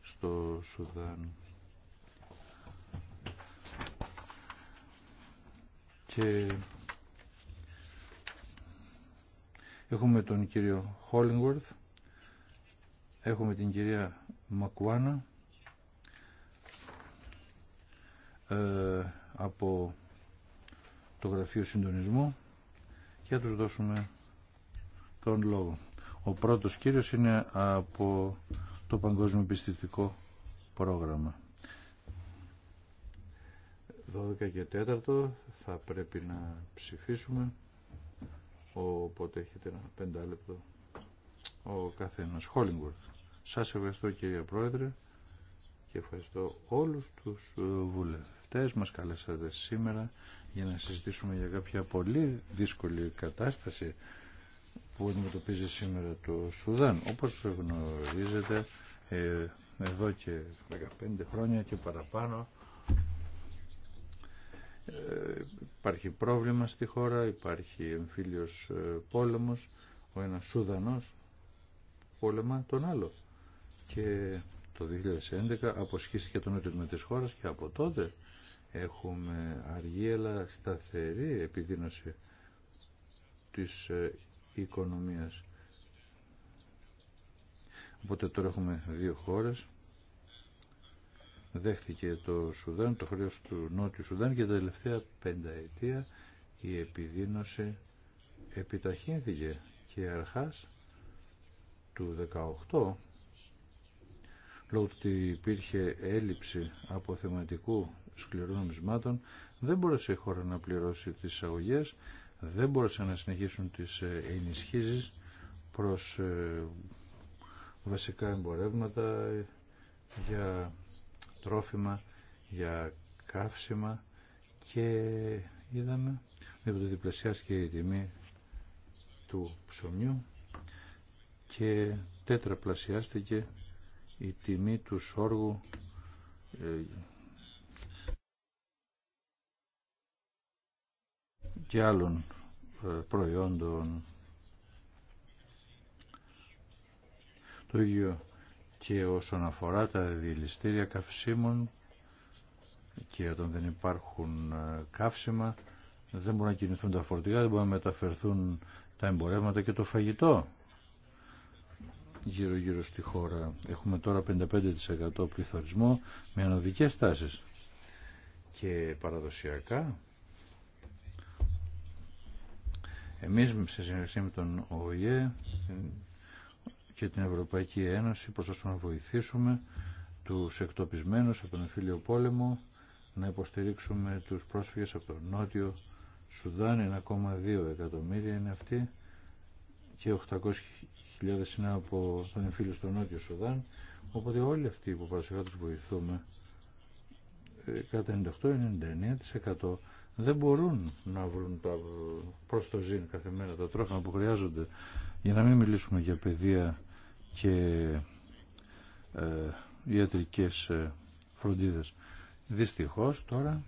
στο Σουδάν. έχουμε τον κύριο Χόλιγουρθ, έχουμε την κυρία Μακουάνα ε, από το Γραφείο Συντονισμού και θα τους δώσουμε τον λόγο. Ο πρώτος κύριος είναι από το Παγκόσμιο Πιστητικό Πρόγραμμα. 12 και 4 θα πρέπει να ψηφίσουμε οπότε έχετε ένα πεντάλεπτο ο καθένας Χόλιγκουρτ σας ευχαριστώ κύριε Πρόεδρε και ευχαριστώ όλους τους βουλευτές μας καλέσατε σήμερα για να συζητήσουμε για κάποια πολύ δύσκολη κατάσταση που αντιμετωπίζει σήμερα το Σουδάν όπως γνωρίζετε ε, εδώ και 15 χρόνια και παραπάνω υπάρχει πρόβλημα στη χώρα, υπάρχει εμφύλιος ε, πόλεμος, ο ένας Σουδανός πόλεμα τον άλλο. Και το 2011 αποσχίστηκε τον με της χώρας και από τότε έχουμε αργή αλλά σταθερή επιδείνωση της ε, οικονομίας. Οπότε τώρα έχουμε δύο χώρες δέχθηκε το Σουδάν, το χρέος του Νότιου Σουδάν και τα τελευταία πενταετία η επιδείνωση επιταχύνθηκε και αρχάς του 18 λόγω του ότι υπήρχε έλλειψη αποθεματικού σκληρών νομισμάτων δεν μπορούσε η χώρα να πληρώσει τις εισαγωγές δεν μπορούσε να συνεχίσουν τις ε, ενισχύσεις προς ε, βασικά εμπορεύματα για τρόφιμα, για καύσιμα και είδαμε ότι διπλασιάστηκε η τιμή του ψωμιού και τέτραπλασιάστηκε η τιμή του σόργου ε, και άλλων ε, προϊόντων. Το ίδιο και όσον αφορά τα διελιστήρια καυσίμων και όταν δεν υπάρχουν ε, καύσιμα δεν μπορούν να κινηθούν τα φορτηγά, δεν μπορούν να μεταφερθούν τα εμπορεύματα και το φαγητό γύρω γύρω στη χώρα. Έχουμε τώρα 55% πληθωρισμό με ανωδικές τάσεις και παραδοσιακά εμείς σε συνεργασία με τον ΟΗΕ και την Ευρωπαϊκή Ένωση προσπαθούμε να βοηθήσουμε τους εκτοπισμένους από τον εμφύλιο πόλεμο, να υποστηρίξουμε τους πρόσφυγες από τον Νότιο Σουδάν, 1,2 εκατομμύρια είναι αυτοί και 800.000 είναι από τον εμφύλιο στο Νότιο Σουδάν, οπότε όλοι αυτοί που παρασυγά τους βοηθούμε ε, κατά 98-99% δεν μπορούν να βρουν τα προς το ζήν κάθε μέρα τα τρόφιμα που χρειάζονται για να μην μιλήσουμε για παιδεία και ε, ιατρικές ε, φροντίδες. Δυστυχώς τώρα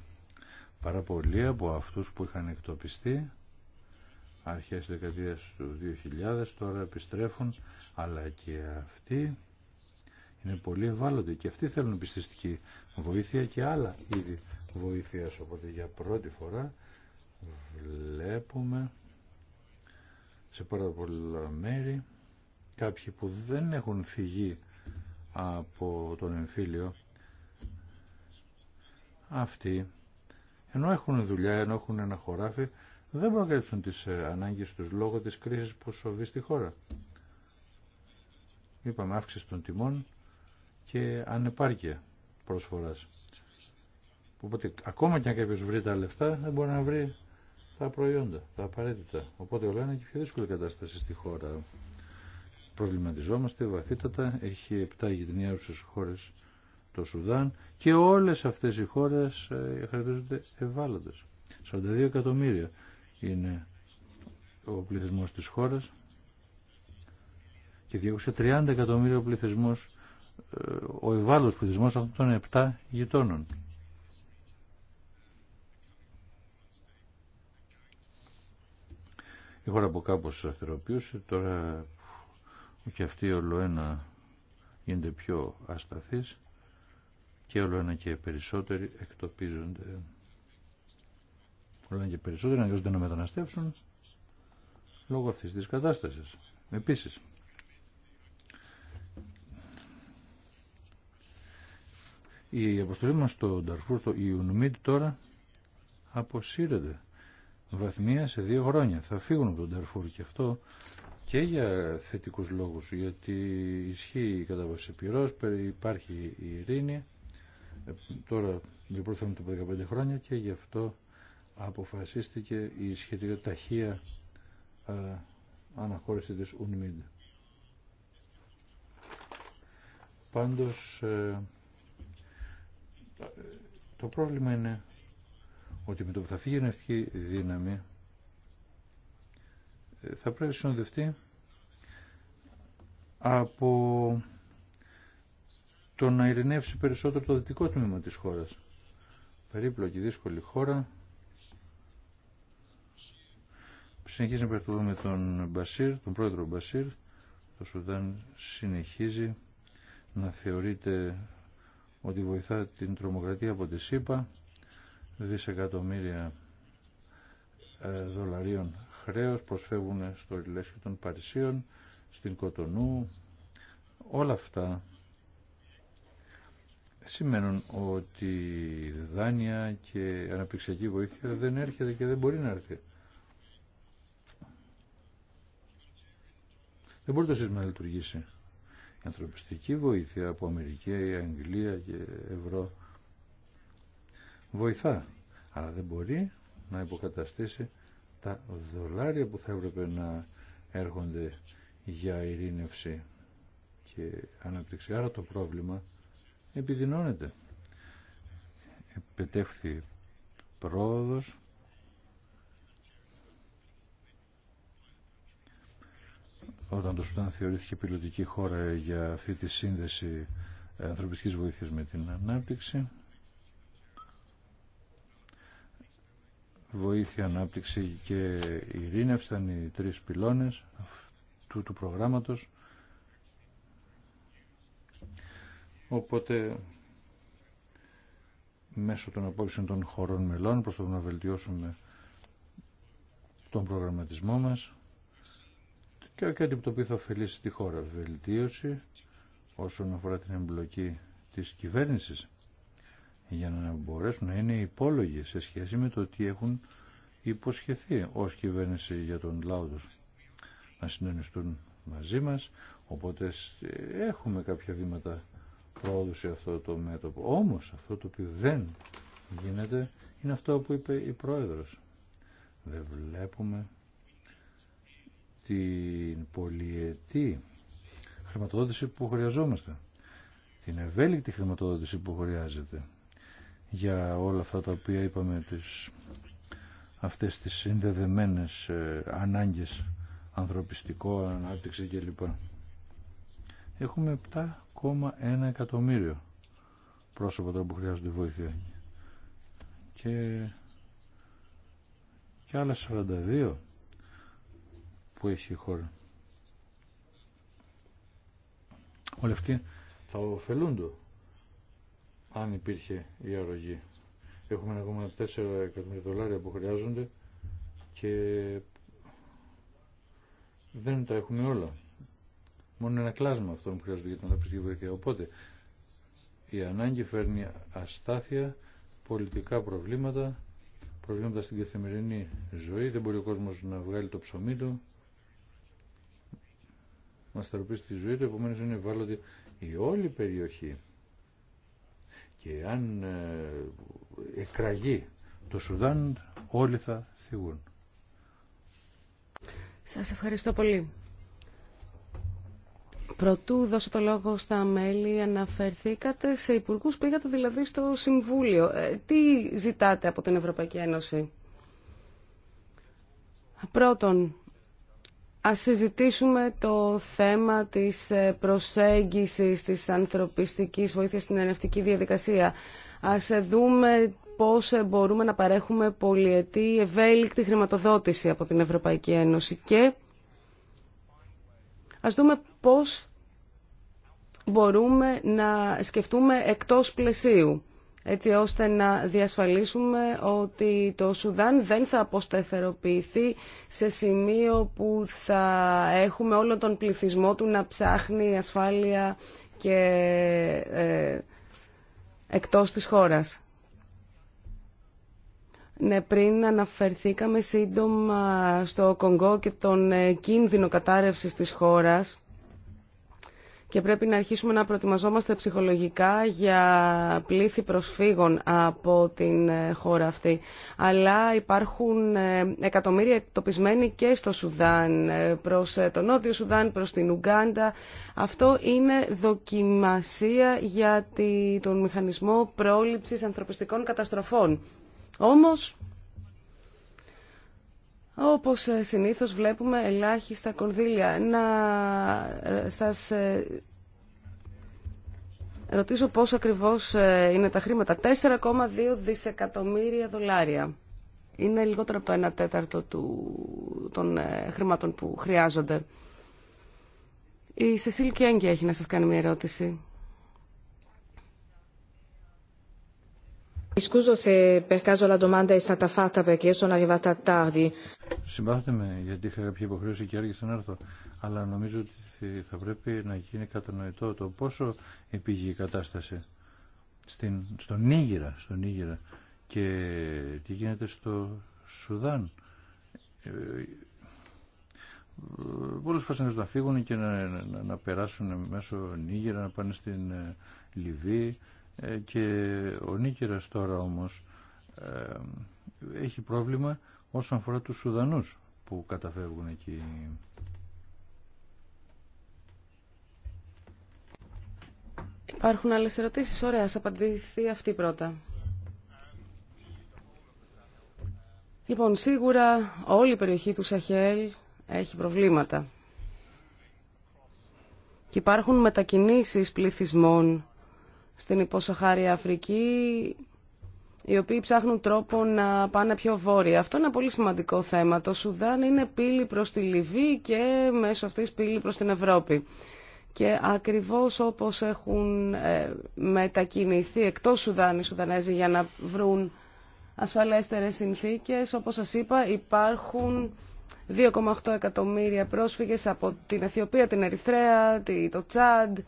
πάρα πολλοί από αυτούς που είχαν εκτοπιστεί αρχές δεκαετίας του 2000 τώρα επιστρέφουν αλλά και αυτοί είναι πολύ ευάλωτοι και αυτοί θέλουν πιστιστική βοήθεια και άλλα είδη βοήθειας οπότε για πρώτη φορά βλέπουμε σε πάρα πολλά μέρη κάποιοι που δεν έχουν φυγεί από τον εμφύλιο αυτοί ενώ έχουν δουλειά, ενώ έχουν ένα χωράφι δεν μπορούν να καλύψουν τις ε, ανάγκες τους λόγω της κρίσης που σοβεί στη χώρα. Είπαμε αύξηση των τιμών και ανεπάρκεια προσφοράς. Οπότε ακόμα και αν κάποιο βρει τα λεφτά δεν μπορεί να βρει τα προϊόντα, τα απαραίτητα. Οπότε όλα είναι και πιο δύσκολη κατάσταση στη χώρα προβληματιζόμαστε βαθύτατα. Έχει επτά γειτονιάρουσες χώρες το Σουδάν και όλες αυτές οι χώρες ε, χαρακτηρίζονται ευάλωτες. 42 εκατομμύρια είναι ο πληθυσμός της χώρας και 230 εκατομμύρια ο πληθυσμός ε, ο ευάλωτος πληθυσμός αυτών των 7 γειτόνων. Η χώρα από κάπως σταθεροποιούσε, τώρα και αυτή όλο ένα γίνεται πιο ασταθής και όλο ένα και περισσότεροι εκτοπίζονται. Όλο ένα και περισσότεροι αναγκάζονται να μεταναστεύσουν λόγω αυτής της κατάστασης. Επίσης, η αποστολή μας στο Νταρφούρ, στο Ιουνμίτ τώρα αποσύρεται βαθμία σε δύο χρόνια. Θα φύγουν από τον Νταρφούρ και αυτό και για θετικούς λόγους γιατί ισχύει η κατάβαση πυρός, υπάρχει η ειρήνη ε, τώρα με τα 15 χρόνια και γι' αυτό αποφασίστηκε η σχετική ταχεία α, ε, αναχώρηση της UNMID. Πάντως ε, το πρόβλημα είναι ότι με το που θα φύγει η δύναμη θα πρέπει να συνοδευτεί από το να ειρηνεύσει περισσότερο το δυτικό τμήμα της χώρας. Περίπλοκη, δύσκολη χώρα. Συνεχίζει να περτοδούμε τον Μπασίρ, τον πρόεδρο Μπασίρ. Το Σουδάν συνεχίζει να θεωρείται ότι βοηθά την τρομοκρατία από τη ΣΥΠΑ δισεκατομμύρια ε, δολαρίων χρέος, προσφεύγουν στο Λέσχο των Παρισίων, στην Κοτονού. Όλα αυτά σημαίνουν ότι δάνεια και αναπτυξιακή βοήθεια δεν έρχεται και δεν μπορεί να έρθει. Δεν μπορεί το σύστημα να λειτουργήσει. Η ανθρωπιστική βοήθεια από Αμερική, Αγγλία και Ευρώ βοηθά, αλλά δεν μπορεί να υποκαταστήσει τα δολάρια που θα έπρεπε να έρχονται για ειρήνευση και ανάπτυξη. Άρα το πρόβλημα επιδεινώνεται. Επιτεύχθη πρόοδος όταν το Σουτάν θεωρήθηκε πιλωτική χώρα για αυτή τη σύνδεση ανθρωπιστικής βοήθειας με την ανάπτυξη βοήθεια, ανάπτυξη και ειρήνευση ήταν οι τρεις πυλώνες αυτού του προγράμματος. Οπότε μέσω των απόψεων των χωρών μελών προσπαθούμε να βελτιώσουμε τον προγραμματισμό μας και κάτι που το οποίο θα ωφελήσει τη χώρα. Βελτίωση όσον αφορά την εμπλοκή της κυβέρνησης για να μπορέσουν να είναι υπόλογοι σε σχέση με το τι έχουν υποσχεθεί ως κυβέρνηση για τον λαό τους να συντονιστούν μαζί μας οπότε έχουμε κάποια βήματα πρόοδου σε αυτό το μέτωπο όμως αυτό το οποίο δεν γίνεται είναι αυτό που είπε η πρόεδρος δεν βλέπουμε την πολυετή χρηματοδότηση που χρειαζόμαστε την ευέλικτη χρηματοδότηση που χρειάζεται για όλα αυτά τα οποία είπαμε τις, αυτές τις συνδεδεμένες ε, ανάγκες ανθρωπιστικό, ανάπτυξη κλπ. Έχουμε 7,1 εκατομμύριο πρόσωπα τώρα που χρειάζονται βοήθεια και, και άλλα 42 που έχει η χώρα. Όλοι αυτοί θα ωφελούνται αν υπήρχε η αρρωγή. Έχουμε ακόμα 4 εκατομμύρια δολάρια που χρειάζονται και δεν τα έχουμε όλα. Μόνο ένα κλάσμα αυτό που χρειάζεται για την ανθρωπιστική βοήθεια. Οπότε η ανάγκη φέρνει αστάθεια, πολιτικά προβλήματα, προβλήματα στην καθημερινή ζωή. Δεν μπορεί ο κόσμος να βγάλει το ψωμί του, να σταροποιήσει τη ζωή του. Επομένως είναι ευάλωτη η όλη περιοχή και αν ε, εκραγεί το Σουδάν όλοι θα θυγούν. Σας ευχαριστώ πολύ. Πρωτού δώσω το λόγο στα μέλη, αναφερθήκατε σε υπουργούς, πήγατε δηλαδή στο Συμβούλιο. Ε, τι ζητάτε από την Ευρωπαϊκή Ένωση. Πρώτον, Ας συζητήσουμε το θέμα της ε, προσέγγισης της ανθρωπιστικής βοήθειας στην ενευτική διαδικασία. Ας ε, δούμε πώς ε, μπορούμε να παρέχουμε πολυετή ευέλικτη χρηματοδότηση από την Ευρωπαϊκή Ένωση και ας δούμε πώς μπορούμε να σκεφτούμε εκτός πλαισίου έτσι ώστε να διασφαλίσουμε ότι το Σουδάν δεν θα αποστεθεροποιηθεί σε σημείο που θα έχουμε όλο τον πληθυσμό του να ψάχνει ασφάλεια και ε, εκτός της χώρας. Ναι, πριν αναφερθήκαμε σύντομα στο Κονγκό και τον ε, κίνδυνο κατάρρευσης της χώρας και πρέπει να αρχίσουμε να προετοιμαζόμαστε ψυχολογικά για πλήθη προσφύγων από την ε, χώρα αυτή. Αλλά υπάρχουν ε, εκατομμύρια εκτοπισμένοι και στο Σουδάν, ε, προς τον Νότιο Σουδάν, προς την Ουγγάντα. Αυτό είναι δοκιμασία για τον μηχανισμό πρόληψης ανθρωπιστικών καταστροφών. Όμως όπως ε, συνήθως βλέπουμε ελάχιστα κονδύλια. Να ε, σας ε, ρωτήσω πώς ακριβώς είναι τα χρήματα. 4,2 δισεκατομμύρια δολάρια. Είναι λιγότερο από το 1 τέταρτο του, των χρημάτων που χρειάζονται. Η Σεσίλ Κιέγγι έχει να σας κάνει μια ερώτηση. Συμπάθετε με γιατί είχα κάποια υποχρέωση και άργησα να έρθω, αλλά νομίζω ότι θα πρέπει να γίνει κατανοητό το πόσο επήγει η κατάσταση στην, στον στον και τι γίνεται στο Σουδάν. Ε, πολλές φορές να φύγουν και να, να, να περάσουν μέσω Νίγηρα, να πάνε στην ε, Λιβύη ε, και ο Νίκηρας τώρα όμως ε, έχει πρόβλημα όσον αφορά τους Σουδανούς που καταφεύγουν εκεί. Υπάρχουν άλλες ερωτήσεις. Ωραία, ας απαντηθεί αυτή πρώτα. Λοιπόν, σίγουρα όλη η περιοχή του Σαχέλ έχει προβλήματα. Και υπάρχουν μετακινήσεις πληθυσμών στην υποσαχάρια Αφρική, οι οποίοι ψάχνουν τρόπο να πάνε πιο βόρεια. Αυτό είναι ένα πολύ σημαντικό θέμα. Το Σουδάν είναι πύλη προς τη Λιβύη και μέσω αυτής πύλη προς την Ευρώπη. Και ακριβώς όπως έχουν ε, μετακινηθεί εκτός Σουδάν οι Σουδανέζοι για να βρουν ασφαλέστερες συνθήκες, όπως σας είπα υπάρχουν 2,8 εκατομμύρια πρόσφυγες από την Αιθιοπία, την Ερυθρέα, το Τσάντ,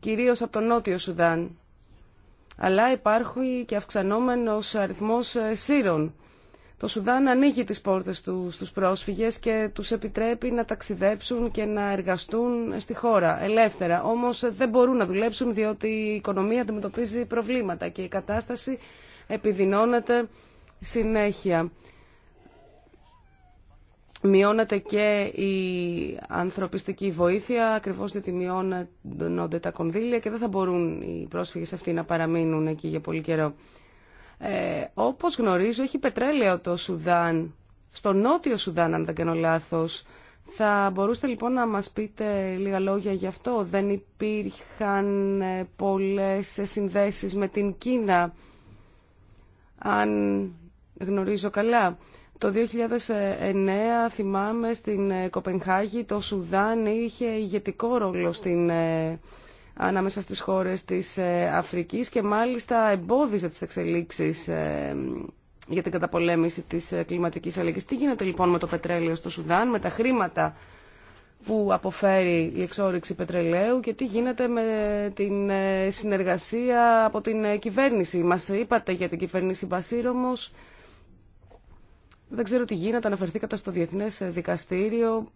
κυρίως από τον Νότιο Σουδάν αλλά υπάρχει και αυξανόμενος αριθμός ε, σύρων. Το Σουδάν ανοίγει τις πόρτες του στους πρόσφυγες και τους επιτρέπει να ταξιδέψουν και να εργαστούν στη χώρα ελεύθερα. Όμως ε, δεν μπορούν να δουλέψουν διότι η οικονομία αντιμετωπίζει προβλήματα και η κατάσταση επιδεινώνεται συνέχεια. Μειώνεται και η ανθρωπιστική βοήθεια, ακριβώς διότι μειώνονται τα κονδύλια και δεν θα μπορούν οι πρόσφυγες αυτοί να παραμείνουν εκεί για πολύ καιρό. Ε, όπως γνωρίζω, έχει πετρέλαιο το Σουδάν, στο νότιο Σουδάν αν δεν κάνω λάθο, Θα μπορούσατε λοιπόν να μας πείτε λίγα λόγια γι' αυτό. Δεν υπήρχαν ε, πολλές συνδέσεις με την Κίνα, αν γνωρίζω καλά. Το 2009 θυμάμαι στην ε, Κοπενχάγη το Σουδάν είχε ηγετικό ρόλο στην, ε, ανάμεσα στις χώρες της ε, Αφρικής και μάλιστα εμπόδιζε τις εξελίξεις για την καταπολέμηση της κλιματικής αλλαγής. Τι γίνεται λοιπόν με το πετρέλαιο στο Σουδάν, με τα χρήματα που αποφέρει η εξόριξη πετρελαίου και τι γίνεται με την συνεργασία από την κυβέρνηση. Μας είπατε για την κυβέρνηση Μπασίρ δεν ξέρω τι γίνεται, αναφερθήκατε στο Διεθνές Δικαστήριο.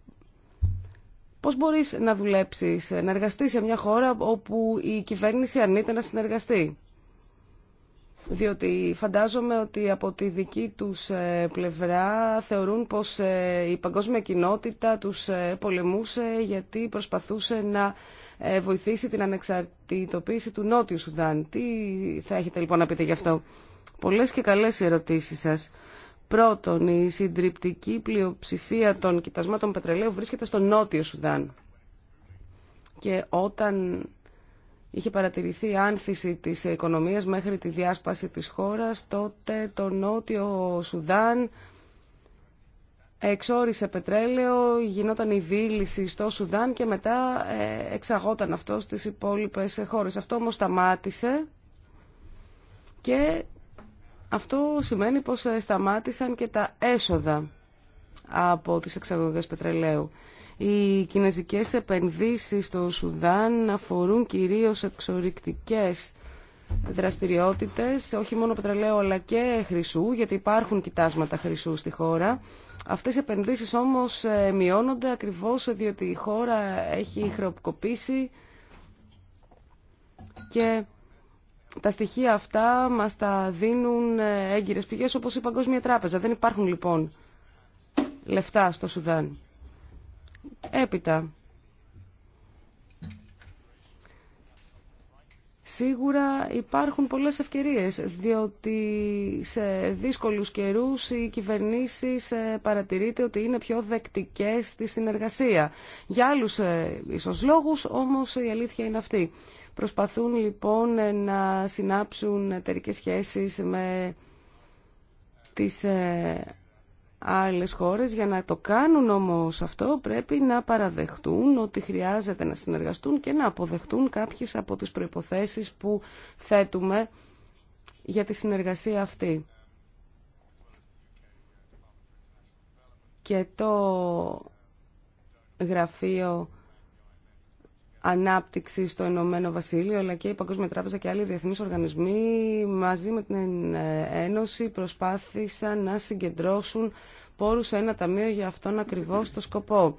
Πώς μπορείς να δουλέψει, να εργαστείς σε μια χώρα όπου η κυβέρνηση αρνείται να συνεργαστεί. Διότι φαντάζομαι ότι από τη δική τους ε, πλευρά θεωρούν πως ε, η παγκόσμια κοινότητα τους ε, πολεμούσε γιατί προσπαθούσε να βοηθήσει την ανεξαρτητοποίηση του Νότιου Σουδάν. Τι θα έχετε λοιπόν να πείτε γι' αυτό. Πολλές και καλές ερωτήσεις σας. Πρώτον, η συντριπτική πλειοψηφία των κοιτασμάτων πετρελαίου βρίσκεται στο νότιο Σουδάν. Και όταν είχε παρατηρηθεί άνθηση της οικονομίας μέχρι τη διάσπαση της χώρας, τότε το νότιο Σουδάν εξόρισε πετρέλαιο, γινόταν η δίληση στο Σουδάν και μετά ε, εξαγόταν αυτό στις υπόλοιπες χώρες. Αυτό όμως σταμάτησε και αυτό σημαίνει πως ε, σταμάτησαν και τα έσοδα από τις εξαγωγές πετρελαίου. Οι κινέζικες επενδύσεις στο Σουδάν αφορούν κυρίως εξορυκτικές δραστηριότητες, όχι μόνο πετρελαίου αλλά και χρυσού, γιατί υπάρχουν κοιτάσματα χρυσού στη χώρα. Αυτές οι επενδύσεις όμως ε, μειώνονται ακριβώς διότι η χώρα έχει χρεοκοπήσει και τα στοιχεία αυτά μας τα δίνουν ε, έγκυρες πηγές όπως η Παγκόσμια Τράπεζα. Δεν υπάρχουν λοιπόν λεφτά στο Σουδάν. Έπειτα, Σίγουρα υπάρχουν πολλές ευκαιρίες, διότι σε δύσκολους καιρούς οι κυβερνήσεις ε, παρατηρείται ότι είναι πιο δεκτικές στη συνεργασία. Για άλλους ε, ίσως λόγους, όμως η αλήθεια είναι αυτή. Προσπαθούν λοιπόν ε, να συνάψουν εταιρικέ σχέσεις με τις άλλες χώρες. Για να το κάνουν όμως αυτό πρέπει να παραδεχτούν ότι χρειάζεται να συνεργαστούν και να αποδεχτούν κάποιες από τις προϋποθέσεις που θέτουμε για τη συνεργασία αυτή. Και το γραφείο ανάπτυξη στο Ηνωμένο Βασίλειο, αλλά και η Παγκόσμια Τράπεζα και άλλοι διεθνεί οργανισμοί μαζί με την Ένωση προσπάθησαν να συγκεντρώσουν πόρους σε ένα ταμείο για αυτόν ακριβώς το σκοπό.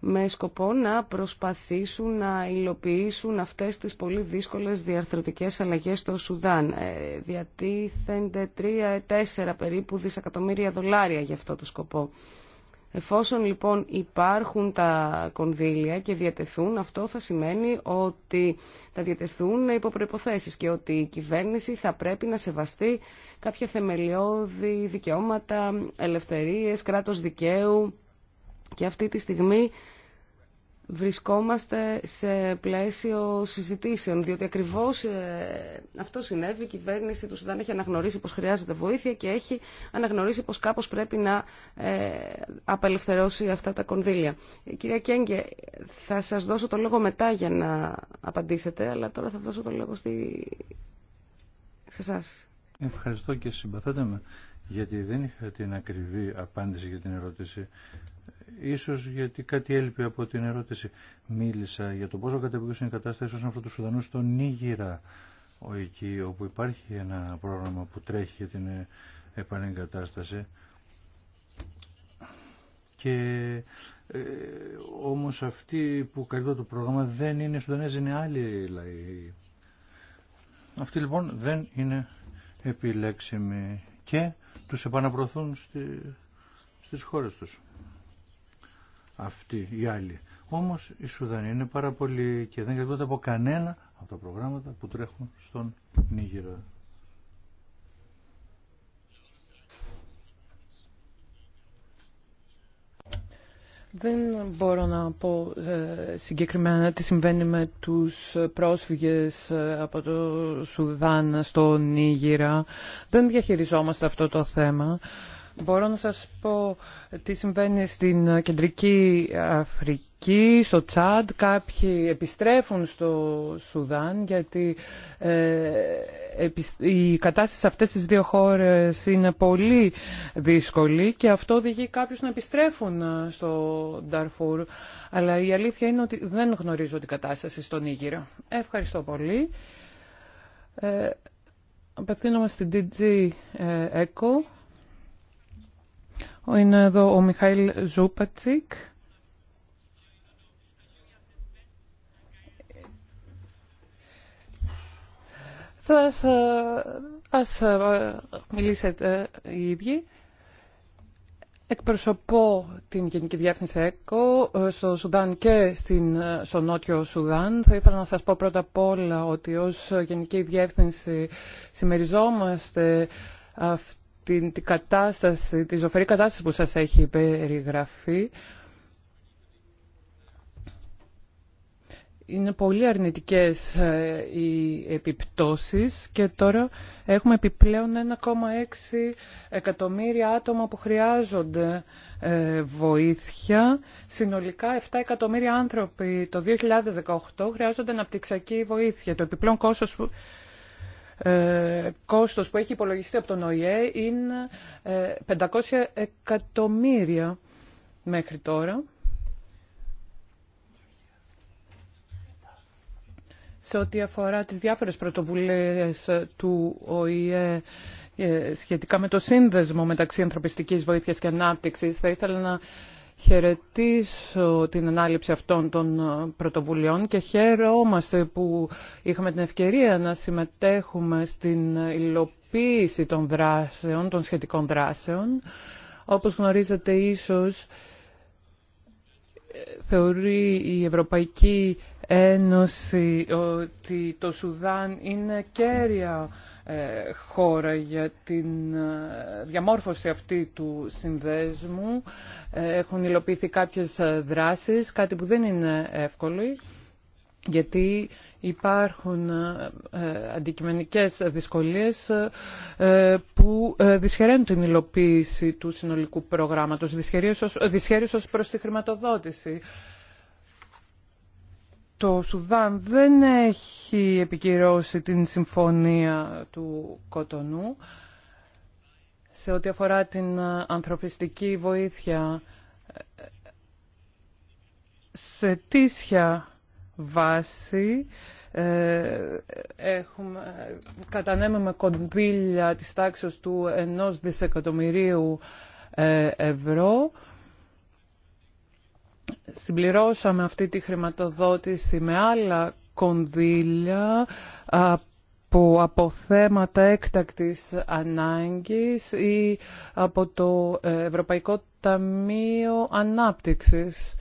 Με σκοπό να προσπαθήσουν να υλοποιήσουν αυτές τις πολύ δύσκολες διαρθρωτικές αλλαγές στο Σουδάν. Ε, διατίθενται 3-4 περίπου δισεκατομμύρια δολάρια για αυτό το σκοπό. Εφόσον λοιπόν υπάρχουν τα κονδύλια και διατεθούν, αυτό θα σημαίνει ότι τα διατεθούν υπό προϋποθέσεις και ότι η κυβέρνηση θα πρέπει να σεβαστεί κάποια θεμελιώδη δικαιώματα, ελευθερίες, κράτος δικαίου και αυτή τη στιγμή βρισκόμαστε σε πλαίσιο συζητήσεων, διότι ακριβώς ε, αυτό συνέβη. Η κυβέρνηση του Σουδάν έχει αναγνωρίσει πως χρειάζεται βοήθεια και έχει αναγνωρίσει πως κάπως πρέπει να ε, απελευθερώσει αυτά τα κονδύλια. Ε, κυρία Κέγκε, θα σας δώσω το λόγο μετά για να απαντήσετε, αλλά τώρα θα δώσω το λόγο στη... σε εσά. Ευχαριστώ και συμπαθέτε με γιατί δεν είχα την ακριβή απάντηση για την ερώτηση. Ίσως γιατί κάτι έλειπε από την ερώτηση. Μίλησα για το πόσο κατεπίγουσε είναι η κατάσταση όσον αφορά του Σουδανού στον Νίγηρα, εκεί όπου υπάρχει ένα πρόγραμμα που τρέχει για την ε, επανεγκατάσταση. Και ε, όμως αυτοί που καλύπτουν το πρόγραμμα δεν είναι Σουδανέζοι, είναι άλλοι λαοί. Αυτοί λοιπόν δεν είναι επιλέξιμοι και τους επαναπροωθούν στη, στις χώρες τους. Αυτοί οι άλλοι. Όμως η Σουδανία είναι πάρα πολύ και δεν κρατούνται από κανένα από τα προγράμματα που τρέχουν στον Νίγηρα. Δεν μπορώ να πω ε, συγκεκριμένα τι συμβαίνει με τους πρόσφυγες ε, από το Σουδάν στο Νίγηρα. Δεν διαχειριζόμαστε αυτό το θέμα. Μπορώ να σας πω τι συμβαίνει στην Κεντρική Αφρική, στο Τσάντ. Κάποιοι επιστρέφουν στο Σουδάν γιατί ε, η κατάσταση σε αυτές τις δύο χώρες είναι πολύ δύσκολη και αυτό οδηγεί κάποιους να επιστρέφουν ε, στο Νταρφούρ. Αλλά η αλήθεια είναι ότι δεν γνωρίζω την κατάσταση στον Ήγυρο. Ευχαριστώ πολύ. Ε, απευθύνομαι στην DG ECO είναι εδώ ο Μιχαήλ Ζούπατσικ. Θα ας ε, μιλήσετε οι ίδιοι. Εκπροσωπώ την Γενική Διεύθυνση ΕΚΟ ε, στο Σουδάν και στην, ε, στο Νότιο Σουδάν. Θα ήθελα να σας πω πρώτα απ' όλα ότι ως Γενική Διεύθυνση συμμεριζόμαστε αυτή την, την κατάσταση, τη ζωφερή κατάσταση που σας έχει περιγραφεί. Είναι πολύ αρνητικές ε, οι επιπτώσεις και τώρα έχουμε επιπλέον 1,6 εκατομμύρια άτομα που χρειάζονται ε, βοήθεια. Συνολικά 7 εκατομμύρια άνθρωποι το 2018 χρειάζονται αναπτυξιακή βοήθεια. Το επιπλέον κόστος ε, κόστος που έχει υπολογιστεί από τον ΟΗΕ είναι 500 ε, εκατομμύρια μέχρι τώρα. σε ό,τι αφορά τις διάφορες πρωτοβουλίες του ΟΗΕ ε, σχετικά με το σύνδεσμο μεταξύ ανθρωπιστικής βοήθειας και ανάπτυξης. Θα ήθελα να χαιρετήσω την ανάληψη αυτών των ε, πρωτοβουλειών και χαίρομαστε που είχαμε την ευκαιρία να συμμετέχουμε στην υλοποίηση των δράσεων, των σχετικών δράσεων. Όπως γνωρίζετε ίσως ε, θεωρεί η Ευρωπαϊκή Ένωση ότι το Σουδάν είναι κέρια ε, χώρα για την ε, διαμόρφωση αυτή του συνδέσμου. Ε, έχουν υλοποιηθεί κάποιες δράσεις, κάτι που δεν είναι εύκολο γιατί υπάρχουν αντικειμενικές δυσκολίες που δυσχεραίνουν την υλοποίηση του συνολικού προγράμματος, δυσχερίες ως προς τη χρηματοδότηση το Σουδάν δεν έχει επικυρώσει την συμφωνία του Κοτονού σε ό,τι αφορά την ανθρωπιστική βοήθεια σε τίσια βάση ε, έχουμε, κατανέμουμε κονδύλια της τάξης του ενός δισεκατομμυρίου ε, ευρώ συμπληρώσαμε αυτή τη χρηματοδότηση με άλλα κονδύλια από, θέματα έκτακτης ανάγκης ή από το ε, Ευρωπαϊκό Ταμείο Ανάπτυξης.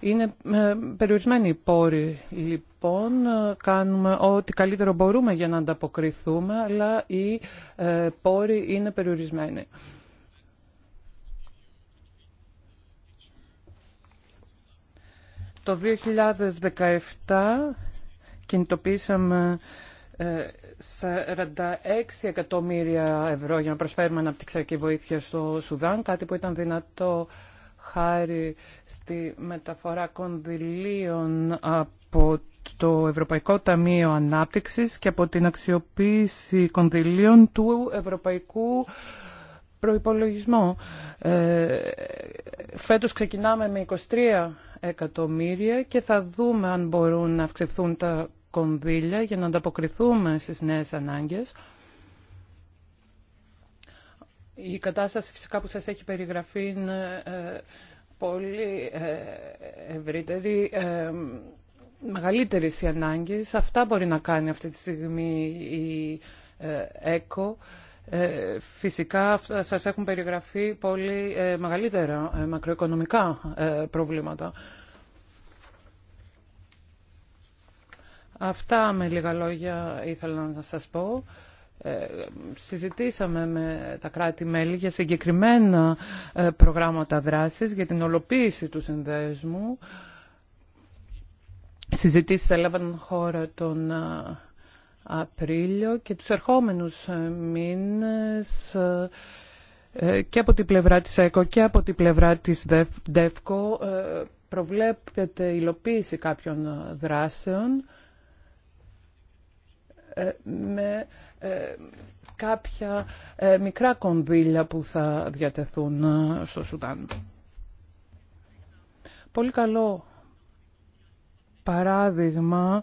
Είναι ε, περιορισμένοι οι πόροι, λοιπόν. Κάνουμε ό,τι καλύτερο μπορούμε για να ανταποκριθούμε, αλλά οι ε, πόροι είναι περιορισμένοι. Το 2017 κινητοποίησαμε 46 ε, εκατομμύρια ευρώ για να προσφέρουμε αναπτυξιακή βοήθεια στο Σουδάν, κάτι που ήταν δυνατό χάρη στη μεταφορά κονδυλίων από το Ευρωπαϊκό Ταμείο Ανάπτυξης και από την αξιοποίηση κονδυλίων του Ευρωπαϊκού Προϋπολογισμού. Ε, φέτος ξεκινάμε με 23 εκατομμύρια και θα δούμε αν μπορούν να αυξηθούν τα κονδύλια για να ανταποκριθούμε στις νέες ανάγκες. Η κατάσταση φυσικά που σας έχει περιγραφεί είναι ε, πολύ ε, ευρύτερη, ε, μεγαλύτερη οι ανάγκες. Αυτά μπορεί να κάνει αυτή τη στιγμή η ΕΚΟ ε, φυσικά σας έχουν περιγραφεί πολύ ε, μεγαλύτερα ε, μακροοικονομικά προβλήματα. Αυτά με λίγα λόγια ήθελα να σας πω. Συζητήσαμε με τα κράτη-μέλη για συγκεκριμένα προγράμματα δράσης για την ολοποίηση του συνδέσμου. Συζητήσεις έλαβαν χώρα των... Απρίλιο και τους ερχόμενους ε, μήνες ε, ε, και από την πλευρά της ΕΚΟ και από την πλευρά της ΔΕΦΚΟ προβλέπεται υλοποίηση κάποιων δράσεων με κάποια μικρά κονδύλια που θα διατεθούν στο Σουδάν. Πολύ καλό παράδειγμα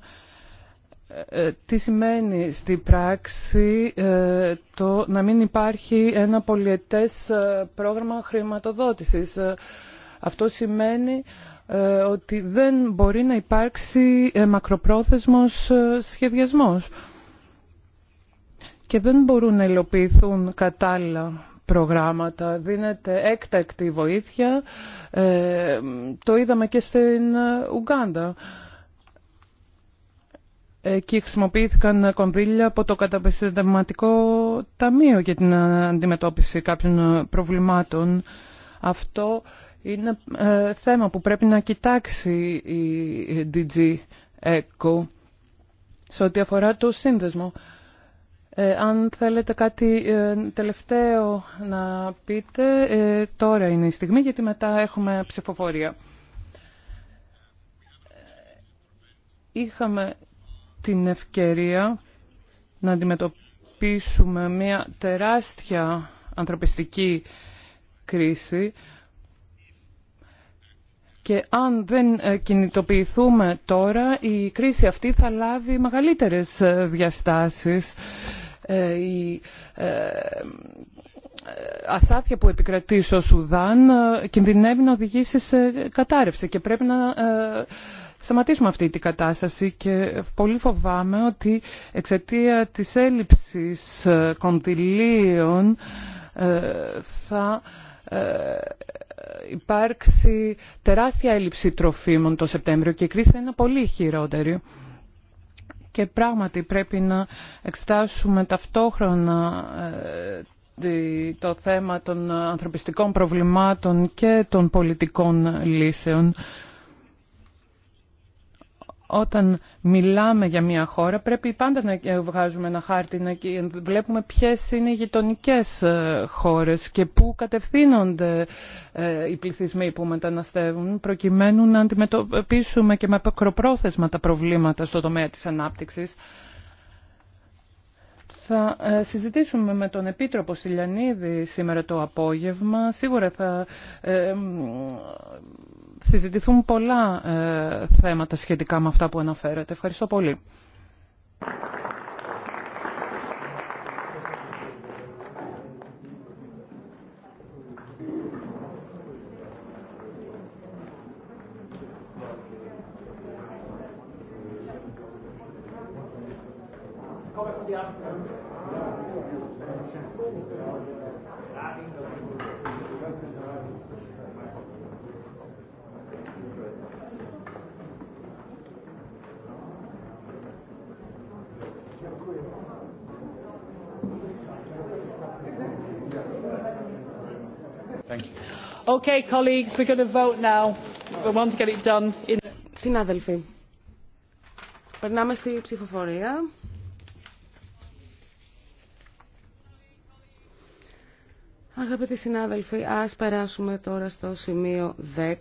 ε, τι σημαίνει στη πράξη ε, το να μην υπάρχει ένα πολιετές ε, πρόγραμμα χρηματοδότησης. Αυτό σημαίνει ότι δεν μπορεί να υπάρξει μακροπρόθεσμος σχεδιασμός και δεν μπορούν να υλοποιηθούν κατάλληλα προγράμματα. Δίνεται έκτακτη βοήθεια. Το είδαμε και στην Ουγκάντα. Εκεί χρησιμοποιήθηκαν κονδύλια από το καταπιστευματικό ταμείο για την αντιμετώπιση κάποιων προβλημάτων. Αυτό είναι ε, θέμα που πρέπει να κοιτάξει η DG ECO σε ό,τι αφορά το σύνδεσμο. Ε, αν θέλετε κάτι ε, τελευταίο να πείτε, τώρα είναι η στιγμή γιατί μετά έχουμε ψηφοφορία. Είχαμε την ευκαιρία να αντιμετωπίσουμε μια τεράστια ανθρωπιστική κρίση και αν δεν ε, κινητοποιηθούμε τώρα η κρίση αυτή θα λάβει μεγαλύτερες ε, διαστάσεις. Ε, η ασάφεια που επικρατεί στο Σουδάν κινδυνεύει να οδηγήσει σε κατάρρευση και πρέπει να σταματήσουμε αυτή την κατάσταση και πολύ φοβάμαι ότι εξαιτία της έλλειψης ε, κοντιλίων ε, θα ε, υπάρξει τεράστια έλλειψη τροφίμων το Σεπτέμβριο και η κρίση θα είναι πολύ χειρότερη. Και πράγματι πρέπει να εξετάσουμε ταυτόχρονα το θέμα των ανθρωπιστικών προβλημάτων και των πολιτικών λύσεων όταν μιλάμε για μια χώρα πρέπει πάντα να βγάζουμε ένα χάρτη, να βλέπουμε ποιες είναι οι γειτονικέ ε, χώρες και πού κατευθύνονται ε, οι πληθυσμοί που μεταναστεύουν προκειμένου να αντιμετωπίσουμε και με ακροπρόθεσμα τα προβλήματα στο τομέα της ανάπτυξης. Θα ε, συζητήσουμε με τον Επίτροπο Σιλιανίδη σήμερα το απόγευμα. Σίγουρα θα συζητηθούν πολλά ε, θέματα σχετικά με αυτά που αναφέρατε. Ευχαριστώ πολύ. Συνάδελφοι, περνάμε στη ψηφοφορία. Αγαπητοί συνάδελφοι, ας περάσουμε τώρα στο σημείο 10.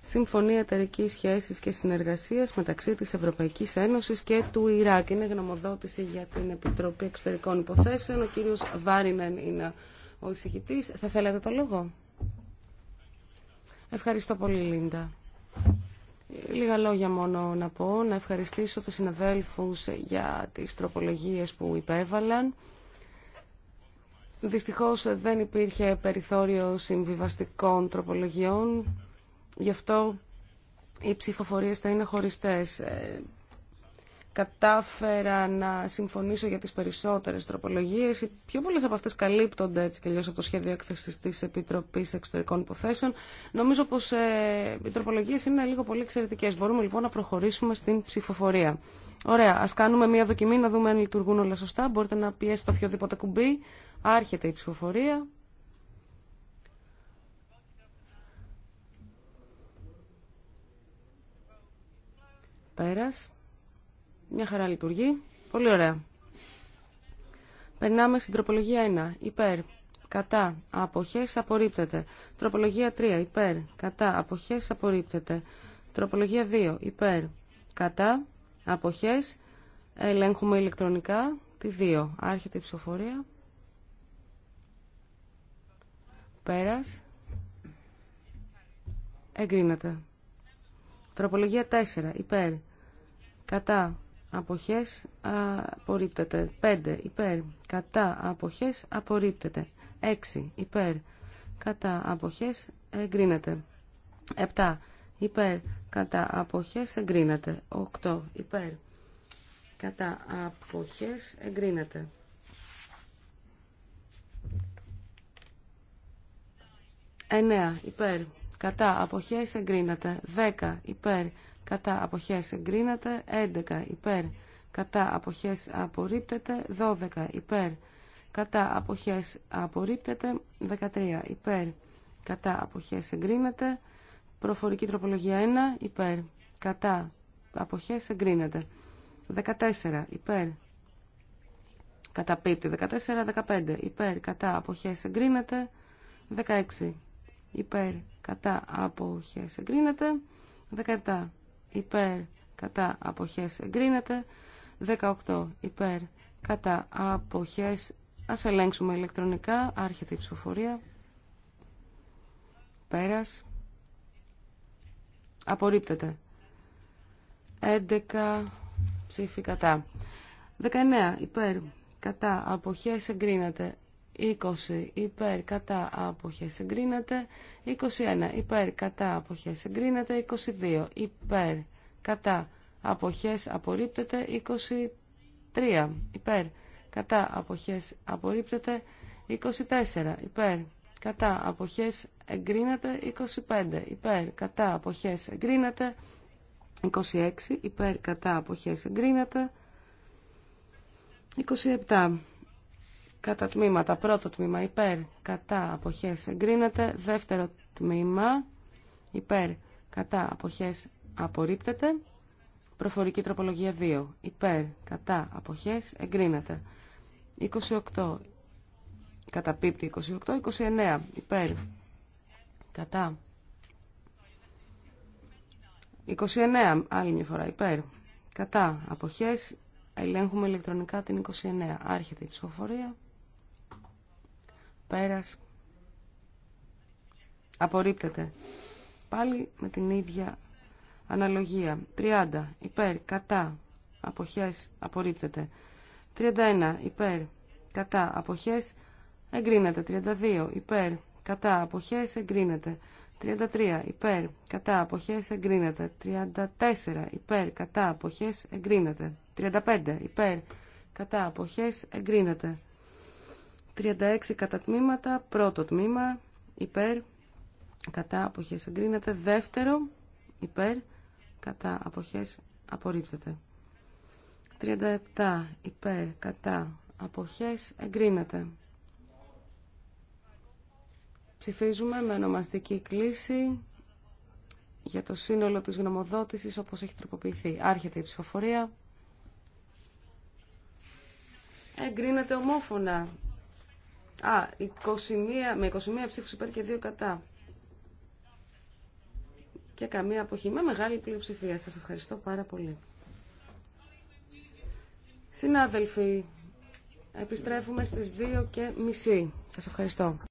Συμφωνία εταιρική σχέση και συνεργασία μεταξύ τη Ευρωπαϊκή Ένωση και του Ιράκ. Είναι γνωμοδότηση για την Επιτροπή Εξωτερικών Υποθέσεων. Ο κύριο Βάρινεν είναι ο εισηγητής. Θα θέλατε το λόγο. Ευχαριστώ πολύ, Λίντα. Λίγα λόγια μόνο να πω. Να ευχαριστήσω τους συναδέλφους για τις τροπολογίες που υπέβαλαν. Δυστυχώς δεν υπήρχε περιθώριο συμβιβαστικών τροπολογιών, γι' αυτό οι ψηφοφορίες θα είναι χωριστές. Ε, κατάφερα να συμφωνήσω για τις περισσότερες τροπολογίες. Οι πιο πολλές από αυτές καλύπτονται έτσι και από το σχέδιο έκθεσης της Επιτροπής Εξωτερικών Υποθέσεων. Νομίζω πως ε, οι τροπολογίες είναι λίγο πολύ εξαιρετικές. Μπορούμε λοιπόν να προχωρήσουμε στην ψηφοφορία. Ωραία, ας κάνουμε μια δοκιμή να δούμε αν λειτουργούν όλα σωστά. Μπορείτε να πιέσετε οποιοδήποτε κουμπί. Άρχεται η ψηφοφορία. Πέρας. Μια χαρά λειτουργεί. Πολύ ωραία. Περνάμε στην τροπολογία 1. Υπέρ. Κατά. Αποχές απορρίπτεται. Τροπολογία 3. Υπέρ. Κατά. Αποχές απορρίπτεται. Τροπολογία 2. Υπέρ. Κατά. Αποχές. Ελέγχουμε ηλεκτρονικά τη 2. Άρχεται η ψηφοφορία. Πέρας. Εγκρίνεται. Τροπολογία 4. Υπέρ. Κατά αποχές απορρίπτεται. 5 υπέρ κατά αποχές απορρίπτεται. 6 υπέρ κατά αποχές εγκρίνεται. 7 υπέρ κατά αποχές εγκρίνεται. 8 υπέρ κατά αποχές εγκρίνεται. 9 υπέρ κατά αποχές εγκρίνεται. 10 υπέρ κατά αποχές εγκρίνεται, 11 υπέρ κατά αποχές απορρίπτεται, 12 υπέρ κατά αποχές απορρίπτεται, 13 υπέρ κατά αποχές εγκρίνεται, προφορική τροπολογία 1 υπέρ κατά αποχές εγκρίνεται, 14 υπερ κατά πίπτη, καταπίπτει, 14-15 υπέρ κατά αποχές εγκρίνεται, 16 υπέρ κατά αποχές εγκρίνεται, 17 υπέρ κατά αποχές εγκρίνεται 18 υπέρ κατά αποχές ας ελέγξουμε ηλεκτρονικά άρχεται η ψηφοφορία πέρας απορρίπτεται 11 ψήφι κατά 19 υπέρ κατά αποχές εγκρίνεται 20 υπέρ κατά αποχέ 21 υπέρ κατά αποχέ 22 υπέρ κατά αποχέ απορρίπτεται, 23 υπέρ κατά απόχέ απορρίπτεται, 24 υπέρ κατά απόχέ εγκρίνεται, 25 υπέρ κατά απόχέ εγκρίνεται, 26 υπέρ κατά αποχέ εγκρίνεται, 27 κατά τμήματα. Πρώτο τμήμα υπέρ, κατά, αποχές εγκρίνεται. Δεύτερο τμήμα υπέρ, κατά, αποχές απορρίπτεται. Προφορική τροπολογία 2. Υπέρ, κατά, αποχές εγκρίνεται. 28. Καταπίπτει 28. 29. Υπέρ, κατά. 29. Άλλη μια φορά υπέρ. Κατά. Αποχές. Ελέγχουμε ηλεκτρονικά την 29. Άρχεται η ψηφοφορία. Πέρας. Απορρίπτεται. Πάλι με την ίδια αναλογία. 30. Υπέρ. Κατά. Αποχές. Απορρίπτεται. 31. Υπέρ. Κατά. Αποχές. Εγκρίνεται. 32. Υπέρ. Κατά. Αποχές. Εγκρίνεται. 33. Υπέρ. Κατά. Αποχές. Εγκρίνεται. 34. Υπέρ. Κατά. Αποχές. Εγκρίνεται. 35. Υπέρ. Κατά. Αποχές. Εγκρίνεται. 36 κατά τμήματα, πρώτο τμήμα, υπέρ, κατά αποχές εγκρίνεται, δεύτερο, υπέρ, κατά αποχές απορρίπτεται. 37 υπέρ, κατά αποχές εγκρίνεται. Ψηφίζουμε με ονομαστική κλίση για το σύνολο της γνωμοδότησης όπως έχει τροποποιηθεί. Άρχεται η ψηφοφορία. Εγκρίνεται ομόφωνα. Α, 21, με 21 ψήφους υπέρ και 2 κατά. Και καμία αποχή. Με μεγάλη πλειοψηφία. Σας ευχαριστώ πάρα πολύ. Συνάδελφοι, επιστρέφουμε στις 2 και μισή. Σας ευχαριστώ.